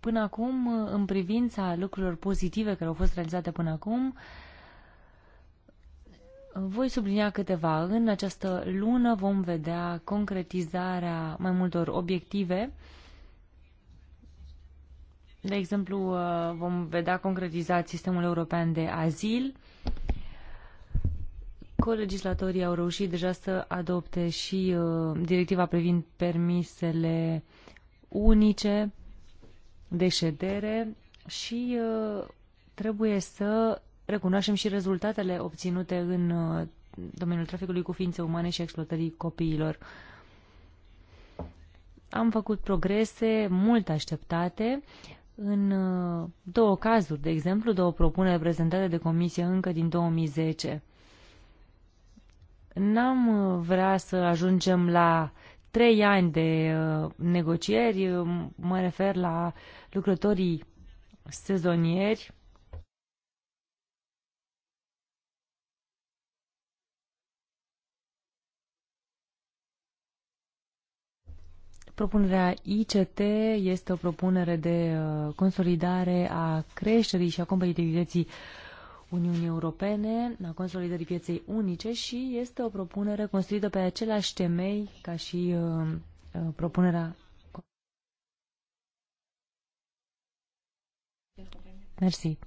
până acum, în privința lucrurilor pozitive care au fost realizate până acum, voi sublinia câteva. În această lună vom vedea concretizarea mai multor obiective uh, de exemplu, uh, vom vedea concretizat sistemul european de azil. Colegislatorii au reușit deja să adopte și uh, directiva privind permisele unice de ședere și uh, trebuie să recunoaștem și rezultatele obținute în domeniul traficului cu ființe umane și exploatării copiilor. Am făcut progrese mult așteptate în uh, două cazuri, de exemplu, două propuneri prezentate de comisie încă din 2010, n-am uh, vrea să ajungem la trei ani de uh, negocieri, mă refer la lucrătorii sezonieri Propunerea ICT este o propunere de uh, consolidare a creșterii și a competitivității Uniunii Europene, a consolidării pieței unice și este o propunere construită pe același temei ca și uh, uh, propunerea. Mersi.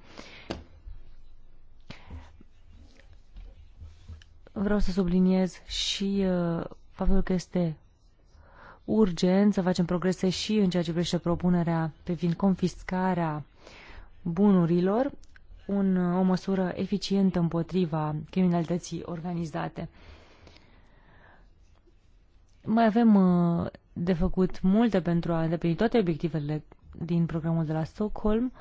Vreau să subliniez și uh, faptul că este urgent să facem progrese și în ceea ce privește propunerea privind confiscarea bunurilor, un, o măsură eficientă împotriva criminalității organizate. Mai avem uh, de făcut multe pentru a îndeplini toate obiectivele din programul de la Stockholm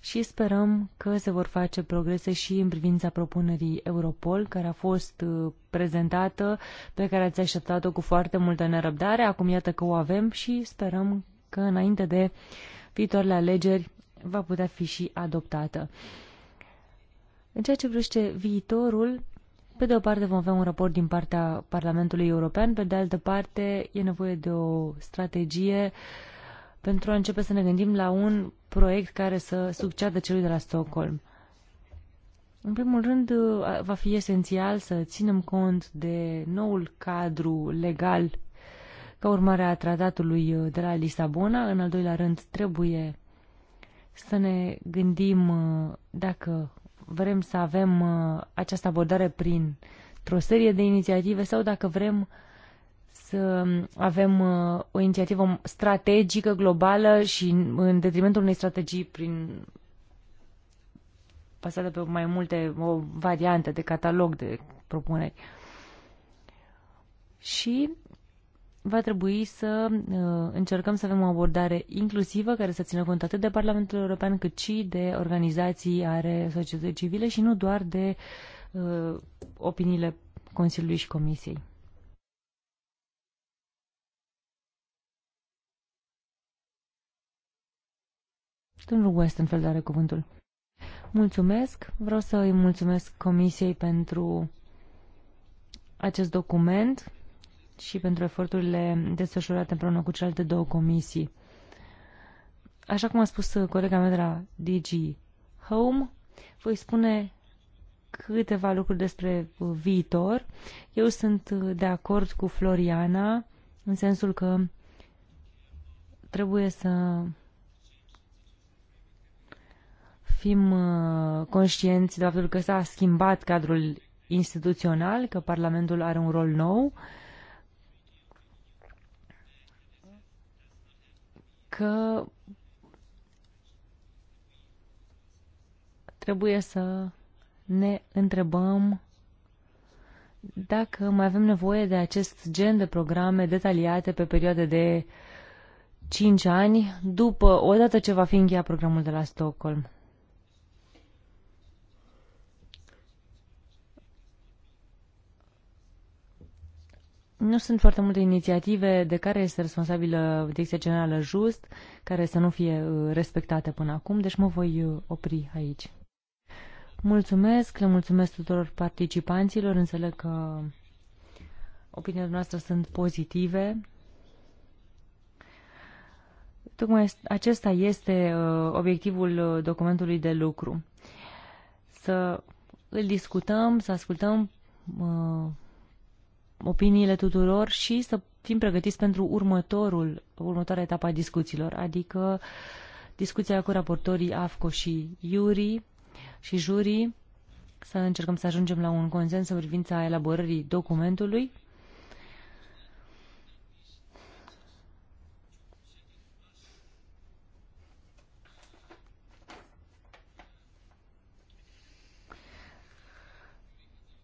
și sperăm că se vor face progrese și în privința propunerii Europol, care a fost uh, prezentată, pe care ați așteptat-o cu foarte multă nerăbdare. Acum iată că o avem și sperăm că înainte de viitoarele alegeri va putea fi și adoptată. În ceea ce privește viitorul, pe de o parte vom avea un raport din partea Parlamentului European, pe de altă parte e nevoie de o strategie uh, pentru a începe să ne gândim la un proiect care să succeadă celui de la Stockholm. În primul rând, va fi esențial să ținem cont de noul cadru legal ca urmare a tratatului uh, de la Lisabona. În al doilea rând, trebuie să ne gândim uh, dacă vrem să avem uh, această abordare prin o serie de inițiative sau dacă vrem să avem uh, o inițiativă strategică, globală și în detrimentul unei strategii prin pasată pe mai multe o variante de catalog de propuneri. Și va trebui să uh, încercăm să avem o abordare inclusivă care să țină cont atât de Parlamentul European cât și de organizații are societății civile și nu doar de uh, opiniile Consiliului și Comisiei. Domnul în fel de are cuvântul. Mulțumesc. Vreau să îi mulțumesc Comisiei pentru acest document și pentru eforturile desfășurate împreună cu celelalte două comisii. Așa cum a spus colega mea de la DG Home, voi spune câteva lucruri despre viitor. Eu sunt de acord cu Floriana în sensul că trebuie să fim uh, conștienți de faptul că s-a schimbat cadrul instituțional, că Parlamentul are un rol nou, că trebuie să ne întrebăm dacă mai avem nevoie de acest gen de programe detaliate pe perioade de 5 ani, după, odată ce va fi încheiat programul de la Stockholm. Nu sunt foarte multe inițiative de care este responsabilă Direcția Generală Just, care să nu fie uh, respectate până acum, deci mă voi uh, opri aici. Mulțumesc, le mulțumesc tuturor participanților, înțeleg că opiniile noastre sunt pozitive. Tocmai acesta este uh, obiectivul documentului de lucru. Să îl discutăm, să ascultăm opiniile tuturor și să fim pregătiți pentru următorul, următoarea etapă a discuțiilor, adică discuția cu raportorii AFCO și Iuri și jurii, să încercăm să ajungem la un consens în privința elaborării documentului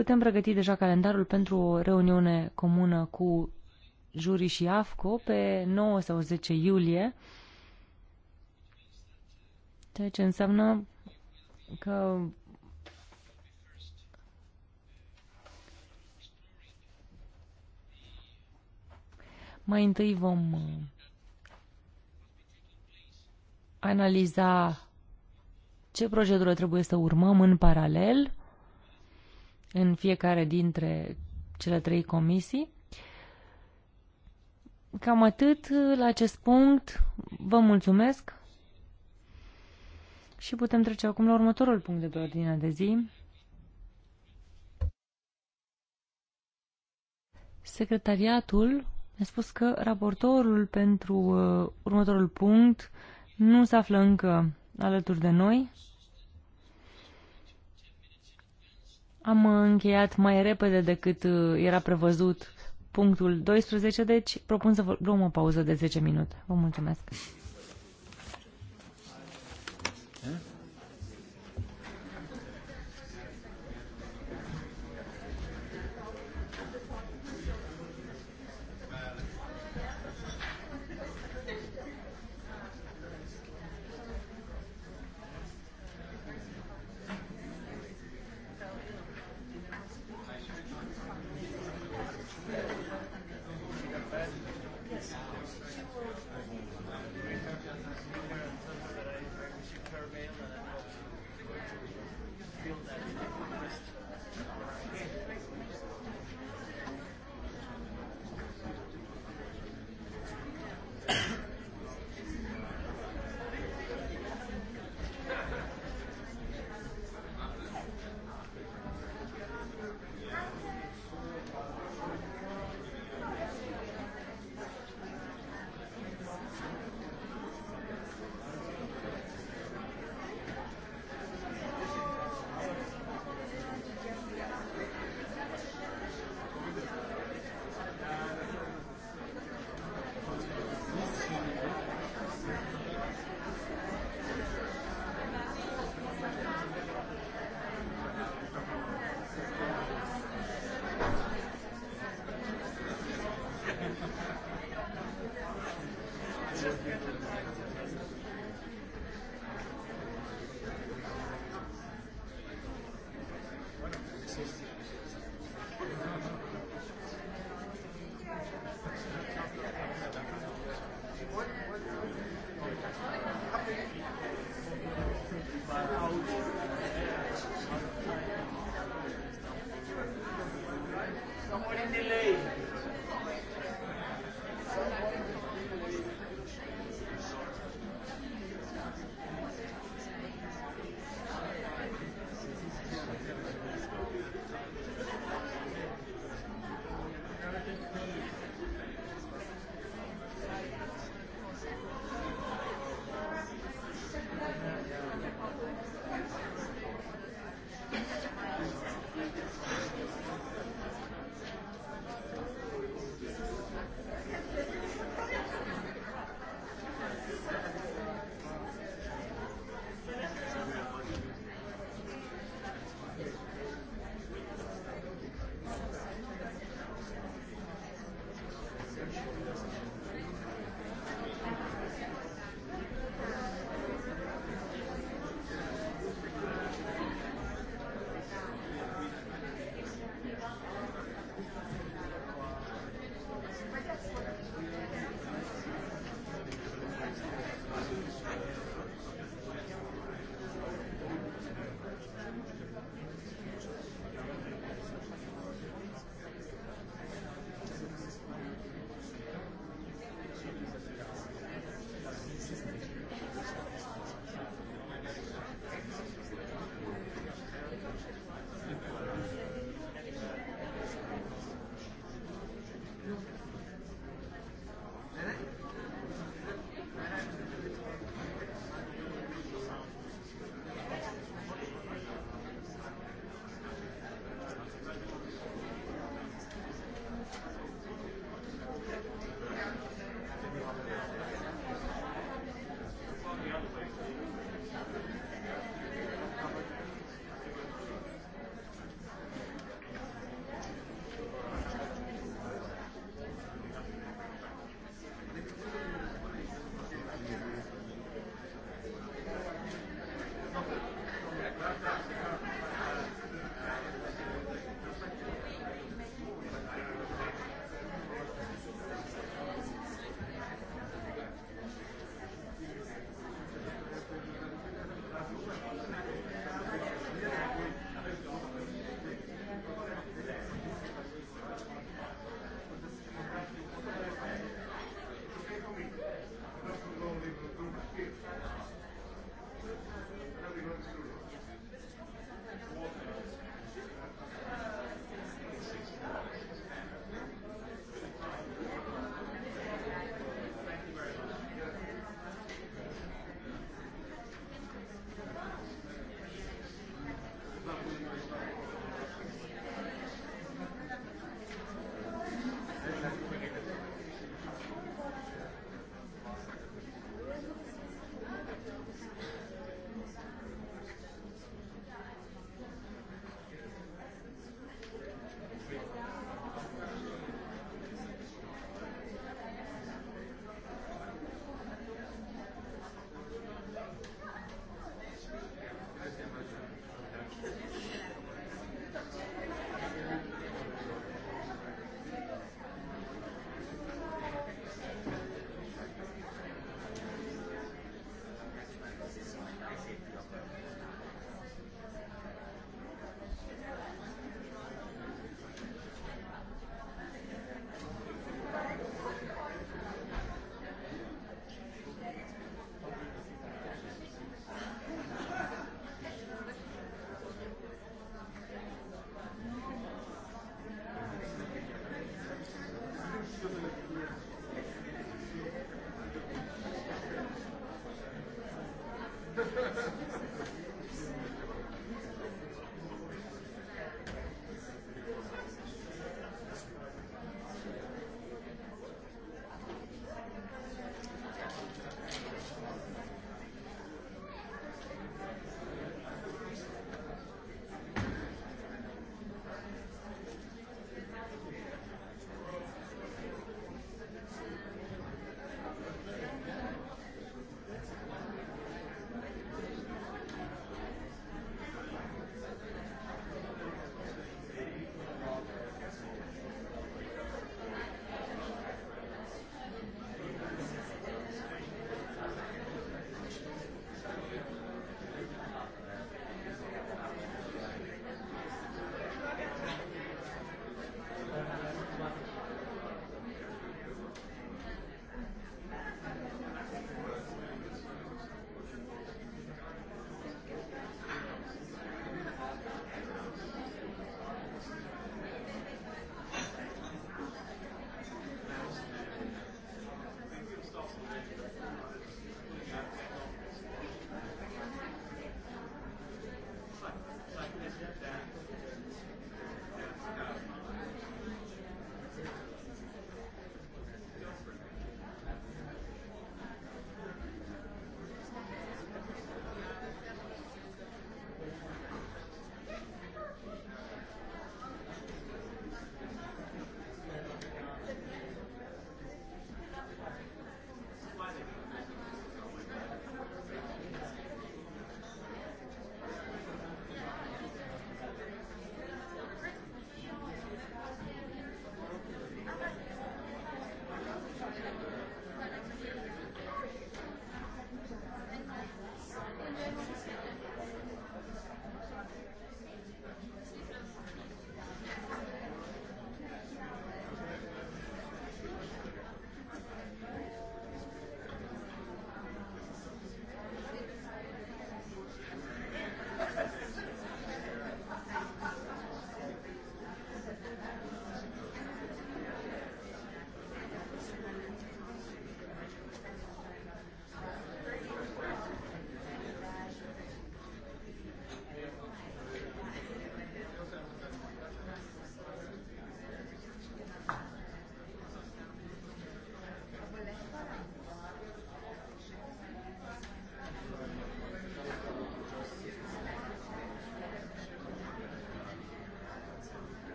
Putem pregăti deja calendarul pentru o reuniune comună cu juri și AFCO pe 9 sau 10 iulie. Deci înseamnă că mai întâi vom uh, analiza ce procedură trebuie să urmăm în paralel în fiecare dintre cele trei comisii. Cam atât la acest punct. Vă mulțumesc și putem trece acum la următorul punct de pe ordinea de zi. Secretariatul a spus că raportorul pentru uh, următorul punct nu se află încă alături de noi. Am încheiat mai repede decât uh, era prevăzut punctul 12, deci propun să luăm o pauză de 10 minute. Vă mulțumesc!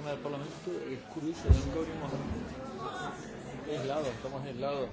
zona del Parlamento es curioso, nunca abrimos aislados, estamos aislados.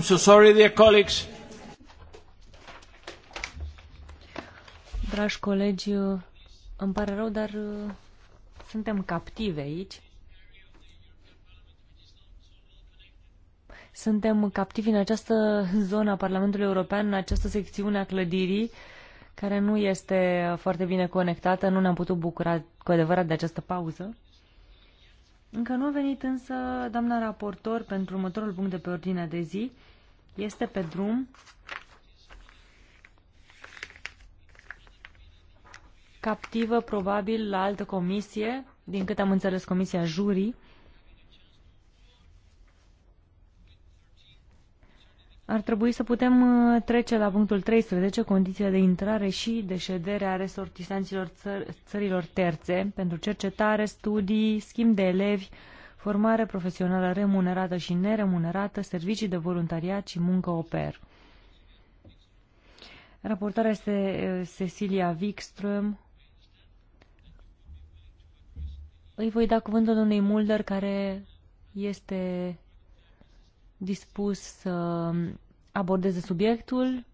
I'm so sorry, dear colleagues. Dragi colegi, îmi pare rău, dar uh, suntem captive aici. Suntem captivi în această zonă a Parlamentului European, în această secțiune a clădirii, care nu este foarte bine conectată. Nu ne-am putut bucura cu adevărat de această pauză. Încă nu a venit însă doamna raportor pentru următorul punct de pe ordinea de zi. Este pe drum. Captivă, probabil, la altă comisie, din câte am înțeles, comisia jurii. ar trebui să putem uh, trece la punctul 13, condițiile de intrare și de ședere a resortisanților țăr- țărilor terțe pentru cercetare, studii, schimb de elevi, formare profesională remunerată și neremunerată, servicii de voluntariat și muncă oper. Raportarea este uh, Cecilia Wikström. Îi voi da cuvântul unui Mulder, care este dispus să abordeze subiectul.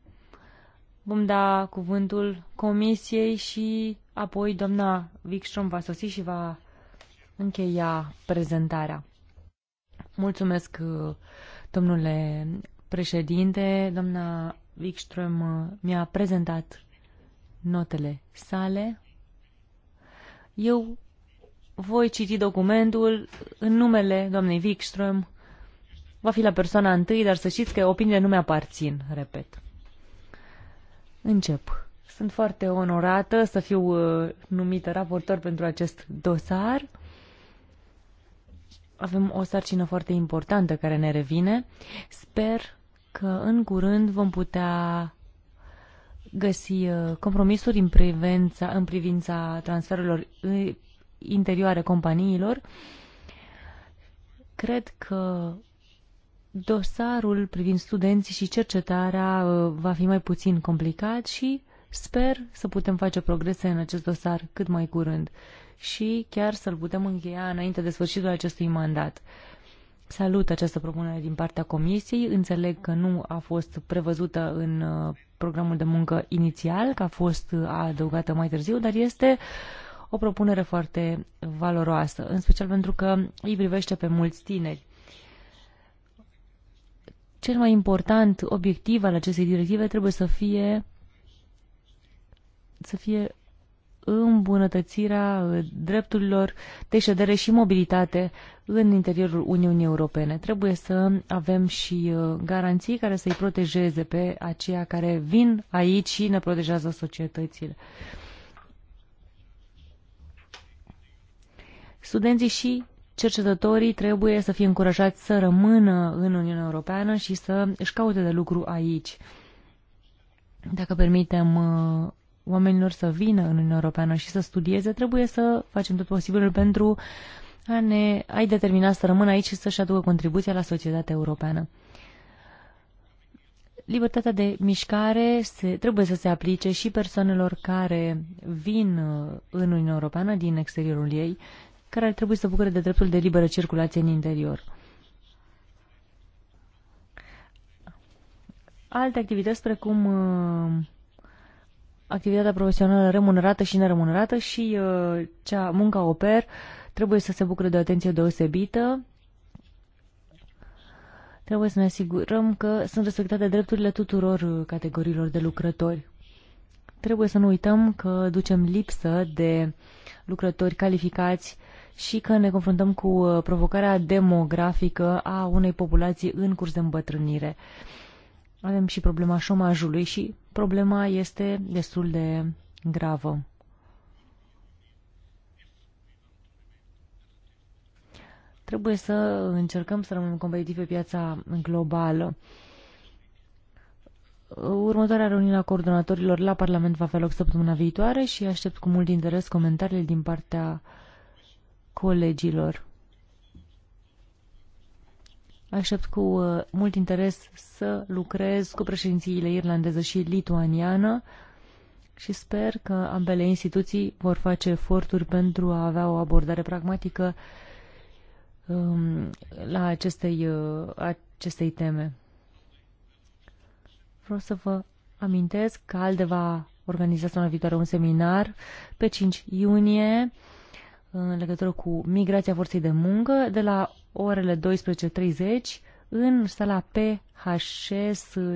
Vom da cuvântul comisiei și apoi doamna Wikström va sosi și va încheia prezentarea. Mulțumesc, uh, domnule președinte. Doamna Wikström uh, mi-a prezentat notele sale. Eu voi citi documentul în numele doamnei Wikström va fi la persoana întâi, dar să știți că opiniile nu mi-aparțin, repet. Încep. Sunt foarte onorată să fiu uh, numită raportor pentru acest dosar. Avem o sarcină foarte importantă care ne revine. Sper că în curând vom putea găsi uh, compromisuri în privința, în privința transferurilor uh, interioare companiilor. Cred că dosarul privind studenții și cercetarea uh, va fi mai puțin complicat și sper să putem face progrese în acest dosar cât mai curând și chiar să-l putem încheia înainte de sfârșitul acestui mandat. Salut această propunere din partea Comisiei. Înțeleg că nu a fost prevăzută în uh, programul de muncă inițial, că a fost uh, adăugată mai târziu, dar este o propunere foarte valoroasă, în special pentru că îi privește pe mulți tineri. Cel mai important obiectiv al acestei directive trebuie să fie să fie îmbunătățirea drepturilor de ședere și mobilitate în interiorul Uniunii Europene. Trebuie să avem și uh, garanții care să-i protejeze pe aceia care vin aici și ne protejează societățile. Studenții și cercetătorii trebuie să fie încurajați să rămână în Uniunea Europeană și să își caute de lucru aici. Dacă permitem uh, oamenilor să vină în Uniunea Europeană și să studieze, trebuie să facem tot posibilul pentru a ne ai determina să rămână aici și să-și aducă contribuția la societatea europeană. Libertatea de mișcare se, trebuie să se aplice și persoanelor care vin uh, în Uniunea Europeană din exteriorul ei care ar trebui să bucure de dreptul de liberă circulație în interior. Alte activități precum uh, activitatea profesională remunerată și neremunerată și uh, cea munca oper trebuie să se bucure de o atenție deosebită. Trebuie să ne asigurăm că sunt respectate drepturile tuturor uh, categoriilor de lucrători. Trebuie să nu uităm că ducem lipsă de lucrători calificați și că ne confruntăm cu uh, provocarea demografică a unei populații în curs de îmbătrânire. Avem și problema șomajului și problema este destul de gravă. Trebuie să încercăm să rămânem competitivi pe piața globală. Următoarea reuniune a coordonatorilor la Parlament va avea loc săptămâna viitoare și aștept cu mult interes comentariile din partea uh, colegilor. Aștept cu uh, mult interes să lucrez cu președințiile irlandeză și lituaniană și sper că ambele instituții vor face eforturi pentru a avea o abordare pragmatică um, la acestei, uh, acestei teme. Vreau să vă amintesc că ALDE va organiza săptămâna viitoare un seminar pe 5 iunie în legătură cu migrația forței de muncă de la orele 12.30 în sala PHS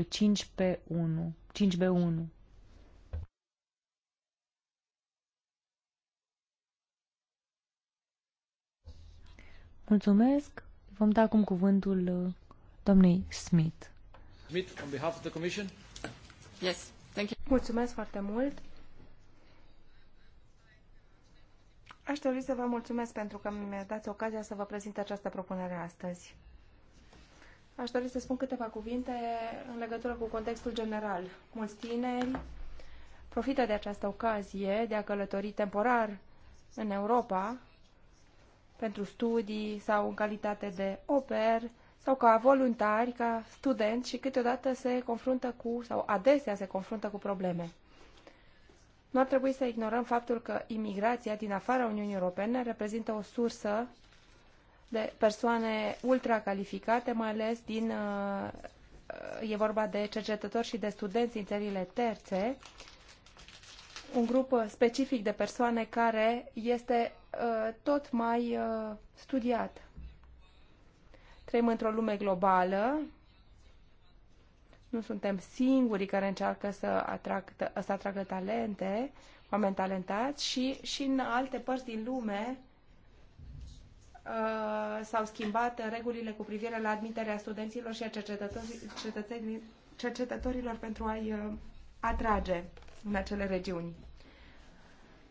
5P1, 5B1. Mulțumesc. Vom da acum cuvântul uh, doamnei Smith. Smith, on behalf of the Commission. Yes, thank you. Mulțumesc foarte mult. Aș dori să vă mulțumesc pentru că mi a dat ocazia să vă prezint această propunere astăzi. Aș dori să spun câteva cuvinte în legătură cu contextul general. Mulți tineri profită de această ocazie de a călători temporar în Europa pentru studii sau în calitate de oper sau ca voluntari, ca studenți și câteodată se confruntă cu, sau adesea se confruntă cu probleme. Nu ar trebui să ignorăm faptul că imigrația din afara Uniunii Europene reprezintă o sursă de persoane ultracalificate, mai ales din uh, e vorba de cercetători și de studenți din țările terțe, un grup specific de persoane care este uh, tot mai uh, studiat. Trăim într-o lume globală nu suntem singurii care încearcă să, atrag, să atragă talente, oameni talentați și, și în alte părți din lume uh, s-au schimbat regulile cu privire la admiterea studenților și a cercetătorilor, pentru a-i uh, atrage în acele regiuni.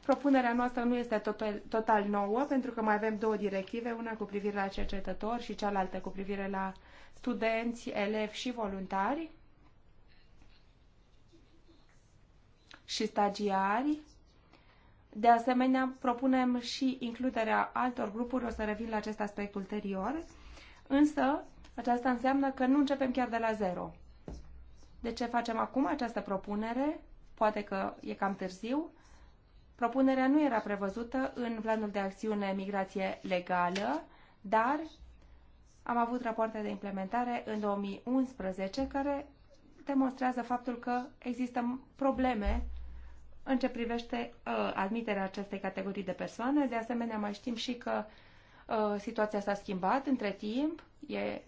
Propunerea noastră nu este total, total nouă, pentru că mai avem două directive, una cu privire la cercetători și cealaltă cu privire la studenți, elevi și voluntari. și stagiari. De asemenea, propunem și includerea altor grupuri, o să revin la acest aspect ulterior, însă aceasta înseamnă că nu începem chiar de la zero. De ce facem acum această propunere? Poate că e cam târziu. Propunerea nu era prevăzută în planul de acțiune migrație legală, dar am avut rapoarte de implementare în 2011 care demonstrează faptul că există probleme în ce privește uh, admiterea acestei categorii de persoane. De asemenea, mai știm și că uh, situația s-a schimbat între timp. E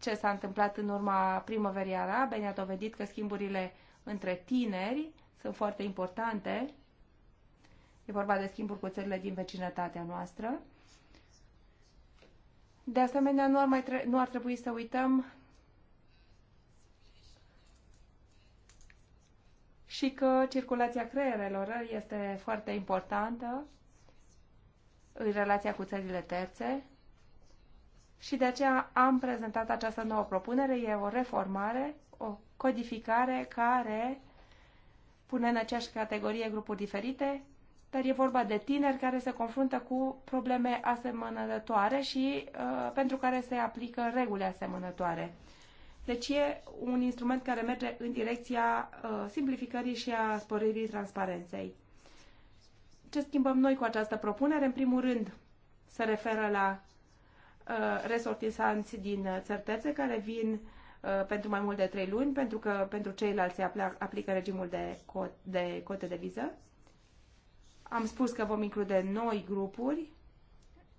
ce s-a întâmplat în urma primăverii arabe ne-a dovedit că schimburile între tineri sunt foarte importante. E vorba de schimburi cu țările din vecinătatea noastră. De asemenea, nu ar, mai tre- nu ar trebui să uităm și că circulația creierelor este foarte importantă în relația cu țările terțe și de aceea am prezentat această nouă propunere. E o reformare, o codificare care pune în aceeași categorie grupuri diferite, dar e vorba de tineri care se confruntă cu probleme asemănătoare și uh, pentru care se aplică reguli asemănătoare. Deci e un instrument care merge în direcția uh, simplificării și a sporirii transparenței. Ce schimbăm noi cu această propunere? În primul rând, se referă la uh, resortisanți din uh, țări care vin pentru mai mult de trei luni, pentru că pentru ceilalți se aplică regimul de, cot, de cote de viză. Am spus că vom include noi grupuri,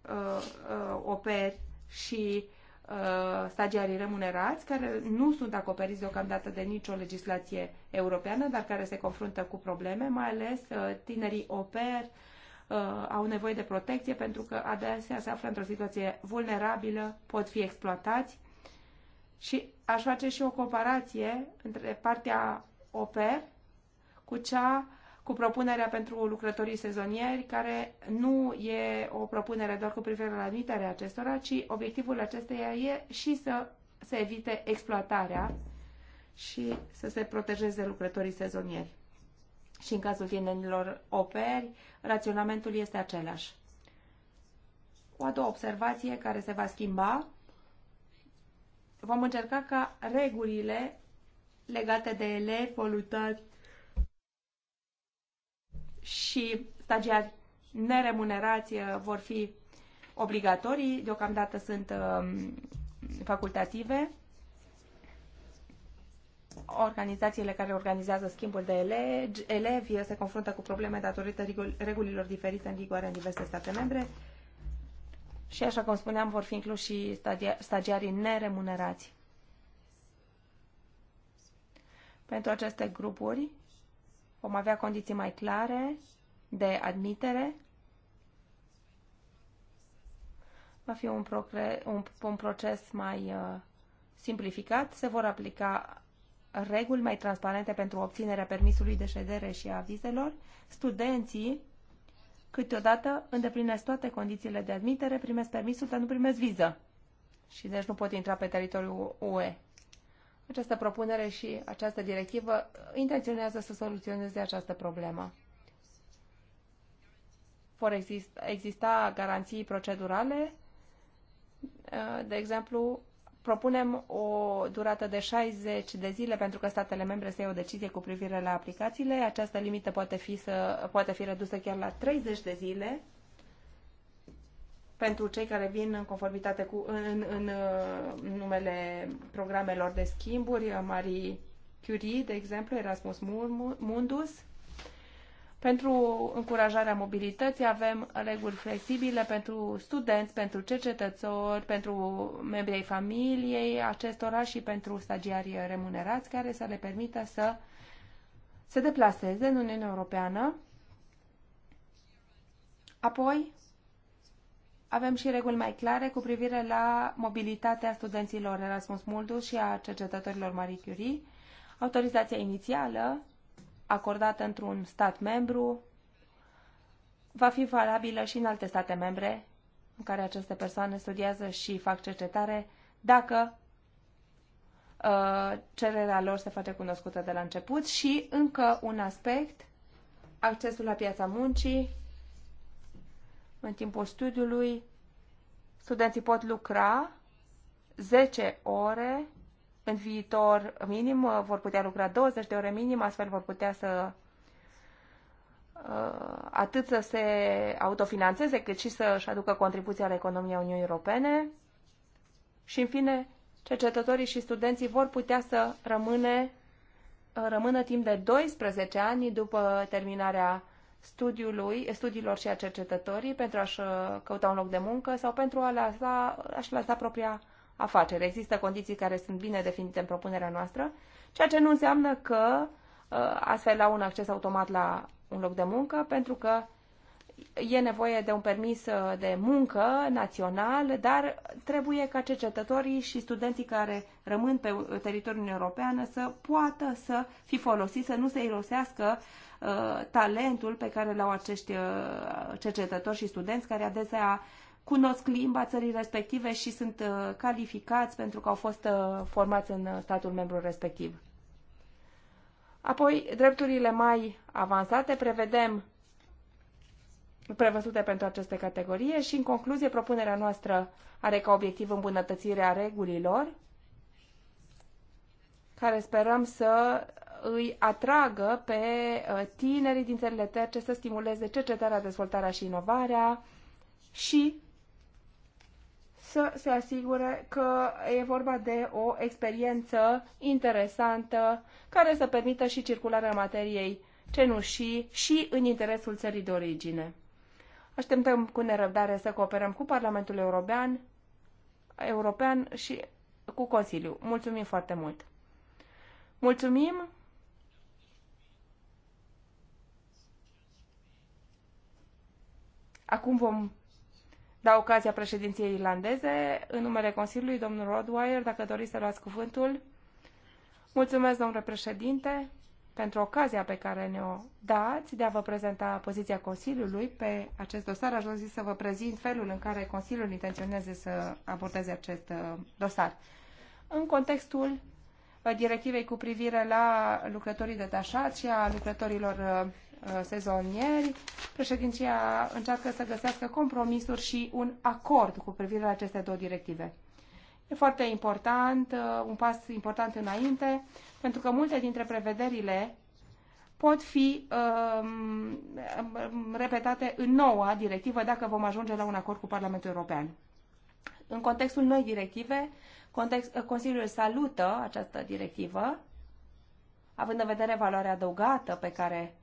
uh, uh, și Uh, stagiarii remunerați care nu sunt acoperiți deocamdată de nicio legislație europeană, dar care se confruntă cu probleme, mai ales uh, tinerii oper uh, au nevoie de protecție pentru că adesea se află într-o situație vulnerabilă, pot fi exploatați și aș face și o comparație între partea oper cu cea cu propunerea pentru lucrătorii sezonieri, care nu e o propunere doar cu privire la admiterea acestora, ci obiectivul acesteia e și să se evite exploatarea și să se protejeze lucrătorii sezonieri. Și în cazul tinerilor operi, raționamentul este același. O a doua observație care se va schimba, vom încerca ca regulile legate de elevi, voluntari și stagiari neremunerați uh, vor fi obligatorii, deocamdată sunt um, facultative. Organizațiile care organizează schimbul de elegi, elevi se confruntă cu probleme datorită regulilor diferite în vigoare în diverse state membre și, așa cum spuneam, vor fi incluși și stagiarii neremunerați. Pentru aceste grupuri, Vom avea condiții mai clare de admitere. Va fi un, procre, un, un proces mai uh, simplificat. Se vor aplica reguli mai transparente pentru obținerea permisului de ședere și a vizelor. Studenții câteodată îndeplinesc toate condițiile de admitere, primesc permisul, dar nu primesc viză. Și deci nu pot intra pe teritoriul UE. Această propunere și această directivă intenționează să soluționeze această problemă. Vor exista, exista garanții procedurale. Uh, de exemplu, propunem o durată de 60 de zile pentru că statele membre să iau o decizie cu privire la aplicațiile. Această limită poate fi, să, poate fi redusă chiar la 30 de zile pentru cei care vin în conformitate cu în, în, în uh, numele programelor de schimburi, uh, Marie Curie, de exemplu, Erasmus Mundus. Pentru încurajarea mobilității avem reguli flexibile pentru studenți, pentru cercetători, pentru membrii familiei acestora și pentru stagiarii remunerați care să le permită să se deplaseze în Uniunea Europeană. Apoi, avem și reguli mai clare cu privire la mobilitatea studenților Erasmus Mundus și a cercetătorilor Marie Curie, autorizația inițială acordată într-un stat membru va fi valabilă și în alte state membre în care aceste persoane studiază și fac cercetare dacă uh, cererea lor se face cunoscută de la început și încă un aspect, accesul la piața muncii în timpul studiului, studenții pot lucra 10 ore în viitor minim, vor putea lucra 20 de ore minim, astfel vor putea să uh, atât să se autofinanțeze, cât și să-și aducă contribuția la economia Uniunii Europene. Și, în fine, cercetătorii și studenții vor putea să rămâne, rămână timp de 12 ani după terminarea studiului, studiilor și a cercetătorii pentru a-și uh, căuta un loc de muncă sau pentru a lăsa, a-și lăsa propria afacere. Există condiții care sunt bine definite în propunerea noastră, ceea ce nu înseamnă că uh, astfel au un acces automat la un loc de muncă, pentru că e nevoie de un permis uh, de muncă național, dar trebuie ca cercetătorii și studenții care rămân pe teritoriul european să poată să fi folosiți, să nu se irosească uh, talentul pe care l-au acești uh, cercetători și studenți care adesea cunosc limba țării respective și sunt calificați pentru că au fost formați în statul membru respectiv. Apoi, drepturile mai avansate prevedem prevăzute pentru aceste categorie și, în concluzie, propunerea noastră are ca obiectiv îmbunătățirea regulilor, care sperăm să îi atragă pe uh, tinerii din țările terce să stimuleze cercetarea, dezvoltarea și inovarea și să se asigure că e vorba de o experiență interesantă care să permită și circularea materiei cenușii și în interesul țării de origine. Așteptăm cu nerăbdare să cooperăm cu Parlamentul European, European și cu Consiliu. Mulțumim foarte mult! Mulțumim! Acum vom da ocazia președinției irlandeze. În numele Consiliului, domnul Rodwire, dacă doriți să luați cuvântul. Mulțumesc, domnule președinte pentru ocazia pe care ne-o dați de a vă prezenta poziția Consiliului pe acest dosar. Aș dori să vă prezint felul în care Consiliul intenționează să abordeze acest uh, dosar. În contextul uh, directivei cu privire la lucrătorii detașați și a lucrătorilor uh, sezonieri, președinția încearcă să găsească compromisuri și un acord cu privire la aceste două directive. E foarte important, un pas important înainte pentru că multe dintre prevederile pot fi um, repetate în noua directivă dacă vom ajunge la un acord cu Parlamentul European. În contextul noi directive, context, Consiliul salută această directivă, având în vedere valoarea adăugată pe care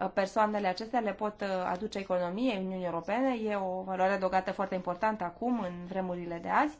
uh, persoanele acestea le pot uh, aduce economiei Uniunii Europene. E o valoare adăugată foarte importantă acum, în vremurile de azi.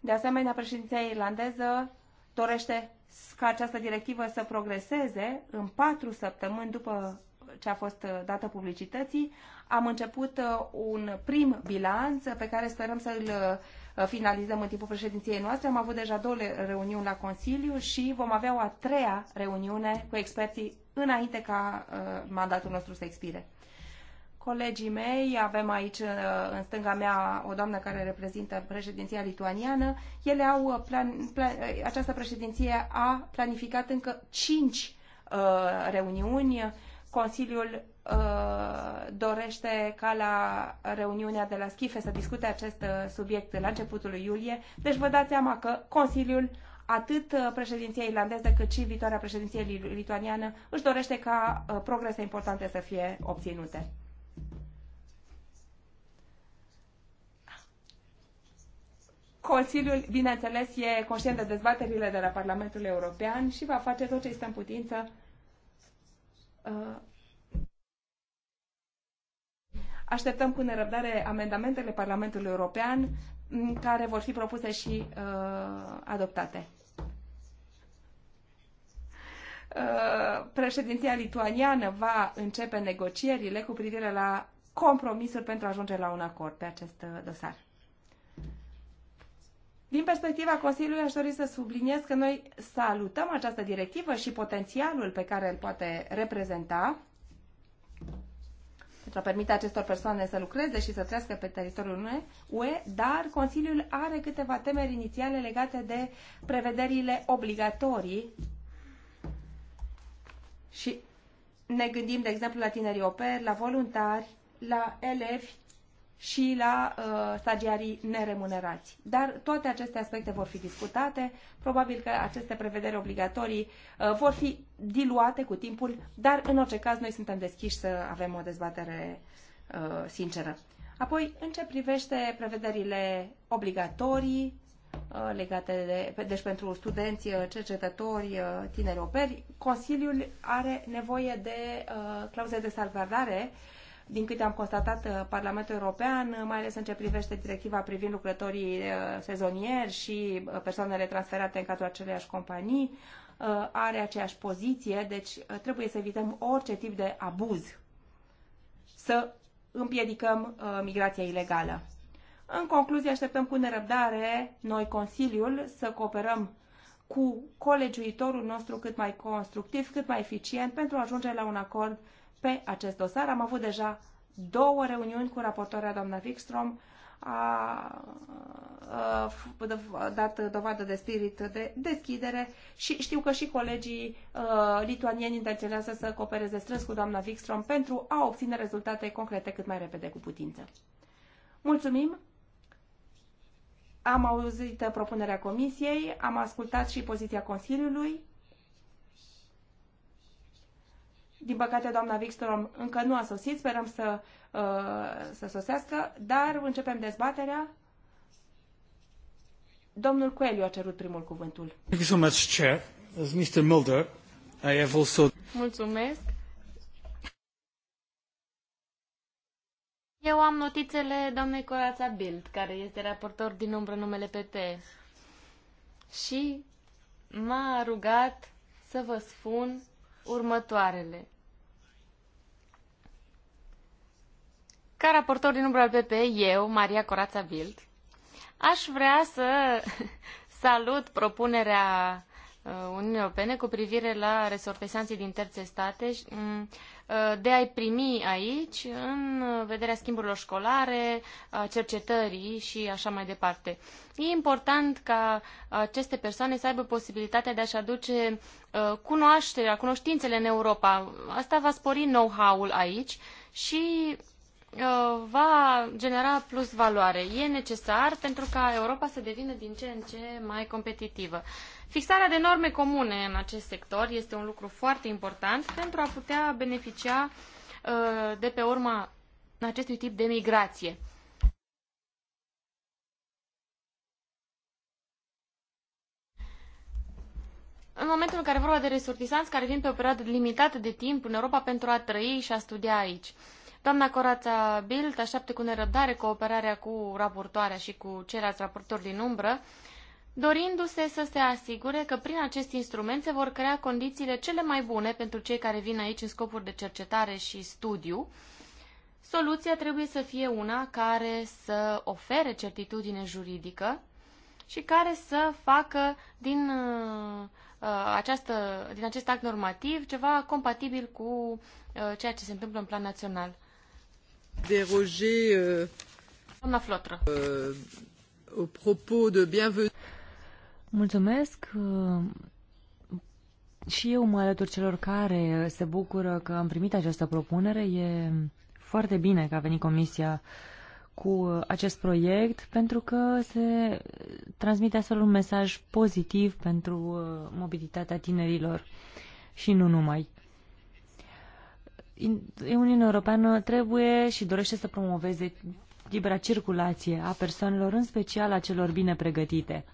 De asemenea, președinția irlandeză dorește ca această directivă să progreseze în patru săptămâni după ce a fost uh, dată publicității, am început uh, un prim bilanț pe care sperăm să îl uh, finalizăm în timpul președinției noastre. Am avut deja două reuniuni la Consiliu și vom avea o a treia reuniune cu experții înainte ca mandatul nostru să expire colegii mei, avem aici uh, în stânga mea o doamnă care reprezintă președinția lituaniană, ele au uh, plan, plan, uh, această președinție a planificat încă cinci uh, reuniuni. Consiliul uh, dorește ca la reuniunea de la Schife să discute acest subiect la începutul lui iulie. Deci vă dați seama că Consiliul atât președinția irlandeză cât și viitoarea președinție lituaniană își dorește ca progrese importante să fie obținute. Consiliul, bineînțeles, e conștient de dezbaterile de la Parlamentul European și va face tot ce este în putință uh, Așteptăm cu nerăbdare amendamentele Parlamentului European mm, care vor fi propuse și uh, adoptate. Uh, președinția lituaniană va începe negocierile cu privire la compromisul pentru a ajunge la un acord pe acest uh, dosar. Din perspectiva Consiliului, aș dori să subliniez că noi salutăm această directivă și potențialul pe care îl poate reprezenta pentru a permite acestor persoane să lucreze și să trăiască pe teritoriul UE, dar Consiliul are câteva temeri inițiale legate de prevederile obligatorii și ne gândim, de exemplu, la tinerii oper, la voluntari, la elevi și la uh, stagiarii neremunerați. Dar toate aceste aspecte vor fi discutate. Probabil că aceste prevederi obligatorii uh, vor fi diluate cu timpul, dar în orice caz noi suntem deschiși să avem o dezbatere uh, sinceră. Apoi, în ce privește prevederile obligatorii uh, legate de, deci pentru studenți, uh, cercetători, uh, tineri operi, Consiliul are nevoie de uh, clauze de salvardare uh, din câte am constatat, uh, Parlamentul European, uh, mai ales în ce privește directiva privind lucrătorii uh, sezonieri și persoanele transferate în cadrul aceleiași companii, are aceeași poziție, deci trebuie să evităm orice tip de abuz, să împiedicăm migrația ilegală. În concluzie, așteptăm cu nerăbdare noi Consiliul să cooperăm cu colegiuitorul nostru cât mai constructiv, cât mai eficient pentru a ajunge la un acord pe acest dosar. Am avut deja două reuniuni cu raportoarea doamna Wikstrom, a dat dovadă de spirit de deschidere și știu că și colegii lituanieni intenționează să coopereze strâns cu doamna Wikstrom pentru a obține rezultate concrete cât mai repede cu putință. Mulțumim! Am auzit propunerea comisiei, am ascultat și poziția Consiliului Din păcate, doamna Wikström încă nu a sosit, sperăm să, uh, să sosească, dar începem dezbaterea. Domnul Coelho a cerut primul cuvântul. Thank you so much, Chair. As Mr. Mulder, I have also... Mulțumesc. Eu am notițele doamnei Corața Bild, care este raportor din umbră numele PP. Și m-a rugat să vă spun următoarele. Ca raportor din umbra PP, eu, Maria Corața Bild, aș vrea să [laughs] salut propunerea uh, Uniunii Europene cu privire la resortesanții din terțe state mm, uh, de a-i primi aici în vederea schimburilor școlare, a cercetării și așa mai departe. E important ca aceste persoane să aibă posibilitatea de a-și aduce uh, cunoașterea, cunoștințele în Europa. Asta va spori know-how-ul aici și Uh, va genera plus valoare. E necesar pentru ca Europa să devină din ce în ce mai competitivă. Fixarea de norme comune în acest sector este un lucru foarte important pentru a putea beneficia uh, de pe urma acestui tip de migrație. În momentul în care vorba de resortisanți care vin pe o perioadă limitată de timp în Europa pentru a trăi și a studia aici. Doamna Corața Bild așteaptă cu nerăbdare cooperarea cu raportoarea și cu ceilalți raportori din umbră, dorindu-se să se asigure că prin acest instrument se vor crea condițiile cele mai bune pentru cei care vin aici în scopuri de cercetare și studiu. Soluția trebuie să fie una care să ofere certitudine juridică și care să facă din, uh, uh această, din acest act normativ ceva compatibil cu uh, ceea ce se întâmplă în plan național déroger euh, Euh, au propos de bienvenue. Mulțumesc. Uh, și eu mă alătur celor care se bucură că am primit această propunere. E foarte bine că a venit Comisia cu acest proiect pentru că se transmite astfel un mesaj pozitiv pentru uh, mobilitatea tinerilor și nu numai. Uniunea Europeană trebuie și dorește să promoveze libera circulație a persoanelor, în special a celor bine pregătite,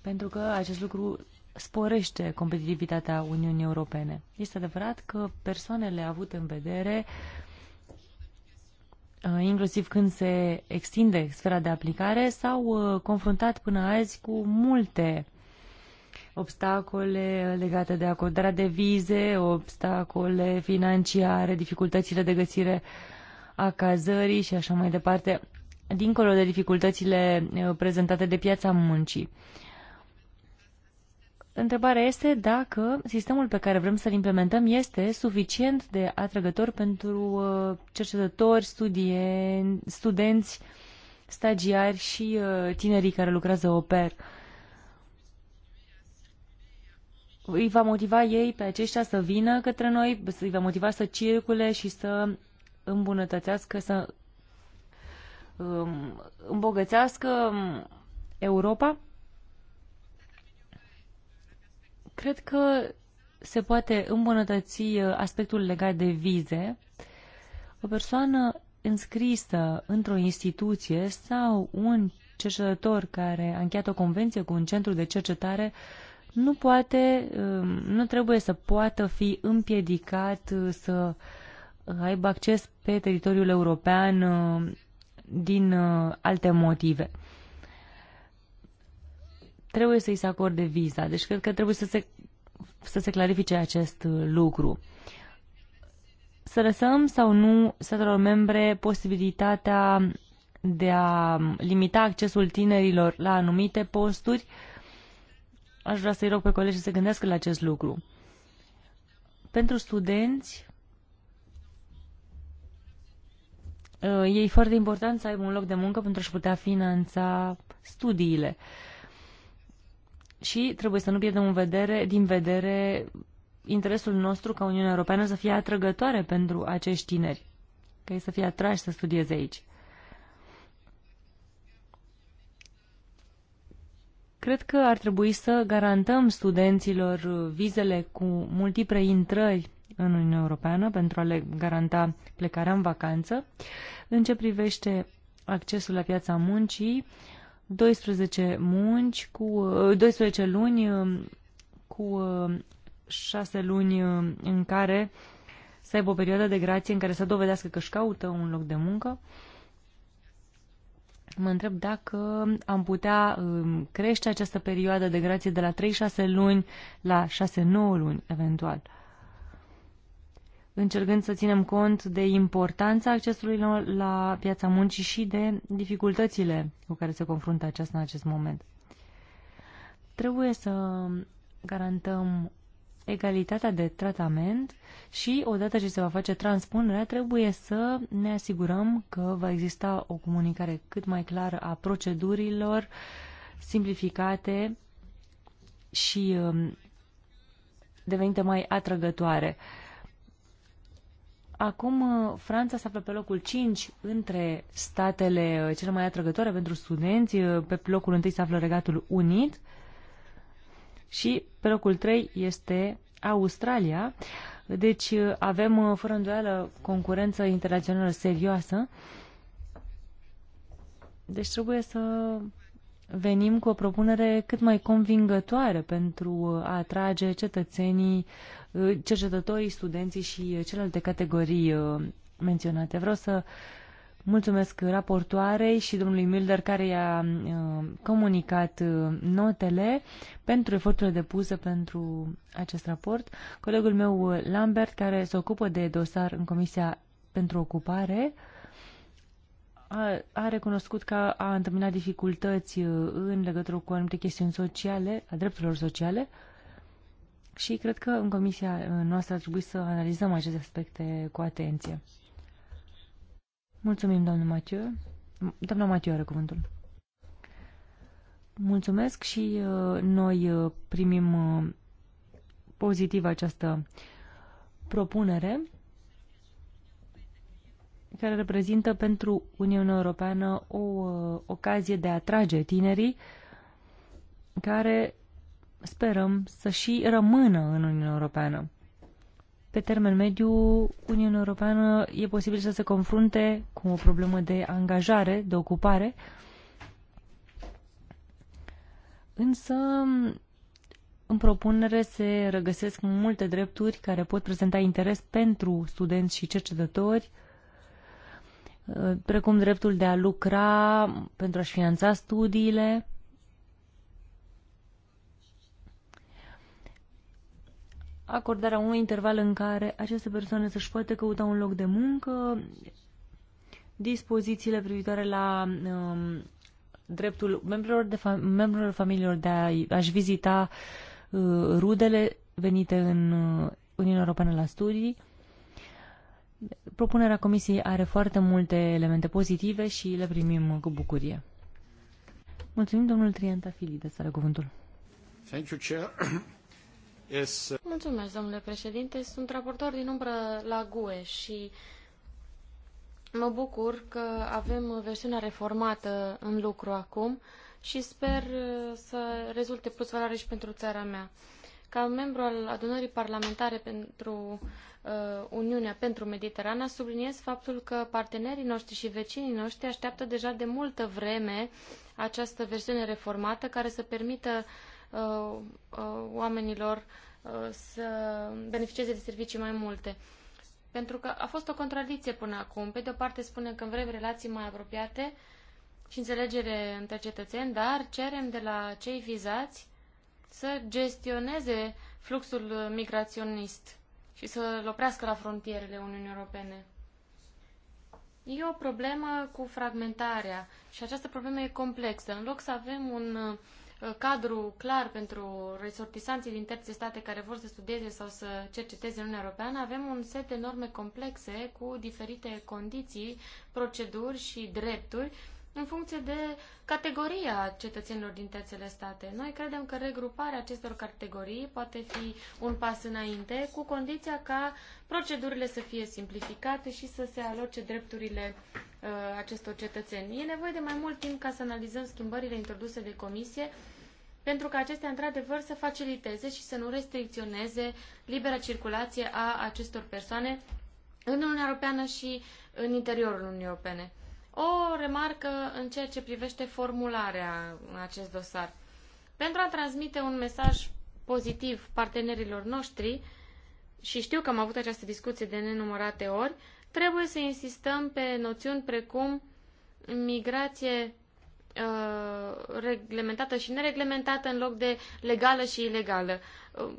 pentru că acest lucru sporește competitivitatea Uniunii Europene. Este adevărat că persoanele avute în vedere, uh, inclusiv când se extinde sfera de aplicare, s-au uh, confruntat până azi cu multe obstacole legate de acordarea de vize, obstacole financiare, dificultățile de găsire a cazării și așa mai departe, dincolo de dificultățile uh, prezentate de piața muncii. Întrebarea este dacă sistemul pe care vrem să-l implementăm este suficient de atrăgător pentru uh, cercetători, studie, studenți, stagiari și uh, tinerii care lucrează au pair. îi va motiva ei pe aceștia să vină către noi, îi va motiva să circule și să îmbunătățească, să um, îmbogățească um, Europa? Cred că se poate îmbunătăți uh, aspectul legat de vize. O persoană înscrisă într-o instituție sau un cercetător care a încheiat o convenție cu un centru de cercetare uh, nu poate, um, nu trebuie să poată fi împiedicat uh, să aibă acces pe teritoriul european uh, din uh, alte motive. Trebuie să-i se acorde viza, deci cred că trebuie să se, să se clarifice acest lucru. Să lăsăm sau nu statelor membre posibilitatea de a limita accesul tinerilor la anumite posturi uh, aș vrea să-i rog pe colegi să se gândească la acest lucru. Pentru studenți, uh, e foarte important să aibă un loc de muncă pentru a-și putea finanța studiile. Și trebuie să nu pierdem în vedere, din vedere interesul nostru ca Uniunea Europeană să fie atrăgătoare pentru acești tineri, că ei să fie atrași să studieze aici. Cred că ar trebui să garantăm studenților vizele cu multiple intrări în Uniunea Europeană pentru a le garanta plecarea în vacanță. În ce privește accesul la piața muncii, 12, munci cu, 12 luni cu 6 luni în care să aibă o perioadă de grație în care să dovedească că își caută un loc de muncă. Mă întreb dacă am putea um, crește această perioadă de grație de la 3-6 luni la 6-9 luni, eventual încercând să ținem cont de importanța accesului la, la piața muncii și de dificultățile cu care se confruntă aceasta în acest moment. Trebuie să garantăm egalitatea de tratament și odată ce se va face transpunerea, trebuie să ne asigurăm că va exista o comunicare cât mai clară a procedurilor simplificate și um, devenite mai atrăgătoare. Acum uh, Franța se află pe locul 5 între statele uh, cele mai atrăgătoare pentru studenți. Uh, pe locul 1 se află Regatul Unit și pe locul 3 este Australia. Deci uh, avem, uh, fără îndoială, concurență internațională serioasă. Deci trebuie să venim cu o propunere cât mai convingătoare pentru uh, a atrage cetățenii, cercetătorii, studenții și celelalte categorii menționate. Vreau să uh, Mulțumesc raportoarei și domnului Milder care i-a uh, comunicat uh, notele pentru eforturile depuse pentru acest raport. Colegul meu uh, Lambert care se ocupă de dosar în Comisia pentru Ocupare a, a recunoscut că a întâmplat dificultăți în legătură cu anumite chestiuni sociale, a drepturilor sociale și cred că în comisia noastră ar trebui să analizăm aceste aspecte cu atenție. Mulțumim, domnul Mathieu. Doamna Mathieu are cuvântul. Mulțumesc și uh, noi uh, primim uh, pozitiv această propunere care reprezintă pentru Uniunea Europeană o ocazie de a atrage tinerii care sperăm să și rămână în Uniunea Europeană pe termen mediu, Uniunea Europeană e posibil să se confrunte cu o problemă de angajare, de ocupare, însă în propunere se regăsesc multe drepturi care pot prezenta interes pentru studenți și cercetători, precum dreptul de a lucra pentru a-și finanța studiile, acordarea unui interval în care aceste persoane să-și poată căuta un loc de muncă, dispozițiile privitoare la um, dreptul membrilor, de fam- membrilor familiilor de a, și vizita uh, rudele venite în uh, Uniunea Europeană la studii. Propunerea Comisiei are foarte multe elemente pozitive și le primim cu bucurie. Mulțumim, domnul Trianta Fili, de sără cuvântul. Thank you, Chair is... Mulțumesc, domnule președinte. Sunt raportor din umbră la GUE și mă bucur că avem versiunea reformată în lucru acum și sper să rezulte plus valoare și pentru țara mea. Ca membru al adunării parlamentare pentru uh, Uniunea pentru Mediterana, subliniez faptul că partenerii noștri și vecinii noștri așteaptă deja de multă vreme această versiune reformată care să permită Uh, uh, oamenilor uh, să beneficieze de servicii mai multe. Pentru că a fost o contradicție până acum. Pe de o parte spunem că vrem relații mai apropiate și înțelegere între cetățeni, dar cerem de la cei vizați să gestioneze fluxul migraționist și să-l oprească la frontierele Uniunii Europene. E o problemă cu fragmentarea și această problemă e complexă. În loc să avem un Uh, cadru clar pentru resortisanții din terțe state care vor să studieze sau să cerceteze în Uniunea Europeană, avem un set de norme complexe cu diferite condiții, proceduri și drepturi în funcție de categoria cetățenilor din terțele state. Noi credem că regruparea acestor categorii poate fi un pas înainte, cu condiția ca procedurile să fie simplificate și să se aloce drepturile uh, acestor cetățeni. E nevoie de mai mult timp ca să analizăm schimbările introduse de comisie, pentru că acestea, într-adevăr, să faciliteze și să nu restricționeze libera circulație a acestor persoane în Uniunea Europeană și în interiorul Uniunii Europene. O remarcă în ceea ce privește formularea în acest dosar. Pentru a transmite un mesaj pozitiv partenerilor noștri, și știu că am avut această discuție de nenumărate ori, trebuie să insistăm pe noțiuni precum migrație uh, reglementată și nereglementată în loc de legală și ilegală. Uh,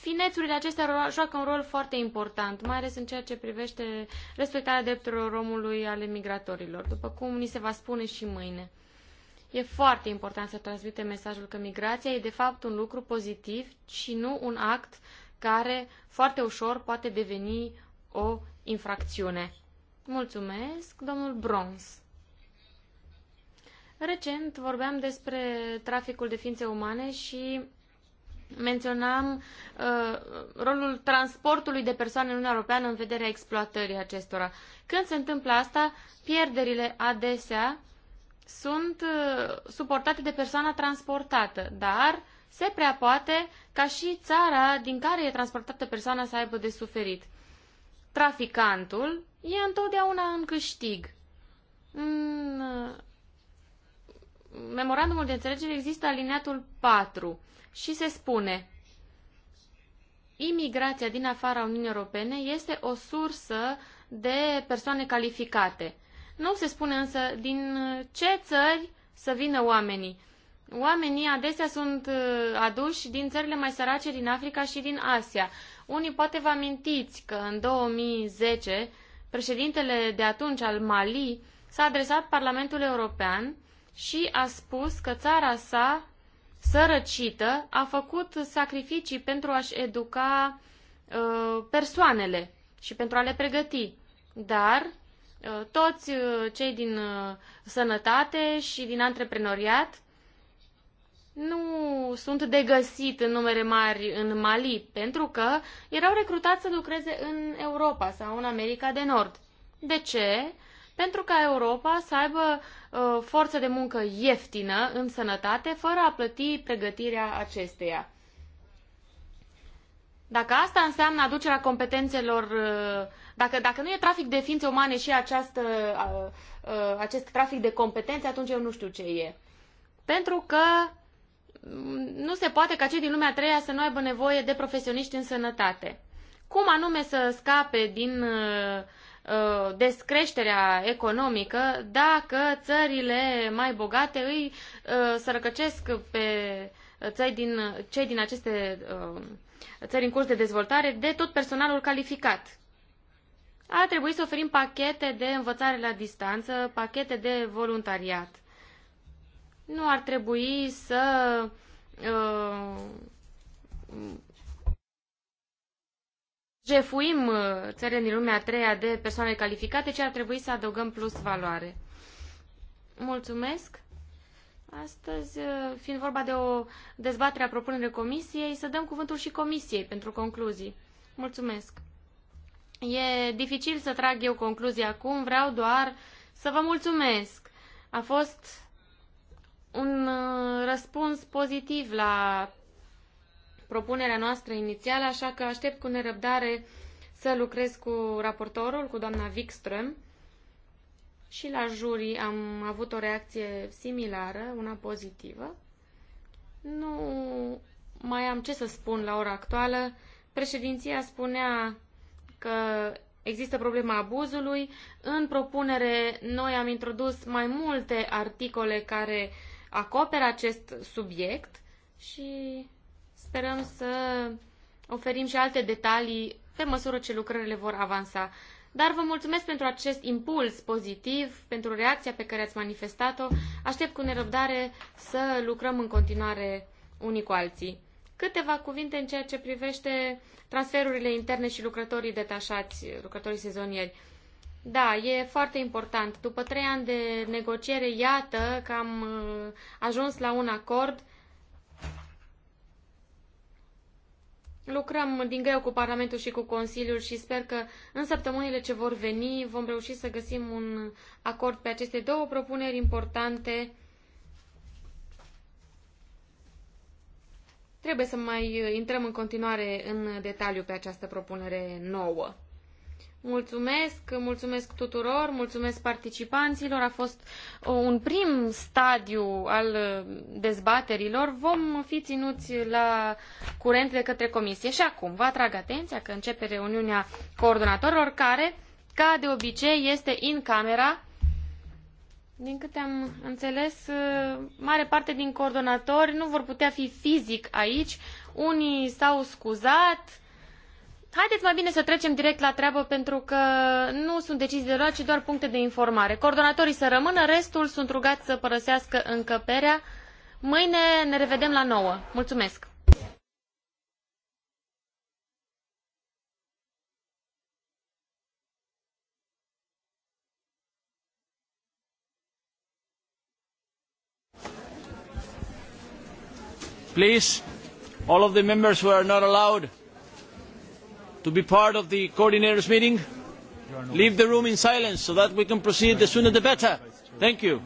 finețurile acestea joacă un rol foarte important, mai ales în ceea ce privește respectarea drepturilor omului ale migratorilor, după cum ni se va spune și mâine. E foarte important să transmitem mesajul că migrația e de fapt un lucru pozitiv și nu un act care foarte ușor poate deveni o infracțiune. Mulțumesc, domnul Bronz. Recent vorbeam despre traficul de ființe umane și menționam uh, rolul transportului de persoane în Uniunea Europeană în vederea exploatării acestora. Când se întâmplă asta, pierderile adesea sunt uh, suportate de persoana transportată, dar se prea poate ca și țara din care e transportată persoana să aibă de suferit. Traficantul e întotdeauna în câștig. În uh, memorandumul de înțelegere există alineatul 4 și se spune imigrația din afara Uniunii Europene este o sursă de persoane calificate. Nu se spune însă din ce țări să vină oamenii. Oamenii adesea sunt uh, aduși din țările mai sărace din Africa și din Asia. Unii poate vă amintiți că în 2010 președintele de atunci al Mali s-a adresat Parlamentul European și a spus că țara sa sărăcită a făcut sacrificii pentru a-și educa uh, persoanele și pentru a le pregăti. Dar uh, toți uh, cei din sănătate și din antreprenoriat nu sunt de găsit în numere mari în Mali, pentru că erau recrutați să lucreze în Europa sau în America de Nord. De ce? pentru ca Europa să aibă uh, forță de muncă ieftină în sănătate, fără a plăti pregătirea acesteia. Dacă asta înseamnă aducerea competențelor, uh, dacă, dacă nu e trafic de ființe umane și această, uh, uh, acest trafic de competențe, atunci eu nu știu ce e. Pentru că mm, nu se poate ca cei din lumea a treia să nu aibă nevoie de profesioniști în sănătate. Cum anume să scape din Uh, descreșterea economică dacă țările mai bogate îi uh, sărăcăcesc pe țări din, cei din aceste uh, țări în curs de dezvoltare de tot personalul calificat. Ar trebui să oferim pachete de învățare la distanță, pachete de voluntariat. Nu ar trebui să uh, jefuim uh, țările din lumea a treia de persoane calificate, ce ar trebui să adăugăm plus valoare. Mulțumesc! Astăzi, uh, fiind vorba de o dezbatere a propunerii comisiei, să dăm cuvântul și comisiei pentru concluzii. Mulțumesc! E dificil să trag eu concluzii acum, vreau doar să vă mulțumesc. A fost un uh, răspuns pozitiv la propunerea noastră inițială, așa că aștept cu nerăbdare să lucrez cu raportorul, cu doamna Wikström. Și la juri am avut o reacție similară, una pozitivă. Nu mai am ce să spun la ora actuală. Președinția spunea că Există problema abuzului. În propunere, noi am introdus mai multe articole care acoperă acest subiect și Sperăm să oferim și alte detalii pe măsură ce lucrările vor avansa. Dar vă mulțumesc pentru acest impuls pozitiv, pentru reacția pe care ați manifestat-o. Aștept cu nerăbdare să lucrăm în continuare unii cu alții. Câteva cuvinte în ceea ce privește transferurile interne și lucrătorii detașați, lucrătorii sezonieri. Da, e foarte important. După trei ani de negociere, iată că am uh, ajuns la un acord Lucrăm din greu cu Parlamentul și cu Consiliul și sper că în săptămânile ce vor veni vom reuși să găsim un acord pe aceste două propuneri importante. Trebuie să mai uh, intrăm în continuare în detaliu pe această propunere nouă. Mulțumesc, mulțumesc tuturor, mulțumesc participanților. A fost uh, un prim stadiu al uh, dezbaterilor. Vom fi ținuți la curent de către comisie. Și acum vă atrag atenția că începe reuniunea coordonatorilor care, ca de obicei, este în camera. Din câte am înțeles, uh, mare parte din coordonatori nu vor putea fi fizic aici. Unii s-au scuzat, Haideți mai bine să trecem direct la treabă pentru că nu sunt decizii de luat, ci doar puncte de informare. Coordonatorii să rămână, restul sunt rugați să părăsească încăperea. Mâine ne revedem la nouă. Mulțumesc! Please, all of the members who are not allowed to be part of the coordinators' meeting? Leave the room in silence so that we can proceed the sooner the better. Thank you.